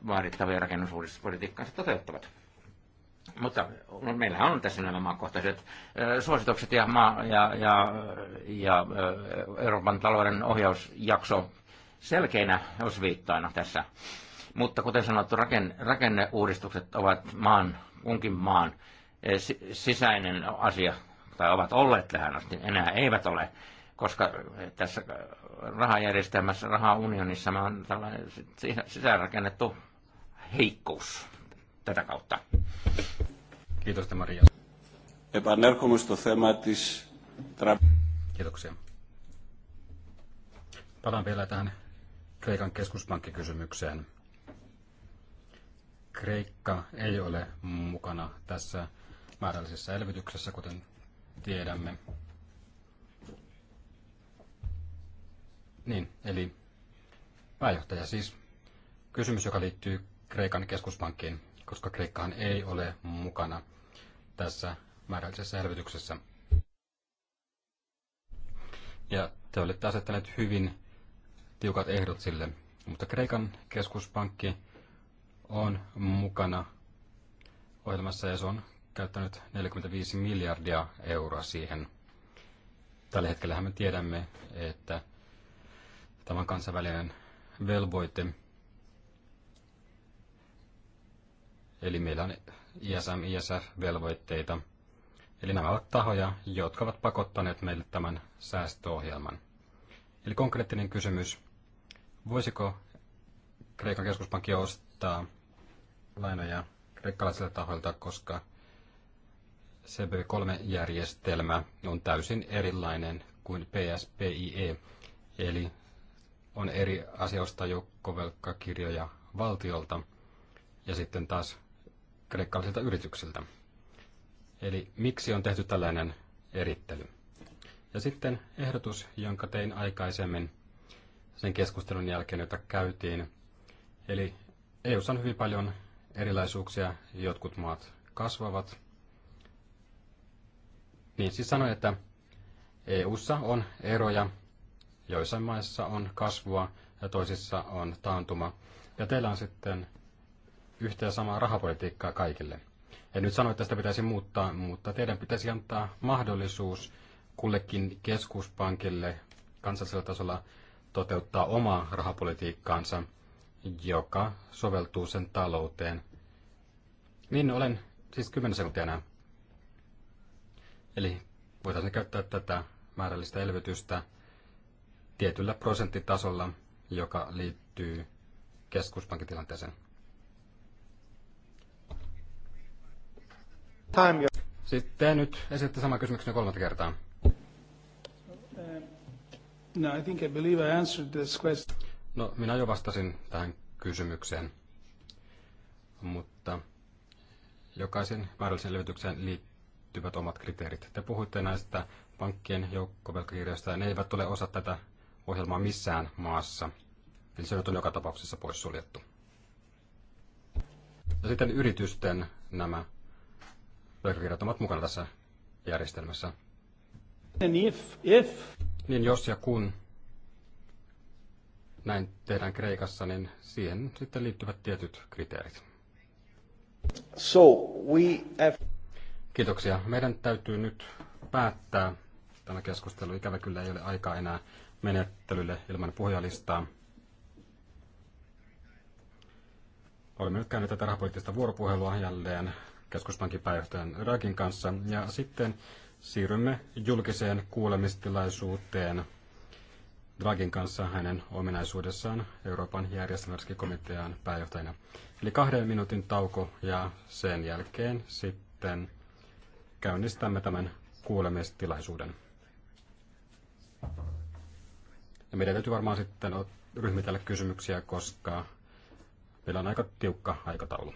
vaadittavia rakennusuudistuspolitiikkaansa toteuttavat. Mutta no, meillä on tässä nämä maakohtaiset suositukset ja, maa, ja, ja, ja Euroopan talouden ohjausjakso selkeinä osviittaina tässä. Mutta kuten sanottu, rakenne, rakenneuudistukset ovat maan, kunkin maan sisäinen asia, tai ovat olleet tähän asti, enää eivät ole, koska tässä rahajärjestelmässä, rahaunionissa on tällainen sisäänrakennettu heikkous tätä kautta. Kiitos, Maria. Επανέρχομαι στο θέμα της Kiitoksia. Palaan vielä tähän Kreikan keskuspankkikysymykseen. Kreikka ei ole mukana tässä määrällisessä elvytyksessä, kuten tiedämme. Niin, eli pääjohtaja siis. Kysymys, joka liittyy Kreikan keskuspankkiin koska Kreikkahan ei ole mukana tässä määrällisessä elvytyksessä. Ja te olette asettaneet hyvin tiukat ehdot sille, mutta Kreikan keskuspankki on mukana ohjelmassa ja se on käyttänyt 45 miljardia euroa siihen. Tällä hetkellä me tiedämme, että tämä kansainvälinen velvoite Eli meillä on ISM, ISF-velvoitteita. Eli nämä ovat tahoja, jotka ovat pakottaneet meille tämän säästöohjelman. Eli konkreettinen kysymys, voisiko Kreikan keskuspankki ostaa lainoja kreikkalaisilta tahoilta, koska CB3-järjestelmä on täysin erilainen kuin PSPIE, eli on eri asioista joukkovelkkakirjoja valtiolta ja sitten taas kreikkalaisilta yrityksiltä. Eli miksi on tehty tällainen erittely? Ja sitten ehdotus, jonka tein aikaisemmin sen keskustelun jälkeen, jota käytiin. Eli EU on hyvin paljon erilaisuuksia, jotkut maat kasvavat. Niin siis sanoin, että EU:ssa on eroja, joissain maissa on kasvua ja toisissa on taantuma. Ja teillä on sitten yhtä ja samaa rahapolitiikkaa kaikille. En nyt sano, että sitä pitäisi muuttaa, mutta teidän pitäisi antaa mahdollisuus kullekin keskuspankille kansallisella tasolla toteuttaa omaa rahapolitiikkaansa, joka soveltuu sen talouteen. Niin olen siis 10 sekuntia enää. Eli voitaisiin käyttää tätä määrällistä elvytystä tietyllä prosenttitasolla, joka liittyy keskuspankitilanteeseen. Time your... Sitten nyt esitte sama kysymyksen kolmatta kertaa. Uh, no, I think I believe I answered this question. No, minä jo vastasin tähän kysymykseen, mutta jokaisen määrällisen levitykseen liittyvät omat kriteerit. Te puhuitte näistä pankkien joukkovelkakirjoista, ja ne eivät ole osa tätä ohjelmaa missään maassa. Eli se on joka tapauksessa poissuljettu. Ja sitten yritysten nämä velkakirjat ovat mukana tässä järjestelmässä. And niin, if, if. Niin jos ja kun näin tehdään Kreikassa, niin siihen sitten liittyvät tietyt kriteerit. So we have... Kiitoksia. Meidän täytyy nyt päättää tämä keskustelu. Ikävä kyllä ei ole aikaa enää menettelylle ilman puhujalistaa. Olemme nyt käyneet tätä rahapoliittista vuoropuhelua jälleen keskuspankin pääjohtajan Rakin kanssa. Ja sitten siirrymme julkiseen kuulemistilaisuuteen Dragin kanssa hänen ominaisuudessaan Euroopan järjestelmäriskikomitean pääjohtajana. Eli kahden minuutin tauko ja sen jälkeen sitten käynnistämme tämän kuulemistilaisuuden. Ja meidän täytyy varmaan sitten ryhmitellä kysymyksiä, koska meillä on aika tiukka aikataulu.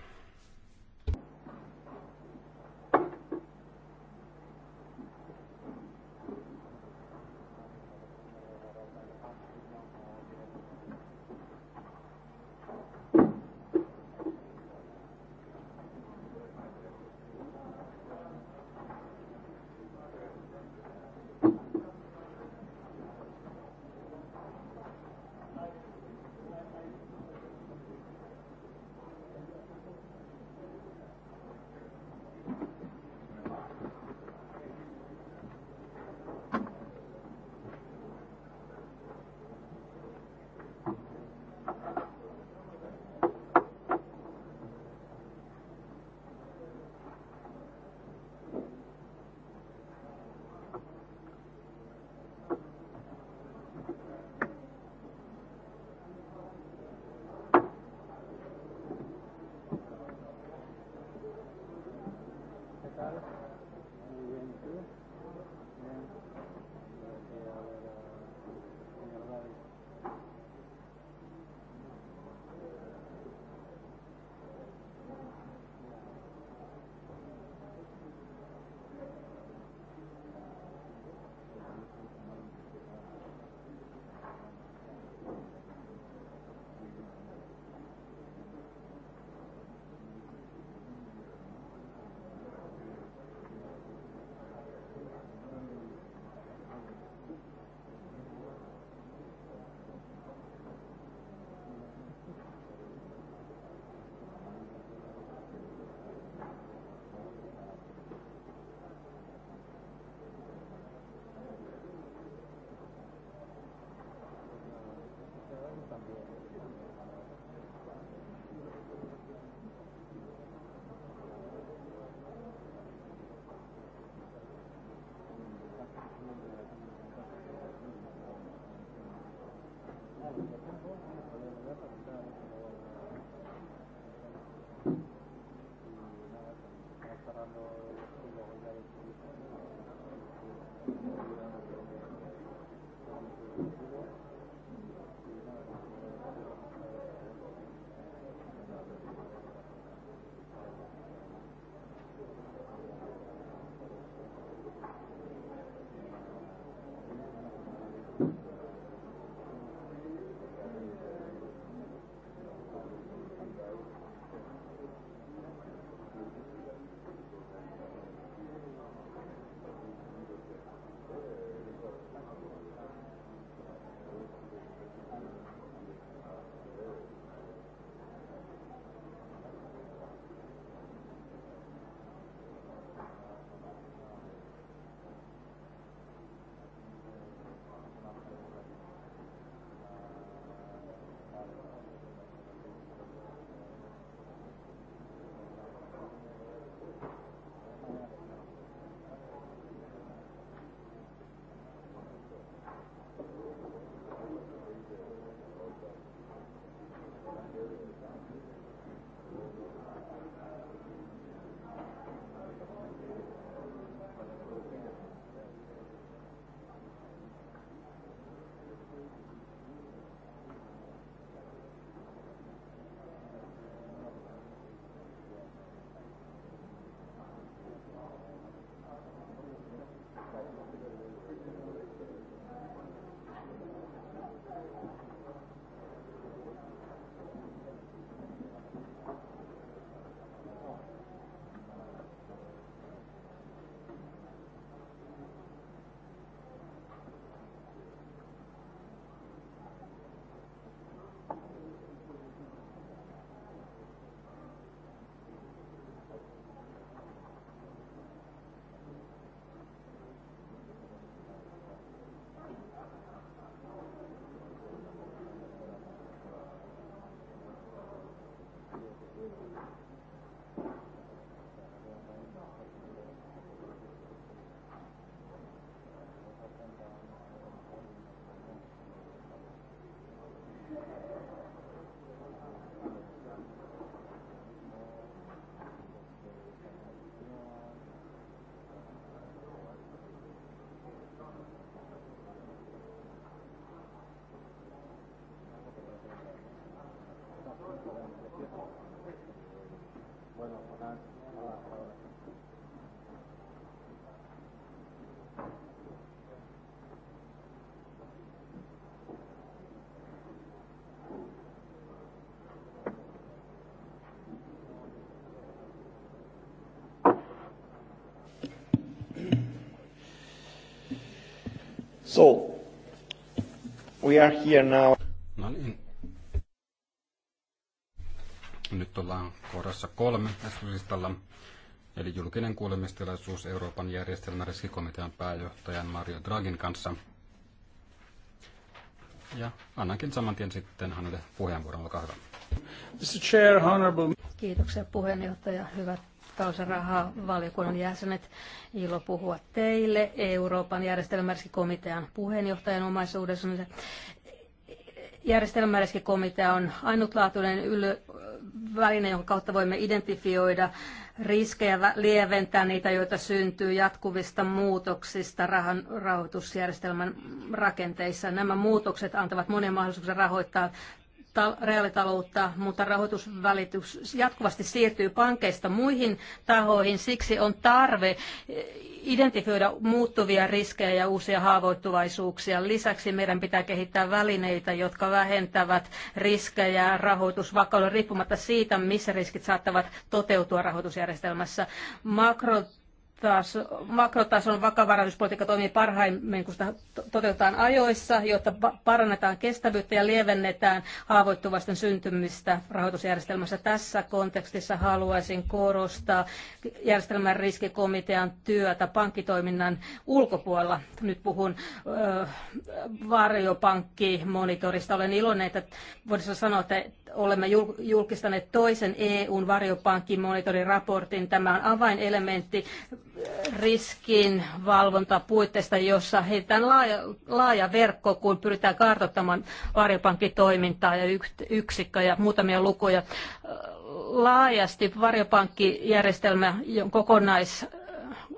So, we are here now. kohdassa kolme S-listalla, eli julkinen kuulemistilaisuus Euroopan järjestelmäriskikomitean pääjohtajan Mario Dragin kanssa. Ja annankin saman tien sitten hänelle puheenvuoron, olkaa hyvä. Mr. Chair, honorable... Kiitoksia puheenjohtaja, hyvät valiokunnan jäsenet. Ilo puhua teille Euroopan järjestelmäriskikomitean puheenjohtajan omaisuudessa. Järjestelmäriskikomitea on ainutlaatuinen väline, jonka kautta voimme identifioida riskejä, lieventää niitä, joita syntyy jatkuvista muutoksista rahan, rahoitusjärjestelmän rakenteissa. Nämä muutokset antavat monen mahdollisuuksia rahoittaa reaalitaloutta, mutta rahoitusvälitys jatkuvasti siirtyy pankeista muihin tahoihin. Siksi on tarve eh, identifioida muuttuvia riskejä ja uusia haavoittuvaisuuksia. Lisäksi meidän pitää kehittää välineitä, jotka vähentävät riskejä rahoitusvakaudella riippumatta siitä, missä riskit saattavat toteutua rahoitusjärjestelmässä. Makro taas makrotason vakavaraisuuspolitiikka toimii parhaimmin, kun sitä toteutetaan ajoissa, jotta parannetaan kestävyyttä ja lievennetään haavoittuvasten syntymistä rahoitusjärjestelmässä. Tässä kontekstissa haluaisin korostaa järjestelmän riskikomitean työtä pankkitoiminnan ulkopuolella. Nyt puhun varjopankkimonitorista. Olen iloinen, että voidaan sanoa, että olemme julkistaneet toisen EUn varjopankkimonitoriraportin. Tämä on avainelementti riskin valvontapuitteista, jossa heitetään laaja, laaja verkko, kun pyritään kartoittamaan varjopankkitoimintaa ja yksikköä ja muutamia lukuja. Laajasti varjopankkijärjestelmä kokonais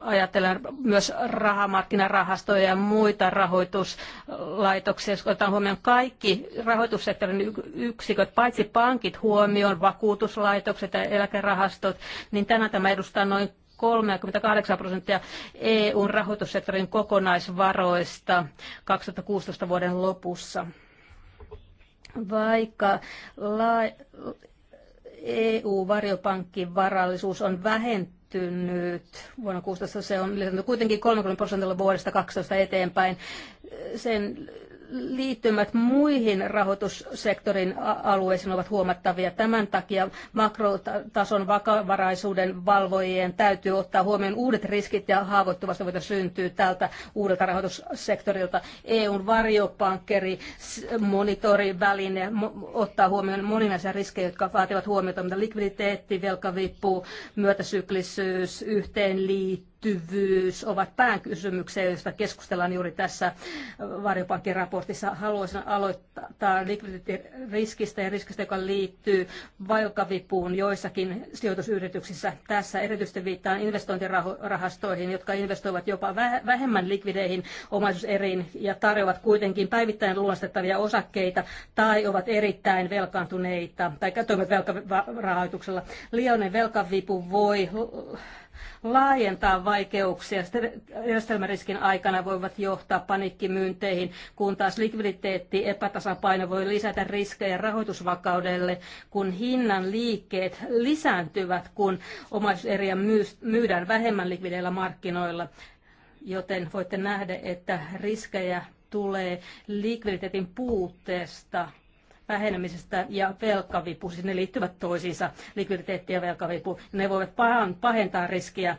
ajatellen myös rahamarkkinarahastoja ja muita rahoituslaitoksia, jos otetaan huomioon kaikki rahoitussektorin yksiköt, paitsi pankit huomioon, vakuutuslaitokset ja eläkerahastot, niin tänään tämä edustaa noin 38 prosenttia EUn rahoitussektorin kokonaisvaroista 2016 vuoden lopussa. Vaikka la- eu varjopankin varallisuus on vähentynyt vuonna 16, se on kuitenkin 30 prosentilla vuodesta 12 eteenpäin. Sen liittymät muihin rahoitussektorin alueisiin ovat huomattavia. Tämän takia makrotason vakavaraisuuden valvojien täytyy ottaa huomioon uudet riskit ja haavoittuvasti voita syntyy tältä uudelta rahoitussektorilta. EUn varjopankkeri, monitoriväline ottaa huomioon moninaisia riskejä, jotka vaativat huomiota, mitä likviditeetti, velkavippu, myötäsyklisyys, yhteenliitty, riittävyys ovat pääkysymyksiä, joista keskustellaan juuri tässä varjopankin raportissa. Haluaisin aloittaa likviditeettiriskistä ja riskistä, joka liittyy valkavipuun joissakin sijoitusyrityksissä. Tässä erityisesti viittaan investointirahastoihin, jotka investoivat jopa vähemmän likvideihin omaisuuseriin ja tarjoavat kuitenkin päivittäin luostettavia osakkeita tai ovat erittäin velkaantuneita tai toimivat velkarahoituksella. Liiallinen velkavipu voi laajentaa vaikeuksia järjestelmäriskin aikana voivat johtaa panikkimyynteihin, kun taas likviditeetti epätasapaino voi lisätä riskejä rahoitusvakaudelle, kun hinnan liikkeet lisääntyvät, kun omaisuuseriä myydään vähemmän likvideillä markkinoilla. Joten voitte nähdä, että riskejä tulee likviditeetin puutteesta vähenemisestä ja velkavipu, siis ne liittyvät toisiinsa, likviditeetti ja velkavipu. Ne voivat pahentaa riskiä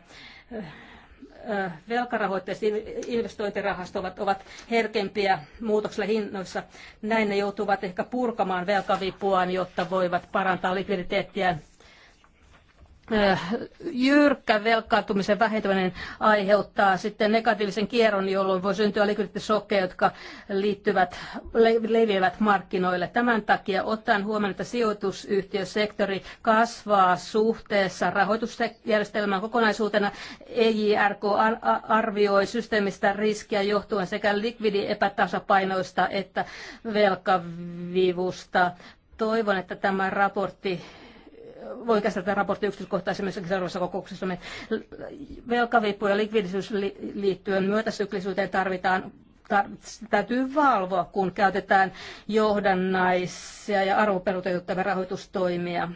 velkarahoitteiset investointirahastot ovat, ovat herkempiä muutoksille hinnoissa. Näin ne joutuvat ehkä purkamaan velkavipuaan, jotta voivat parantaa likviditeettiä Äh, jyrkkä velkaantumisen vähentäminen aiheuttaa sitten negatiivisen kierron, jolloin voi syntyä likviditeettisokkeja, jotka liittyvät, leviävät markkinoille. Tämän takia ottaen huomioon, että sijoitusyhtiösektori kasvaa suhteessa rahoitusjärjestelmän kokonaisuutena, EJRK arvioi systeemistä riskiä johtuen sekä likvidiepätasapainoista että velkavivusta. Toivon, että tämä raportti voi käsitellä raportti yksityiskohtaisemmin seuraavassa kokouksessa. Velkavipu ja likvidisyys liittyen myötäsyklisyyteen tarvitaan täytyy valvoa, kun käytetään johdannaisia ja arvoperuutettavia rahoitustoimia.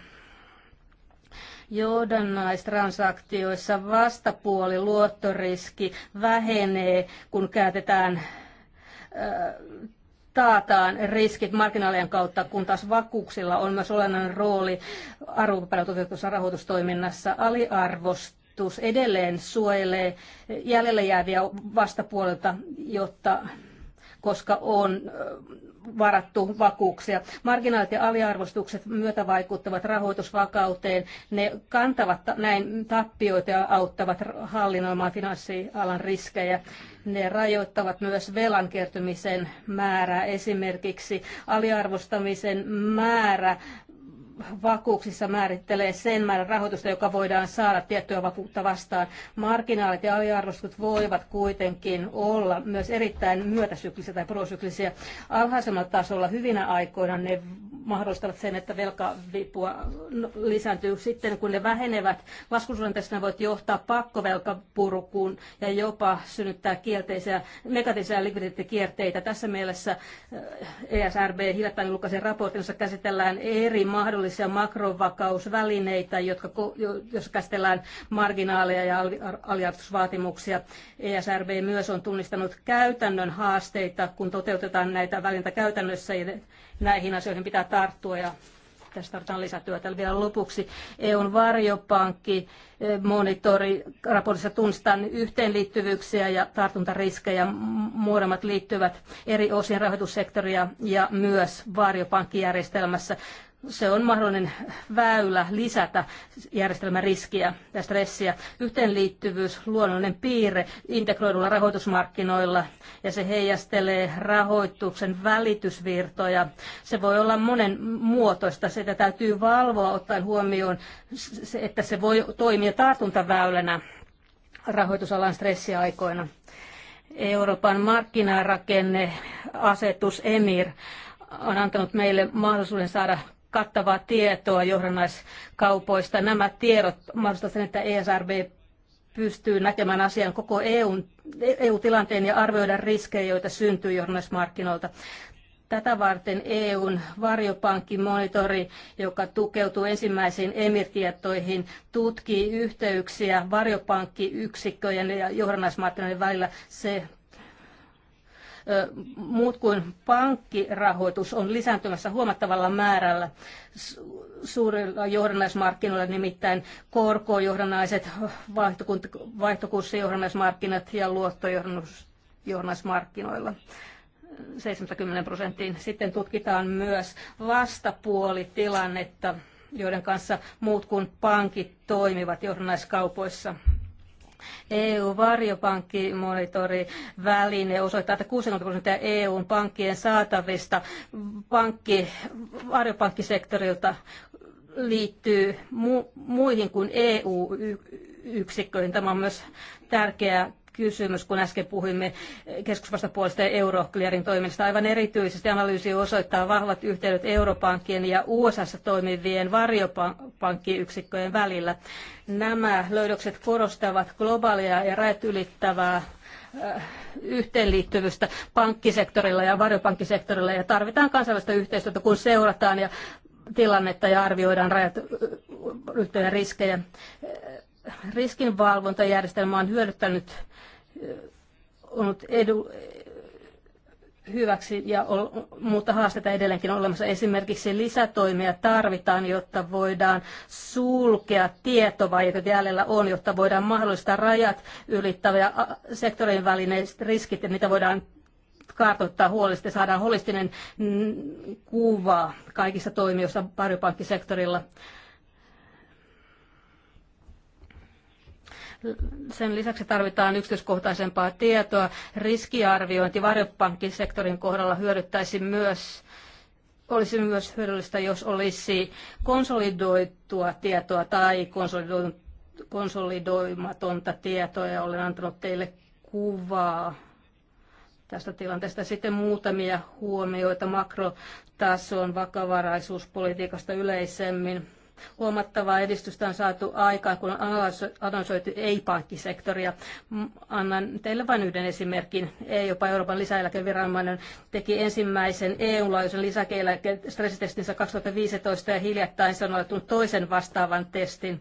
Johdannaistransaktioissa vastapuoli luottoriski vähenee, kun käytetään taataan riskit marginaalien kautta, kun taas vakuuksilla on myös olennainen rooli arvopaperilla toteutetussa rahoitustoiminnassa aliarvostus edelleen suojelee jäljelle jääviä vastapuolelta, jotta koska on varattu vakuuksia. Marginaalit ja aliarvostukset myötävaikuttavat rahoitusvakauteen. Ne kantavat näin tappioita ja auttavat hallinnoimaan finanssialan riskejä. Ne rajoittavat myös velan kertymisen määrää. Esimerkiksi aliarvostamisen määrä vakuuksissa määrittelee sen määrän rahoitusta, joka voidaan saada tiettyä vakuutta vastaan. Marginaalit ja aliarvostukset voivat kuitenkin olla myös erittäin myötäsyklisiä tai prosyklisiä. Alhaisemmalla tasolla hyvinä aikoina ne mahdollistavat sen, että velkavipua lisääntyy sitten, kun ne vähenevät. Laskusuunnitelmassa ne voivat johtaa pakkovelkapurkuun ja jopa synnyttää kielteisiä, negatiivisia likviditeettikierteitä. Tässä mielessä äh, ESRB hiljattain julkaisen raportinsa käsitellään eri mahdollisia taloudellisia makrovakausvälineitä, jotka, jos käsitellään marginaaleja ja aliarvostusvaatimuksia. ESRB myös on tunnistanut käytännön haasteita, kun toteutetaan näitä välineitä käytännössä ja näihin asioihin pitää tarttua ja tästä tarvitaan lisätyötä. Vielä lopuksi EUn varjopankki e, monitori raportissa tunnistaa yhteenliittyvyyksiä ja tartuntariskejä. Muodomat liittyvät eri osien rahoitussektoria ja myös varjopankkijärjestelmässä se on mahdollinen väylä lisätä järjestelmän riskiä ja stressiä. Yhteenliittyvyys, luonnollinen piirre integroidulla rahoitusmarkkinoilla ja se heijastelee rahoituksen välitysvirtoja. Se voi olla monen muotoista. Sitä täytyy valvoa ottaen huomioon, että se voi toimia tartuntaväylänä rahoitusalan stressiaikoina. Euroopan markkinarakenneasetus EMIR on antanut meille mahdollisuuden saada kattavaa tietoa johdannaiskaupoista. Nämä tiedot mahdollistavat sen, että ESRB pystyy näkemään asian koko EUn, EU-tilanteen ja arvioida riskejä, joita syntyy johdannaismarkkinoilta. Tätä varten EUn varjopankkimonitori, joka tukeutuu ensimmäisiin emirtietoihin, tutkii yhteyksiä varjopankkiyksikköjen ja johdannaismarkkinoiden välillä. Se muut kuin pankkirahoitus on lisääntymässä huomattavalla määrällä suurilla johdannaismarkkinoilla, nimittäin korkojohdannaiset, vaihtokurssijohdannaismarkkinat ja luottojohdannaismarkkinoilla. 70 prosenttiin. Sitten tutkitaan myös vastapuolitilannetta, joiden kanssa muut kuin pankit toimivat johdannaiskaupoissa eu varjopankkimonitoriväline väline osoittaa, että 60 prosenttia EUn pankkien saatavista pankki, varjopankkisektorilta liittyy mu- muihin kuin EU-yksikköihin. Tämä on myös tärkeää kysymys, kun äsken puhuimme keskusvastapuolesta ja Euroclearin toiminnasta. Aivan erityisesti analyysi osoittaa vahvat yhteydet europankkien ja USAssa toimivien varjopankkiyksikköjen välillä. Nämä löydökset korostavat globaalia ja rajat ylittävää äh, yhteenliittyvystä pankkisektorilla ja varjopankkisektorilla ja tarvitaan kansainvälistä yhteistyötä, kun seurataan ja tilannetta ja arvioidaan rajat äh, riskejä äh, riskinvalvontajärjestelmä on hyödyttänyt ollut edu, hyväksi, ja ol, mutta haasteita edelleenkin on olemassa. Esimerkiksi lisätoimia tarvitaan, jotta voidaan sulkea tietovajeet, joita jäljellä on, jotta voidaan mahdollistaa rajat ylittäviä sektorin välineet riskit, ja niitä voidaan kartoittaa huolellisesti, saadaan holistinen kuva kaikissa toimijoissa paripankkisektorilla. sektorilla Sen lisäksi tarvitaan yksityiskohtaisempaa tietoa. Riskiarviointi varjopankkisektorin kohdalla hyödyttäisi myös olisi myös hyödyllistä, jos olisi konsolidoitua tietoa tai konsolidoimatonta tietoa, ja olen antanut teille kuvaa tästä tilanteesta. Sitten muutamia huomioita makrotason vakavaraisuuspolitiikasta yleisemmin. Huomattavaa edistystä on saatu aikaa, kun on analysoitu ei-pankkisektoria. Annan teille vain yhden esimerkin. Ei jopa Euroopan lisäeläkeviranomainen teki ensimmäisen EU-laajuisen stressitestinsä 2015 ja hiljattain se on aloittanut toisen vastaavan testin.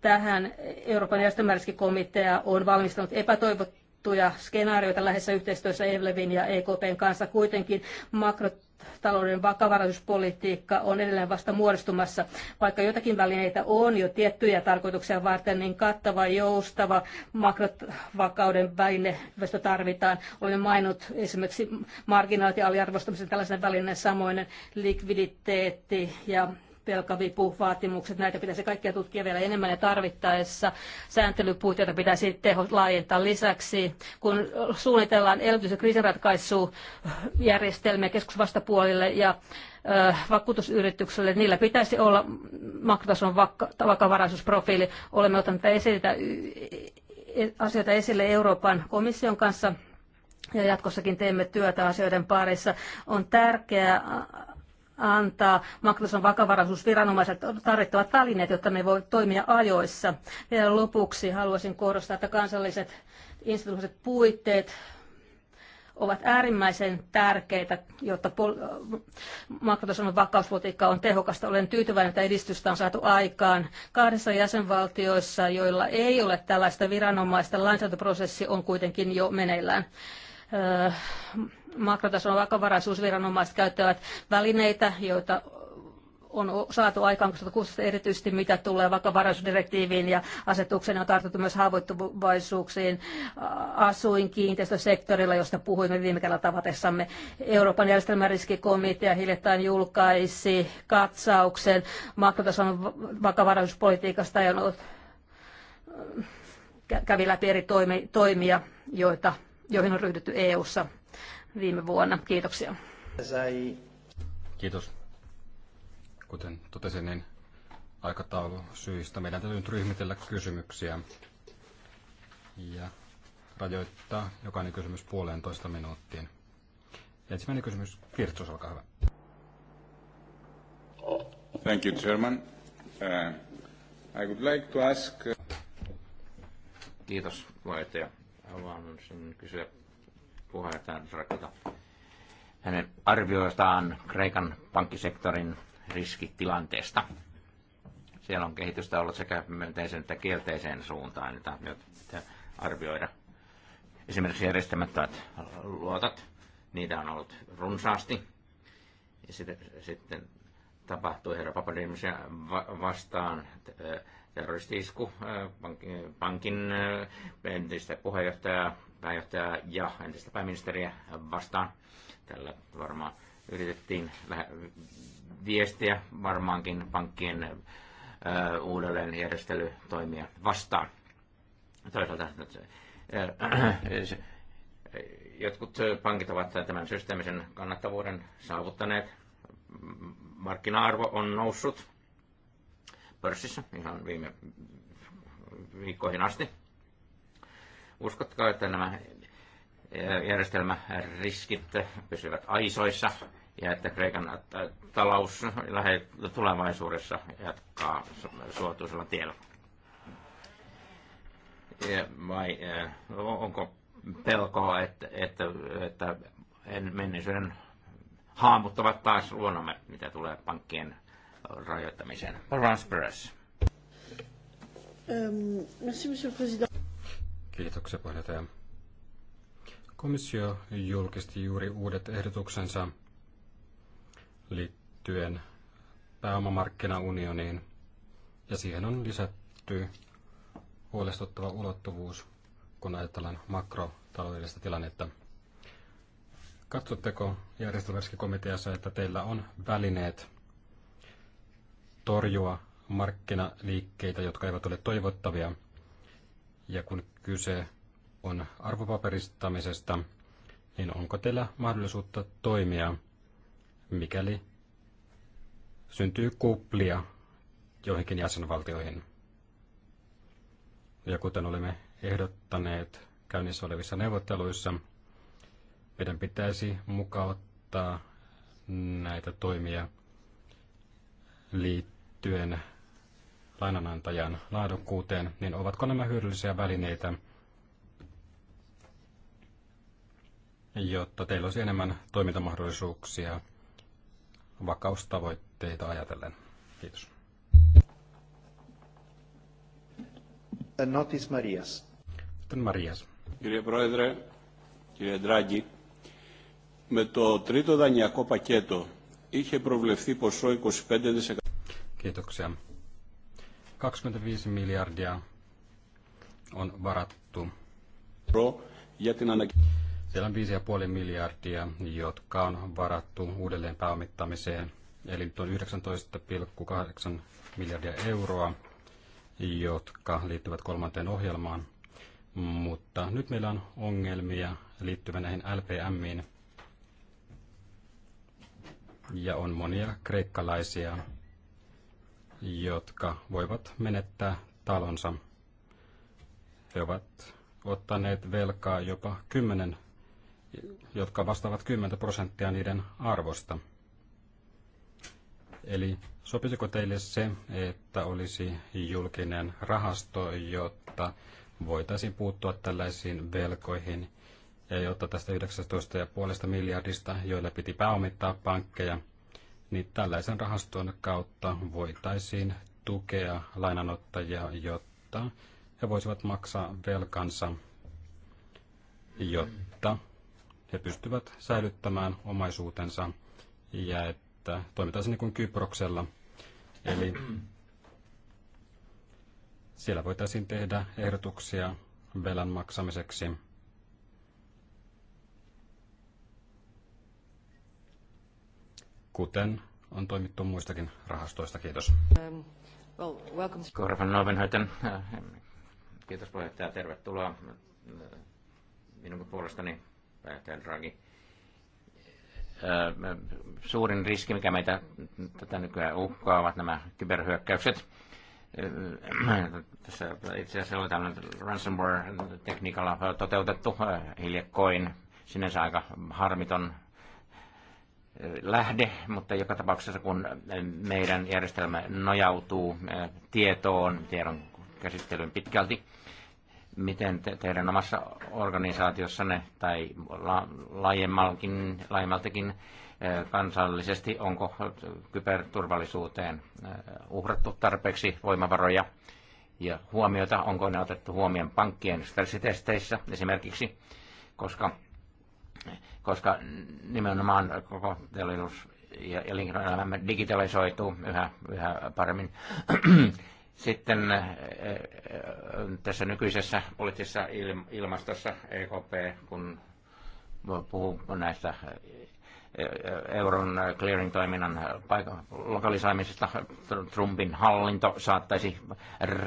Tähän Euroopan järjestelmäriskikomitea on valmistanut epätoivottuja skenaarioita lähes yhteistyössä Evlevin ja EKPn kanssa. Kuitenkin makrot talouden vakavaraisuuspolitiikka on edelleen vasta muodostumassa. Vaikka jotakin välineitä on jo tiettyjä tarkoituksia varten, niin kattava, joustava makrovakauden väline tarvitaan. Olen mainut esimerkiksi marginaalit ja aliarvostamisen tällaisen välineen samoinen likviditeetti ja velkavipuvaatimukset, näitä pitäisi kaikkia tutkia vielä enemmän ja tarvittaessa Sääntelypuutioita pitäisi teho laajentaa lisäksi. Kun suunnitellaan elvytys- ja kriisinratkaisujärjestelmiä keskusvastapuolille ja ö, vakuutusyritykselle, niillä pitäisi olla makrotason vakavaraisuusprofiili. Olemme ottaneet esitä e, asioita esille Euroopan komission kanssa ja jatkossakin teemme työtä asioiden parissa. On tärkeää antaa makrotason vakavaraisuusviranomaiset tarvittavat välineet, jotta me voi toimia ajoissa. Vielä lopuksi haluaisin korostaa, että kansalliset instituutiset puitteet ovat äärimmäisen tärkeitä, jotta pol- makrotason vakauspolitiikka on tehokasta. Olen tyytyväinen, että edistystä on saatu aikaan kahdessa jäsenvaltioissa, joilla ei ole tällaista viranomaista. Lainsäädäntöprosessi on kuitenkin jo meneillään makrotason vakavaraisuusviranomaiset käyttävät välineitä, joita on saatu aikaan 2016 erityisesti mitä tulee vakavaraisuusdirektiiviin ja asetukseen on tartuttu myös haavoittuvaisuuksiin asuinkiinteistösektorilla, josta puhuimme viime kerralla tavatessamme. Euroopan järjestelmäriskikomitea hiljattain julkaisi katsauksen makrotason vakavaraisuuspolitiikasta ja on kävi läpi eri toimia, joita joihin on ryhdytty EU:ssa viime vuonna. Kiitoksia. Kiitos. Kuten totesin, niin syistä, meidän täytyy nyt ryhmitellä kysymyksiä ja rajoittaa jokainen kysymys puolentoista minuuttiin. Ensimmäinen kysymys, Kirtsos, olkaa hyvä. Thank you, Chairman. Uh, I would like to ask... Kiitos, puheenjohtaja sen kysyä puheenjohtajan rakota hänen arvioistaan Kreikan pankkisektorin riskitilanteesta. Siellä on kehitystä ollut sekä myönteisen että kielteiseen suuntaan, jota pitää arvioida. Esimerkiksi järjestämättömät luotot, niitä on ollut runsaasti. Ja sitten, sitten tapahtui herra Papadimisia vastaan terroristi-isku äh, pankin, pankin äh, entistä puheenjohtajaa, pääjohtajaa ja entistä pääministeriä vastaan. Tällä varmaan yritettiin viestiä varmaankin pankkien äh, uudelleenjärjestelytoimia vastaan. Toisaalta jotkut pankit ovat tämän systeemisen kannattavuuden saavuttaneet. Markkina-arvo on noussut pörssissä ihan viime viikkoihin asti. Uskotkaa, että nämä järjestelmäriskit pysyvät aisoissa ja että Kreikan talous tulevaisuudessa jatkaa suotuisella tiellä? Vai onko pelkoa, että, että, että menneisyyden haamuttavat taas luonnomme, mitä tulee pankkien rajoittamiseen. Ransperes. Ähm, Kiitoksia puheenjohtaja. Komissio julkisti juuri uudet ehdotuksensa liittyen pääomamarkkinaunioniin ja siihen on lisätty huolestuttava ulottuvuus, kun ajatellaan makrotaloudellista tilannetta. Katsotteko järjestelmäriskikomiteassa, että teillä on välineet torjua markkinaliikkeitä, jotka eivät ole toivottavia. Ja kun kyse on arvopaperistamisesta, niin onko teillä mahdollisuutta toimia, mikäli syntyy kuplia joihinkin jäsenvaltioihin? Ja kuten olemme ehdottaneet käynnissä olevissa neuvotteluissa, meidän pitäisi mukauttaa näitä toimia liittyen liittyen lainanantajan laadukkuuteen, niin ovatko nämä hyödyllisiä välineitä, jotta teillä olisi enemmän toimintamahdollisuuksia vakaustavoitteita ajatellen? Kiitos. Notis Marias. Sitten Marias. Kyrie Proedre, kyrie Draghi, με το τρίτο δανειακό πακέτο είχε προβλεφθεί ποσό 25 Kiitoksia. 25 miljardia on varattu. Pro, Siellä on 5,5 miljardia, jotka on varattu uudelleen pääomittamiseen, eli nyt on 19,8 miljardia euroa, jotka liittyvät kolmanteen ohjelmaan. Mutta nyt meillä on ongelmia liittyvän näihin LPMiin, ja on monia kreikkalaisia, jotka voivat menettää talonsa. He ovat ottaneet velkaa jopa 10, jotka vastaavat 10 prosenttia niiden arvosta. Eli sopisiko teille se, että olisi julkinen rahasto, jotta voitaisiin puuttua tällaisiin velkoihin ja jotta tästä 19,5 miljardista, joilla piti pääomittaa pankkeja, niin tällaisen rahaston kautta voitaisiin tukea lainanottajia, jotta he voisivat maksaa velkansa, jotta he pystyvät säilyttämään omaisuutensa ja että toimitaan niin kuin Kyproksella. Eli siellä voitaisiin tehdä ehdotuksia velan maksamiseksi kuten on toimittu muistakin rahastoista. Kiitos. Um, well, Korvan Novenhoiten. Äh, kiitos puheenjohtaja. Tervetuloa minun puolestani pääjohtaja Draghi. Äh, suurin riski, mikä meitä tätä nykyään uhkaa, ovat nämä kyberhyökkäykset. Äh, tässä itse asiassa oli tämmöinen ransomware-tekniikalla toteutettu hiljakkoin, sinänsä aika harmiton lähde, mutta joka tapauksessa kun meidän järjestelmä nojautuu tietoon, tiedon käsittelyyn pitkälti, miten te, teidän omassa organisaatiossanne tai la, laajemmaltakin kansallisesti, onko kyberturvallisuuteen uhrattu tarpeeksi voimavaroja ja huomiota, onko ne otettu huomioon pankkien stressitesteissä esimerkiksi, koska koska nimenomaan koko teollisuus ja elinkeinoelämä digitalisoituu yhä, yhä paremmin. Sitten äh, äh, tässä nykyisessä poliittisessa ilmastossa EKP, kun puhuu näistä äh, euron clearing-toiminnan lokalisoimisesta Trumpin hallinto saattaisi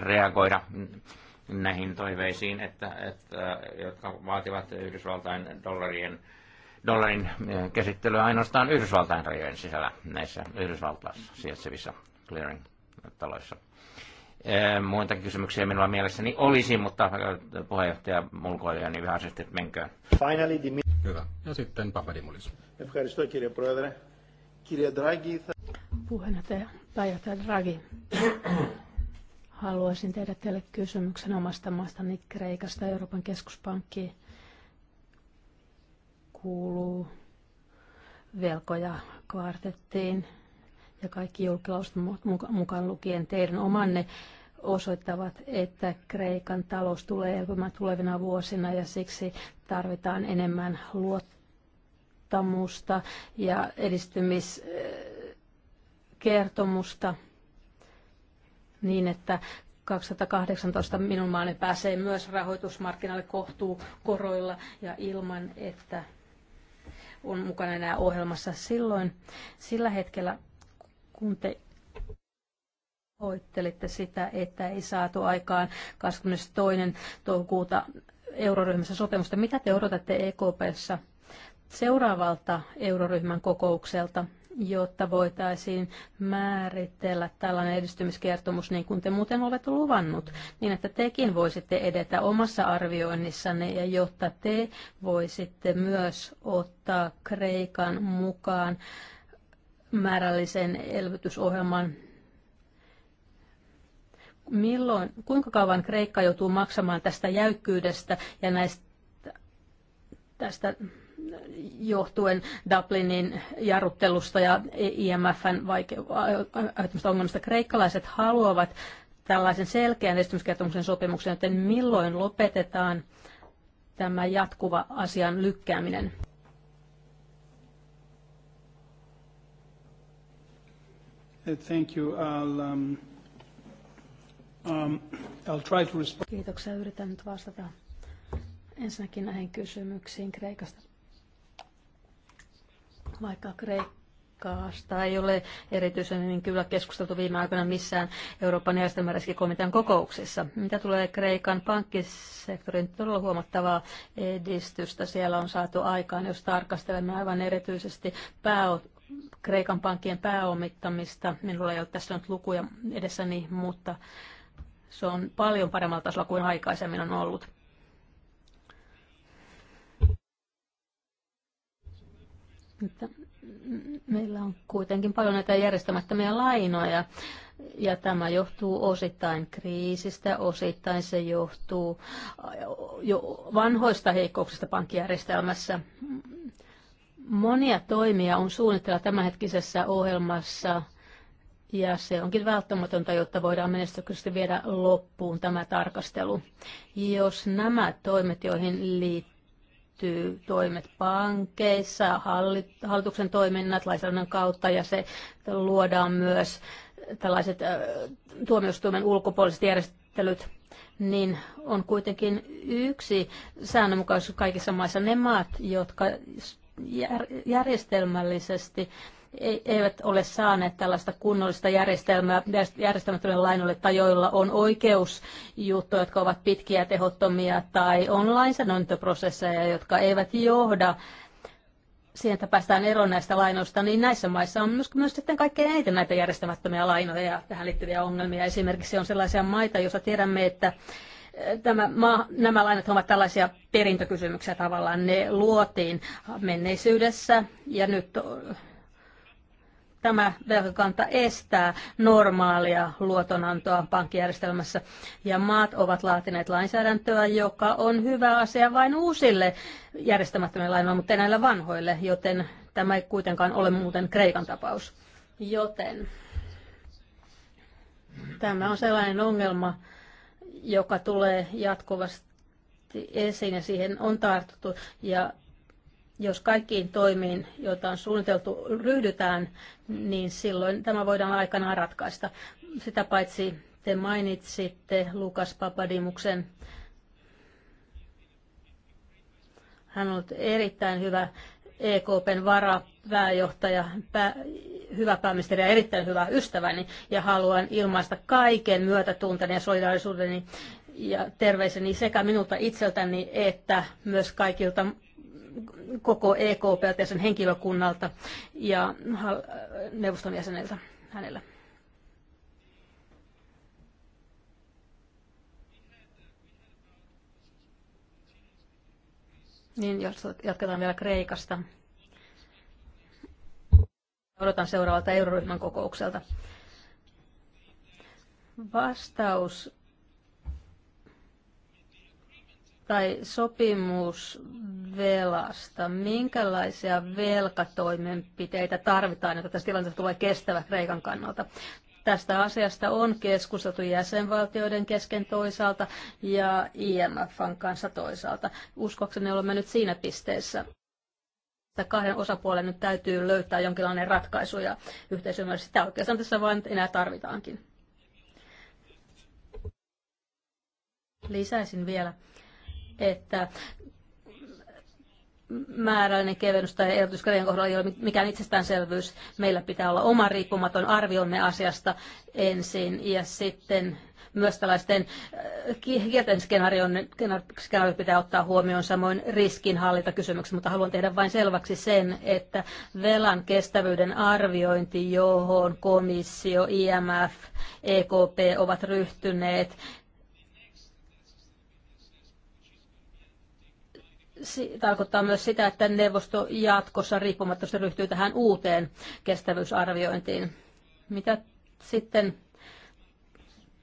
reagoida näihin toiveisiin, että, että, jotka vaativat Yhdysvaltain dollarien, dollarin eh, käsittelyä ainoastaan Yhdysvaltain rajojen sisällä näissä Yhdysvaltaissa sijaitsevissa clearing-taloissa. Eh, muita kysymyksiä minulla mielessäni olisi, mutta eh, puheenjohtaja mulkoilija niin vihaisesti, että menköön. Finally, Dim- Hyvä. Ja sitten Papadimulis. Puheenjohtaja, pääjohtaja Draghi. Haluaisin tehdä teille kysymyksen omasta maastani Kreikasta. Euroopan keskuspankki kuuluu velkoja kvartettiin ja kaikki julkilausut mukaan lukien teidän omanne osoittavat, että Kreikan talous tulee elpymään tulevina vuosina ja siksi tarvitaan enemmän luottamusta ja edistymiskertomusta niin, että 2018 minun maani pääsee myös rahoitusmarkkinoille kohtuu koroilla ja ilman, että on mukana enää ohjelmassa silloin. Sillä hetkellä, kun te hoittelitte sitä, että ei saatu aikaan 22. toukokuuta euroryhmässä sopimusta. Mitä te odotatte EKPssä seuraavalta euroryhmän kokoukselta jotta voitaisiin määritellä tällainen edistymiskertomus, niin kuin te muuten olette luvannut, niin että tekin voisitte edetä omassa arvioinnissanne ja jotta te voisitte myös ottaa Kreikan mukaan määrällisen elvytysohjelman Milloin, kuinka kauan Kreikka joutuu maksamaan tästä jäykkyydestä ja näistä, tästä johtuen Dublinin jarruttelusta ja IMFn vaikeutumista ongelmista. Kreikkalaiset haluavat tällaisen selkeän estymiskertomuksen sopimuksen, joten milloin lopetetaan tämä jatkuva asian lykkääminen? Eh, thank you. I'll, um, um, I'll try to respond. Kiitoksia. Yritän nyt vastata ensinnäkin näihin kysymyksiin Kreikasta. Vaikka Kreikkaasta ei ole erityisen, niin kyllä keskusteltu viime aikoina missään Euroopan järjestelmäriskikomitean kokouksissa. Mitä tulee Kreikan pankkisektorin todella huomattavaa edistystä siellä on saatu aikaan, jos tarkastelemme aivan erityisesti pääot Kreikan pankkien pääomittamista. Minulla ei ole tässä nyt lukuja edessäni, mutta se on paljon paremmalla tasolla kuin aikaisemmin on ollut. että meillä on kuitenkin paljon näitä järjestämättömiä lainoja ja tämä johtuu osittain kriisistä, osittain se johtuu jo vanhoista heikkouksista pankkijärjestelmässä. Monia toimia on suunnitella tämänhetkisessä ohjelmassa ja se onkin välttämätöntä, jotta voidaan menestyksellisesti viedä loppuun tämä tarkastelu. Jos nämä toimet, joihin liittyy liittyy toimet pankeissa, hallituksen toiminnat lainsäädännön kautta ja se luodaan myös tällaiset äh, tuomioistuimen ulkopuoliset järjestelyt niin on kuitenkin yksi säännönmukaisuus kaikissa maissa ne maat, jotka järjestelmällisesti eivät ole saaneet tällaista kunnollista järjestelmää järjestelmättömille lainoille tai joilla on oikeusjuttuja, jotka ovat pitkiä tehottomia tai on lainsäädäntöprosesseja, jotka eivät johda siihen, että päästään eroon näistä lainoista, niin näissä maissa on myös, myös sitten kaikkein eniten näitä järjestämättömiä lainoja ja tähän liittyviä ongelmia. Esimerkiksi on sellaisia maita, joissa tiedämme, että eh, tämä maa, nämä lainat ovat tällaisia perintökysymyksiä tavallaan. Ne luotiin menneisyydessä ja nyt eh, tämä velkakanta estää normaalia luotonantoa pankkijärjestelmässä. Ja maat ovat laatineet lainsäädäntöä, joka on hyvä asia vain uusille järjestämättömille lainoille, mutta ei näillä vanhoille, joten tämä ei kuitenkaan ole muuten Kreikan tapaus. Joten tämä on sellainen ongelma, joka tulee jatkuvasti esiin ja siihen on tartuttu. Ja jos kaikkiin toimiin, joita on suunniteltu, ryhdytään, niin silloin tämä voidaan aikanaan ratkaista. Sitä paitsi te mainitsitte Lukas Papadimuksen. Hän on ollut erittäin hyvä EKPn varapääjohtaja, pää, hyvä pääministeri ja erittäin hyvä ystäväni, ja haluan ilmaista kaiken myötätunteni ja solidaarisuudeni ja terveiseni sekä minulta itseltäni että myös kaikilta koko EKP ja sen henkilökunnalta ja neuvoston jäseneltä hänellä. Niin, jos jatketaan vielä Kreikasta. Odotan seuraavalta euroryhmän kokoukselta. Vastaus tai sopimusvelasta. Minkälaisia velkatoimenpiteitä tarvitaan, jotta tässä tilanteessa tulee kestävä Kreikan kannalta? Tästä asiasta on keskusteltu jäsenvaltioiden kesken toisaalta ja IMFn kanssa toisaalta. Uskoakseni olemme nyt siinä pisteessä että kahden osapuolen nyt täytyy löytää jonkinlainen ratkaisu ja yhteisymmärrys. Sitä oikeastaan tässä vain enää tarvitaankin. Lisäisin vielä, että määrällinen kevennys tai ehdotus kohdalla ei ole mikään itsestäänselvyys. Meillä pitää olla oma riippumaton arviomme asiasta ensin ja sitten myös tällaisten äh, kielten skenaariot pitää ottaa huomioon, samoin riskinhallintakysymykset, mutta haluan tehdä vain selväksi sen, että velan kestävyyden arviointi, johon komissio, IMF, EKP ovat ryhtyneet, tarkoittaa myös sitä, että neuvosto jatkossa riippumatta ryhtyy tähän uuteen kestävyysarviointiin. Mitä sitten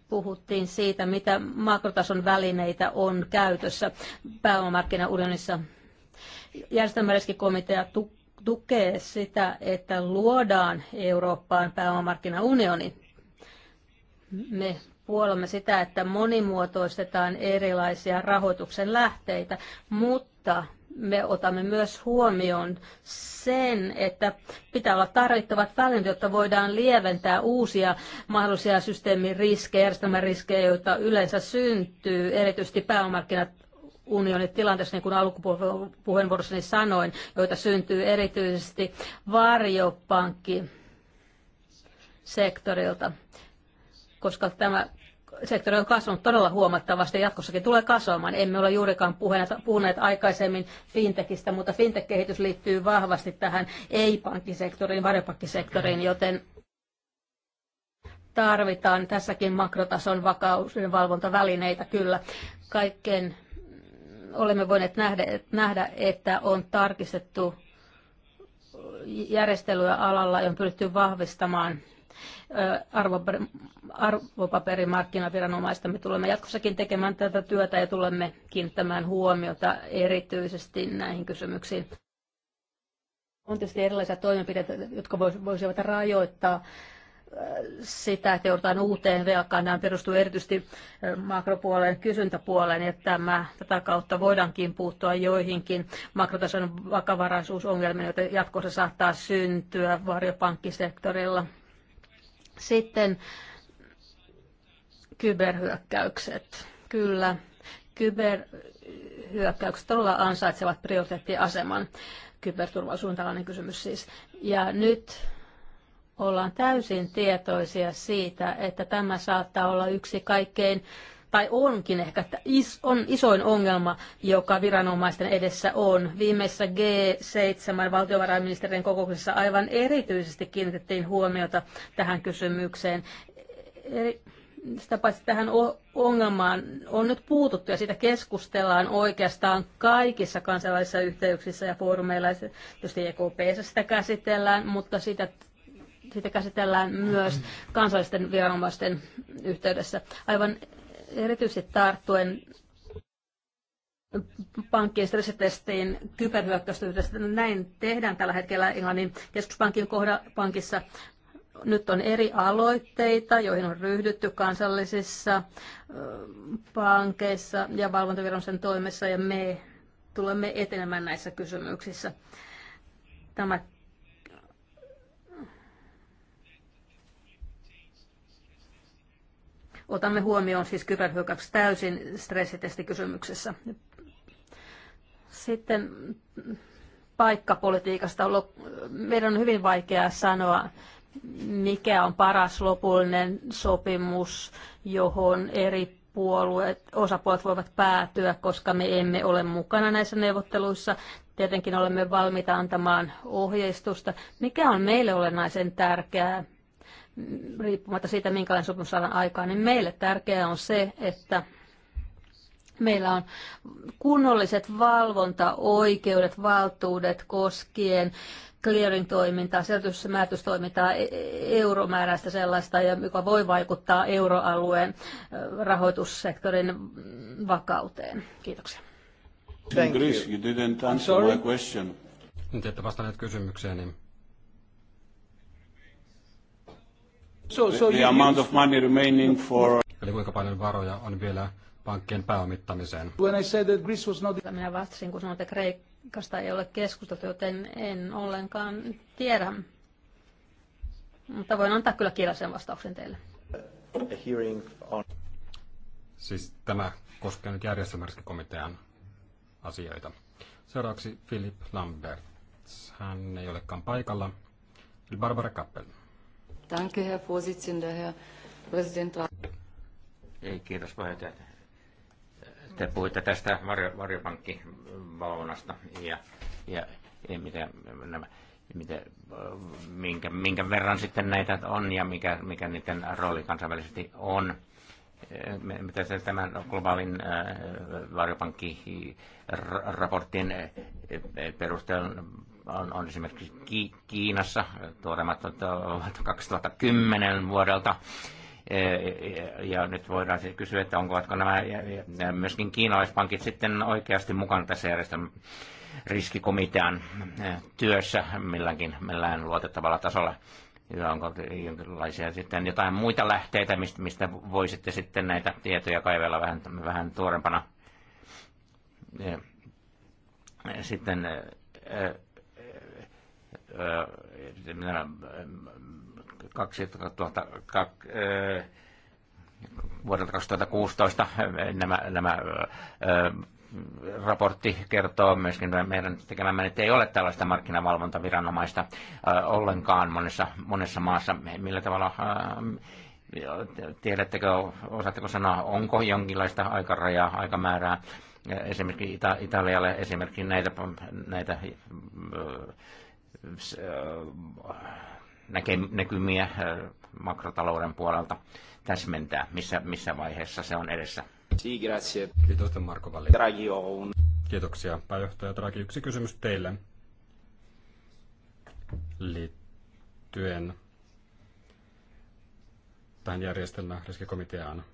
puhuttiin siitä, mitä makrotason välineitä on käytössä pääomamarkkinaunionissa. Järjestelmäriskikomitea tu- tukee sitä, että luodaan Eurooppaan pääomamarkkinaunioni. Me puolemme sitä, että monimuotoistetaan erilaisia rahoituksen lähteitä, mutta mutta me otamme myös huomioon sen, että pitää olla tarvittavat välineet, jotta voidaan lieventää uusia mahdollisia systeemiriskejä, järjestelmäriskejä, joita yleensä syntyy, erityisesti pääomarkkinat unionit, tilanteessa, niin kuin alkupuheenvuorossani sanoin, joita syntyy erityisesti varjopankkisektorilta, koska tämä sektori on kasvanut todella huomattavasti ja jatkossakin tulee kasvamaan. Emme ole juurikaan puhuneet aikaisemmin fintechistä, mutta fintech-kehitys liittyy vahvasti tähän ei-pankkisektoriin, varjopankkisektoriin, joten tarvitaan tässäkin makrotason vakauden valvontavälineitä kyllä. Kaikkeen olemme voineet nähdä, nähdä, että on tarkistettu järjestelyä alalla ja on pyritty vahvistamaan arvopaperimarkkinaviranomaista. Me tulemme jatkossakin tekemään tätä työtä ja tulemme kiinnittämään huomiota erityisesti näihin kysymyksiin. On tietysti erilaisia toimenpiteitä, jotka voisivat rajoittaa sitä, että joudutaan uuteen velkaan. Nämä perustuu erityisesti makropuoleen, kysyntäpuoleen, ja tämä, tätä kautta voidaankin puuttua joihinkin makrotason vakavaraisuusongelmiin, joita jatkossa saattaa syntyä varjopankkisektorilla. Sitten kyberhyökkäykset. Kyllä, kyberhyökkäykset todella ansaitsevat prioriteettiaseman. Kyberturvallisuus on tällainen kysymys siis. Ja nyt ollaan täysin tietoisia siitä, että tämä saattaa olla yksi kaikkein tai onkin ehkä is, on isoin ongelma, joka viranomaisten edessä on. Viimeisessä G7 valtiovarainministerin kokouksessa aivan erityisesti kiinnitettiin huomiota tähän kysymykseen. Eri, sitä paitsi tähän ongelmaan on nyt puututtu ja siitä keskustellaan oikeastaan kaikissa kansainvälisissä yhteyksissä ja foorumeilla. Tietysti EKP: sitä käsitellään, mutta sitä, sitä käsitellään myös kansallisten viranomaisten yhteydessä. Aivan erityisesti tarttuen pankkien stressitestiin kyberhyökkäystä. Näin tehdään tällä hetkellä Englannin keskuspankin kohdapankissa. pankissa. Nyt on eri aloitteita, joihin on ryhdytty kansallisissa pankeissa ja valvontaviranomaisen toimessa, ja me tulemme etenemään näissä kysymyksissä. Tämä Otamme huomioon siis kyberhyökkäys täysin stressitestikysymyksessä. Sitten paikkapolitiikasta meidän on hyvin vaikea sanoa, mikä on paras lopullinen sopimus, johon eri puolueet, osapuolet voivat päätyä, koska me emme ole mukana näissä neuvotteluissa. Tietenkin olemme valmiita antamaan ohjeistusta. Mikä on meille olennaisen tärkeää? riippumatta siitä, minkälainen sopimus saadaan aikaan, niin meille tärkeää on se, että meillä on kunnolliset valvontaoikeudet, valtuudet koskien clearing-toimintaa, sijoitusmäärätystoimintaa, e-, e-, euromääräistä sellaista, joka voi vaikuttaa euroalueen rahoitussektorin vakauteen. Kiitoksia. Thank you. you didn't answer my question. Te ette vastanneet kysymykseen, niin So, so the amount of money remaining for... Eli kuinka paljon varoja on vielä pankkien pääomittamiseen? When I said that Greece was not... Minä vastasin, kun sanoin, että Kreikasta ei ole keskusteltu, joten en ollenkaan tiedä. Mutta voin antaa kyllä kirjallisen vastauksen teille. On... Siis tämä koskee nyt järjestelmäriskikomitean asioita. Seuraavaksi Philip Lambert. Hän ei olekaan paikalla. Barbara Kappel. Danke, Herr Vorsitzender, Herr Präsident. Ei, kiitos puheenjohtaja. Te puhuitte tästä varjopankkivalvonnasta ja, ja, ja mitä, nämä, mitä, minkä, minkä verran sitten näitä on ja mikä, mikä niiden rooli kansainvälisesti on mitä se tämän globaalin äh, varjopankkiraportin äh, perusteella on, on esimerkiksi Kiinassa, tuoremmat ovat 2010 vuodelta, e, e, ja nyt voidaan siis kysyä, että onko nämä myöskin kiinalaispankit sitten oikeasti mukana tässä järjestelmän riskikomitean e, työssä milläkin, millään luotettavalla tasolla. Ja onko jonkinlaisia sitten jotain muita lähteitä, mistä voisitte sitten näitä tietoja kaivella vähän, vähän tuorempana. Sitten Kaksi tuota, vuodelta 2016 nämä, nämä raportti kertoo myöskin meidän tekemämme, että ei ole tällaista markkinavalvontaviranomaista ollenkaan monessa, monessa maassa. Millä tavalla, tiedättekö, osaatteko sanoa, onko jonkinlaista aikarajaa, aikamäärää esimerkiksi Italialle esimerkiksi näitä, näitä Äh, näkymiä äh, makrotalouden puolelta täsmentää, missä, missä vaiheessa se on edessä. grazie. Kiitos, Marko Valli. Draghi on. Kiitoksia, pääjohtaja Draghi. Yksi kysymys teille liittyen tähän järjestelmään riskikomiteaan.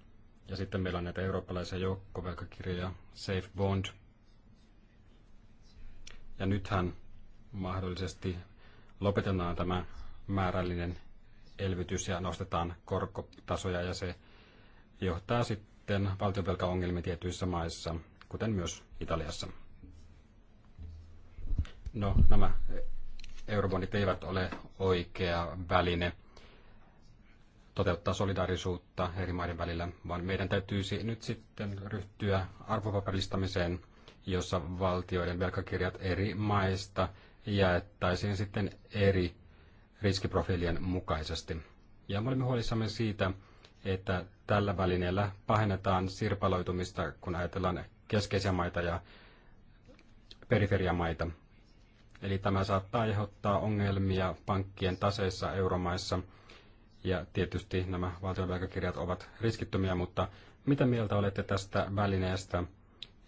Ja sitten meillä on näitä eurooppalaisia joukkovelkakirjoja, Safe Bond. Ja nythän mahdollisesti lopetetaan tämä määrällinen elvytys ja nostetaan korkotasoja ja se johtaa sitten valtionvelkaongelmiin tietyissä maissa, kuten myös Italiassa. No, nämä eurobondit eivät ole oikea väline toteuttaa solidaarisuutta eri maiden välillä, vaan meidän täytyisi nyt sitten ryhtyä arvopaperistamiseen, jossa valtioiden velkakirjat eri maista jaettaisiin sitten eri riskiprofiilien mukaisesti. Ja me olimme huolissamme siitä, että tällä välineellä pahennetaan sirpaloitumista, kun ajatellaan keskeisiä maita ja periferiamaita. Eli tämä saattaa aiheuttaa ongelmia pankkien taseissa euromaissa. Ja tietysti nämä valtionvelkakirjat ovat riskittömiä, mutta mitä mieltä olette tästä välineestä?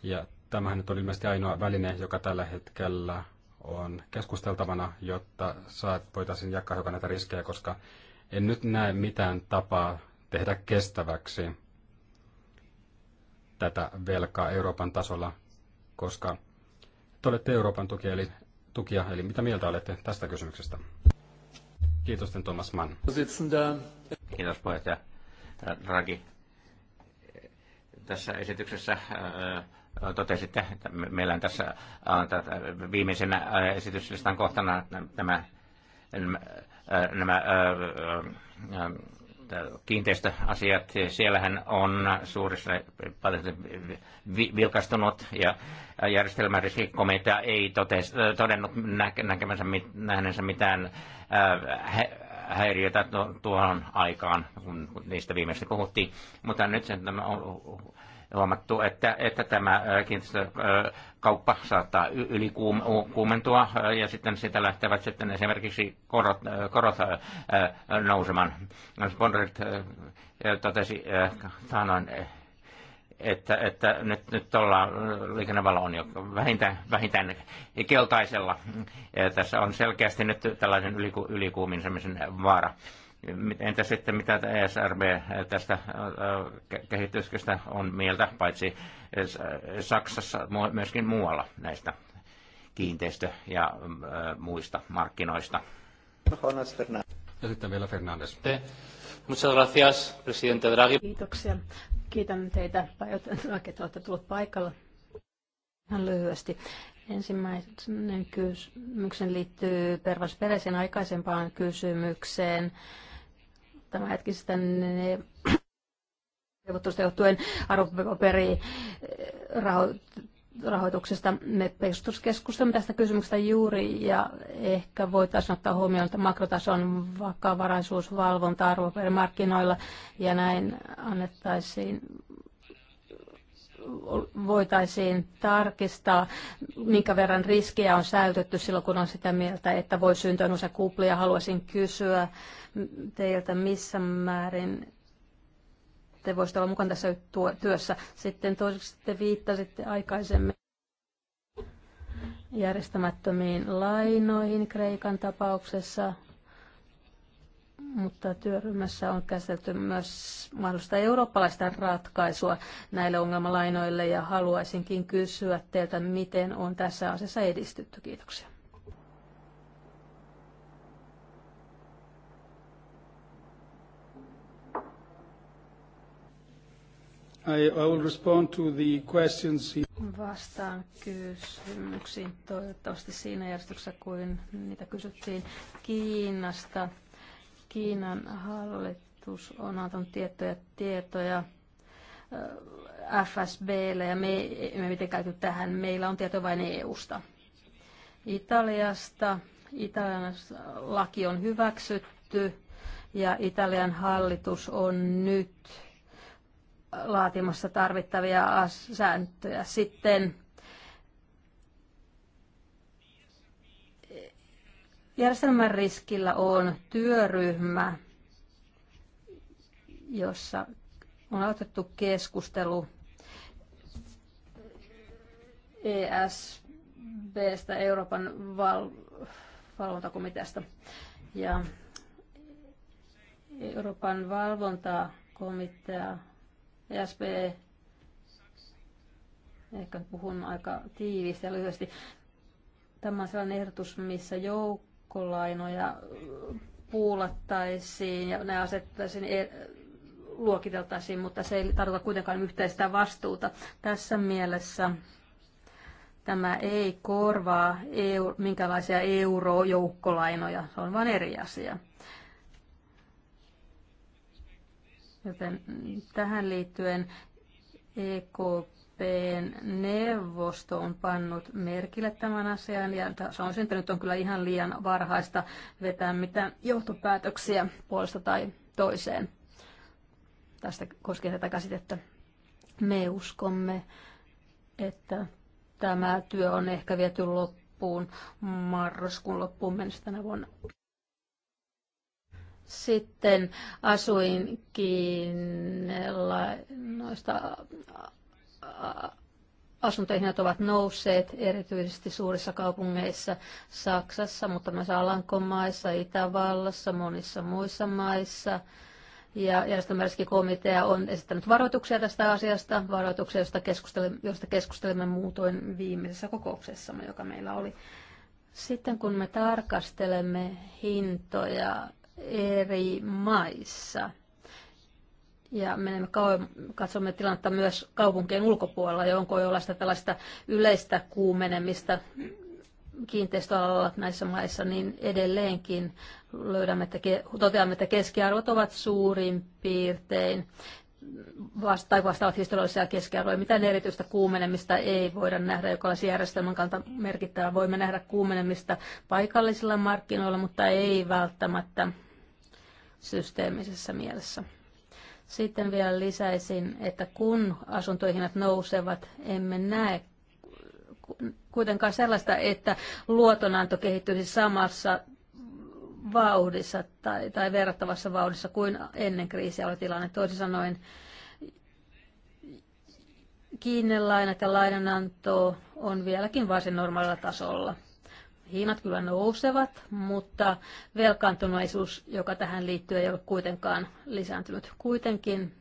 Ja tämähän nyt on ilmeisesti ainoa väline, joka tällä hetkellä on keskusteltavana, jotta saat, voitaisiin jakaa hiukan näitä riskejä, koska en nyt näe mitään tapaa tehdä kestäväksi tätä velkaa Euroopan tasolla, koska te olette Euroopan tukia, eli, tukia, eli mitä mieltä olette tästä kysymyksestä? Kiitos, Thomas Mann. Kiitos, puheenjohtaja Ragi. Tässä esityksessä äh, totesitte, että meillä on tässä viimeisenä esityslistan kohtana tämä, nämä kiinteistöasiat. Siellähän on suurissa paljon vilkastunut ja järjestelmäriskikomitea ei totes, todennut näkemänsä, nähneensä mitään häiriötä tuohon aikaan, kun niistä viimeisesti puhuttiin. Mutta nyt sen tämä on huomattu, että, että tämä kiinteistökauppa saattaa ylikuumentua ja sitten sitä lähtevät sitten esimerkiksi korot, korot nousemaan. Bondrit totesi sanoin, että, että nyt, nyt tuolla liikennevalo on jo vähintään, vähintään keltaisella. Ja tässä on selkeästi nyt tällaisen yliku, ylikuumisemisen vaara. Entä sitten mitä ESRB tästä kehityskestä on mieltä, paitsi Saksassa, myöskin muualla näistä kiinteistö- ja muista markkinoista? Ja sitten vielä Fernandes. Muchas gracias, presidente Draghi. Kiitoksia. Kiitän teitä, Draghi, että olette tullut paikalla. Ihan lyhyesti. Ensimmäinen kysymyksen liittyy Pervas Peresin aikaisempaan kysymykseen tämänhetkisistä ne, neuvottelusta johtuen arvopaperi eh, rahoituksesta. Me keskustelemme tästä kysymyksestä juuri ja ehkä voitaisiin ottaa huomioon, että makrotason vakavaraisuusvalvonta arvopaperimarkkinoilla ja näin annettaisiin voitaisiin tarkistaa, minkä verran riskejä on säilytetty silloin, kun on sitä mieltä, että voi syntyä noissa kuplia. Haluaisin kysyä, teiltä, missä määrin te voisitte olla mukana tässä työssä. Sitten toiseksi te viittasitte aikaisemmin järjestämättömiin lainoihin Kreikan tapauksessa, mutta työryhmässä on käsitelty myös mahdollista eurooppalaista ratkaisua näille ongelmalainoille ja haluaisinkin kysyä teiltä, miten on tässä asiassa edistytty. Kiitoksia. I will respond to the questions. Vastaan kysymyksiin toivottavasti siinä järjestyksessä, kuin niitä kysyttiin Kiinasta. Kiinan hallitus on antanut tietoja, tietoja äh, FSBlle ja me emme mitenkään käyty tähän. Meillä on tieto vain EUsta. Italiasta. Italian laki on hyväksytty ja Italian hallitus on nyt laatimassa tarvittavia sääntöjä. Sitten järjestelmän riskillä on työryhmä, jossa on otettu keskustelu ESBstä, Euroopan val- valvontakomiteasta. Ja Euroopan valvontakomitea ESP, ehkä puhun aika tiiviisti ja lyhyesti. Tämä on sellainen ehdotus, missä joukkolainoja puulattaisiin ja ne asettaisiin e- luokiteltaisiin, mutta se ei tarkoita kuitenkaan yhteistä vastuuta. Tässä mielessä tämä ei korvaa EU, minkälaisia eurojoukkolainoja, se on vain eri asia. Joten tähän liittyen EKPn neuvosto on pannut merkille tämän asian ja sanoisin, että nyt on kyllä ihan liian varhaista vetää mitään johtopäätöksiä puolesta tai toiseen tästä koskien tätä käsitettä. Me uskomme, että tämä työ on ehkä viety loppuun marraskuun loppuun mennessä tänä vuonna. Sitten asuinkin noista asuntohinnat ovat nousseet erityisesti suurissa kaupungeissa Saksassa, mutta myös Alankomaissa, Itävallassa, monissa muissa maissa. Ja järjestelmäriskikomitea on esittänyt varoituksia tästä asiasta, varoituksia, joista keskustelimme, joista keskustelimme muutoin viimeisessä kokouksessamme, joka meillä oli. Sitten kun me tarkastelemme hintoja eri maissa. Ja menemme kauem, katsomme tilannetta myös kaupunkien ulkopuolella, ja onko jollaista tällaista yleistä kuumenemista kiinteistöalalla näissä maissa, niin edelleenkin löydämme, että toteamme, että keskiarvot ovat suurin piirtein vasta- tai vastaavat historiallisia keskiarvoja. Mitään erityistä kuumenemista ei voida nähdä, joka olisi järjestelmän kannalta merkittävä. Voimme nähdä kuumenemista paikallisilla markkinoilla, mutta ei välttämättä systeemisessä mielessä. Sitten vielä lisäisin, että kun asuntohinnat nousevat, emme näe kuitenkaan sellaista, että luotonanto kehittyisi samassa vauhdissa tai, tai verrattavassa vauhdissa kuin ennen kriisiä oli tilanne. Toisin sanoen kiinnelainat ja lainananto on vieläkin varsin normaalilla tasolla hinnat kyllä nousevat, mutta velkaantuneisuus, joka tähän liittyy, ei ole kuitenkaan lisääntynyt. Kuitenkin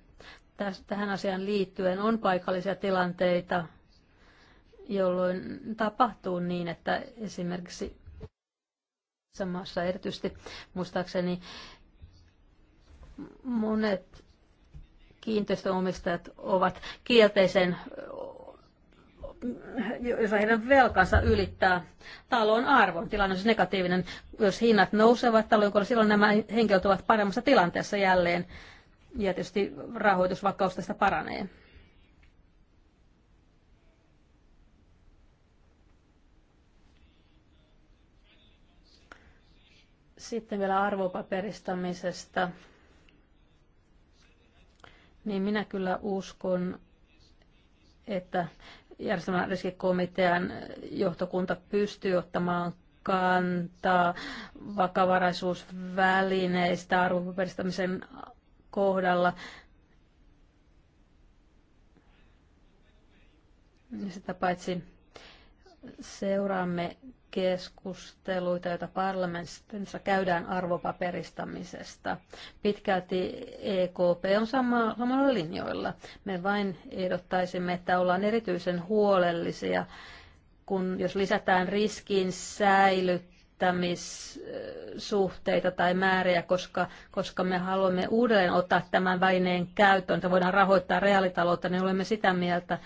tähän asiaan liittyen on paikallisia tilanteita, jolloin tapahtuu niin, että esimerkiksi samassa erityisesti muistaakseni monet kiinteistöomistajat ovat kielteisen jos heidän velkansa ylittää talon arvon. Tilanne on siis negatiivinen. Jos hinnat nousevat talon silloin nämä henkilöt ovat paremmassa tilanteessa jälleen. Ja tietysti rahoitusvakaus tästä paranee. Sitten vielä arvopaperistamisesta. Niin minä kyllä uskon, että järjestelmän riskikomitean johtokunta pystyy ottamaan kantaa vakavaraisuusvälineistä arvopaperistamisen kohdalla. Sitä paitsi seuraamme keskusteluita, joita parlamentissa käydään arvopaperistamisesta. Pitkälti EKP on sama, samalla linjoilla. Me vain ehdottaisimme, että ollaan erityisen huolellisia, kun jos lisätään riskin säilyttämissuhteita tai määriä, koska, koska me haluamme uudelleen ottaa tämän välineen käyttöön, että voidaan rahoittaa reaalitaloutta, niin olemme sitä mieltä,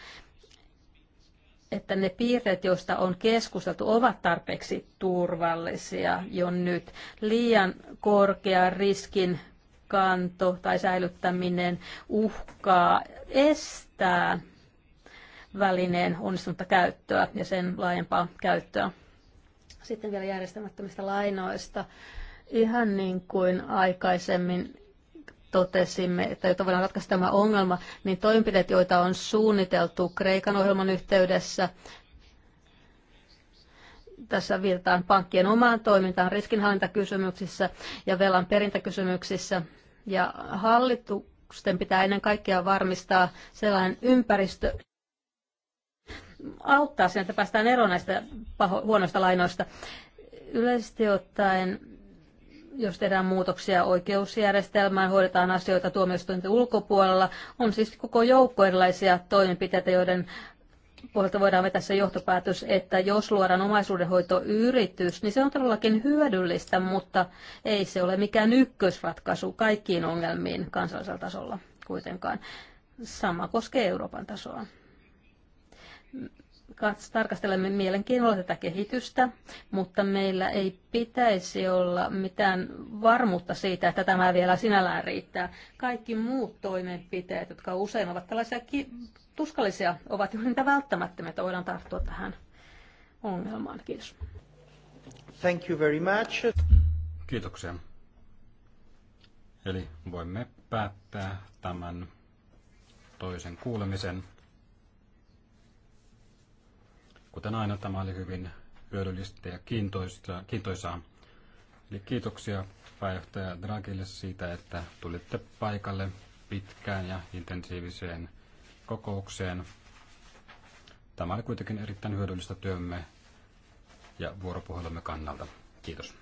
että ne piirteet, joista on keskusteltu, ovat tarpeeksi turvallisia jo nyt. Liian korkea riskin kanto tai säilyttäminen uhkaa estää välineen onnistunutta käyttöä ja sen laajempaa käyttöä. Sitten vielä järjestämättömistä lainoista. Ihan niin kuin aikaisemmin totesimme, että jotta voidaan ratkaista tämä ongelma, niin toimenpiteet, joita on suunniteltu Kreikan ohjelman yhteydessä, tässä viitataan pankkien omaan toimintaan riskinhallintakysymyksissä ja velan perintäkysymyksissä. Ja hallitusten pitää ennen kaikkea varmistaa sellainen ympäristö, auttaa sen, että päästään eroon näistä paho- huonoista lainoista. Yleisesti ottaen jos tehdään muutoksia oikeusjärjestelmään, hoidetaan asioita tuomioistuinten ulkopuolella. On siis koko joukko erilaisia toimenpiteitä, joiden pohjalta voidaan vetää se johtopäätös, että jos luodaan omaisuudenhoitoyritys, niin se on todellakin hyödyllistä, mutta ei se ole mikään ykkösratkaisu kaikkiin ongelmiin kansallisella tasolla kuitenkaan. Sama koskee Euroopan tasoa kats, tarkastelemme mielenkiinnolla tätä kehitystä, mutta meillä ei pitäisi olla mitään varmuutta siitä, että tämä vielä sinällään riittää. Kaikki muut toimenpiteet, jotka usein ovat tällaisia ki- tuskallisia, ovat juuri niitä välttämättömiä, että voidaan tarttua tähän ongelmaan. Kiitos. Thank you very much. Kiitoksia. Eli voimme päättää tämän toisen kuulemisen. Kuten aina, tämä oli hyvin hyödyllistä ja kiintoista, kiintoisaa. Eli kiitoksia pääjohtaja Dragille siitä, että tulitte paikalle pitkään ja intensiiviseen kokoukseen. Tämä oli kuitenkin erittäin hyödyllistä työmme ja vuoropuhelumme kannalta. Kiitos.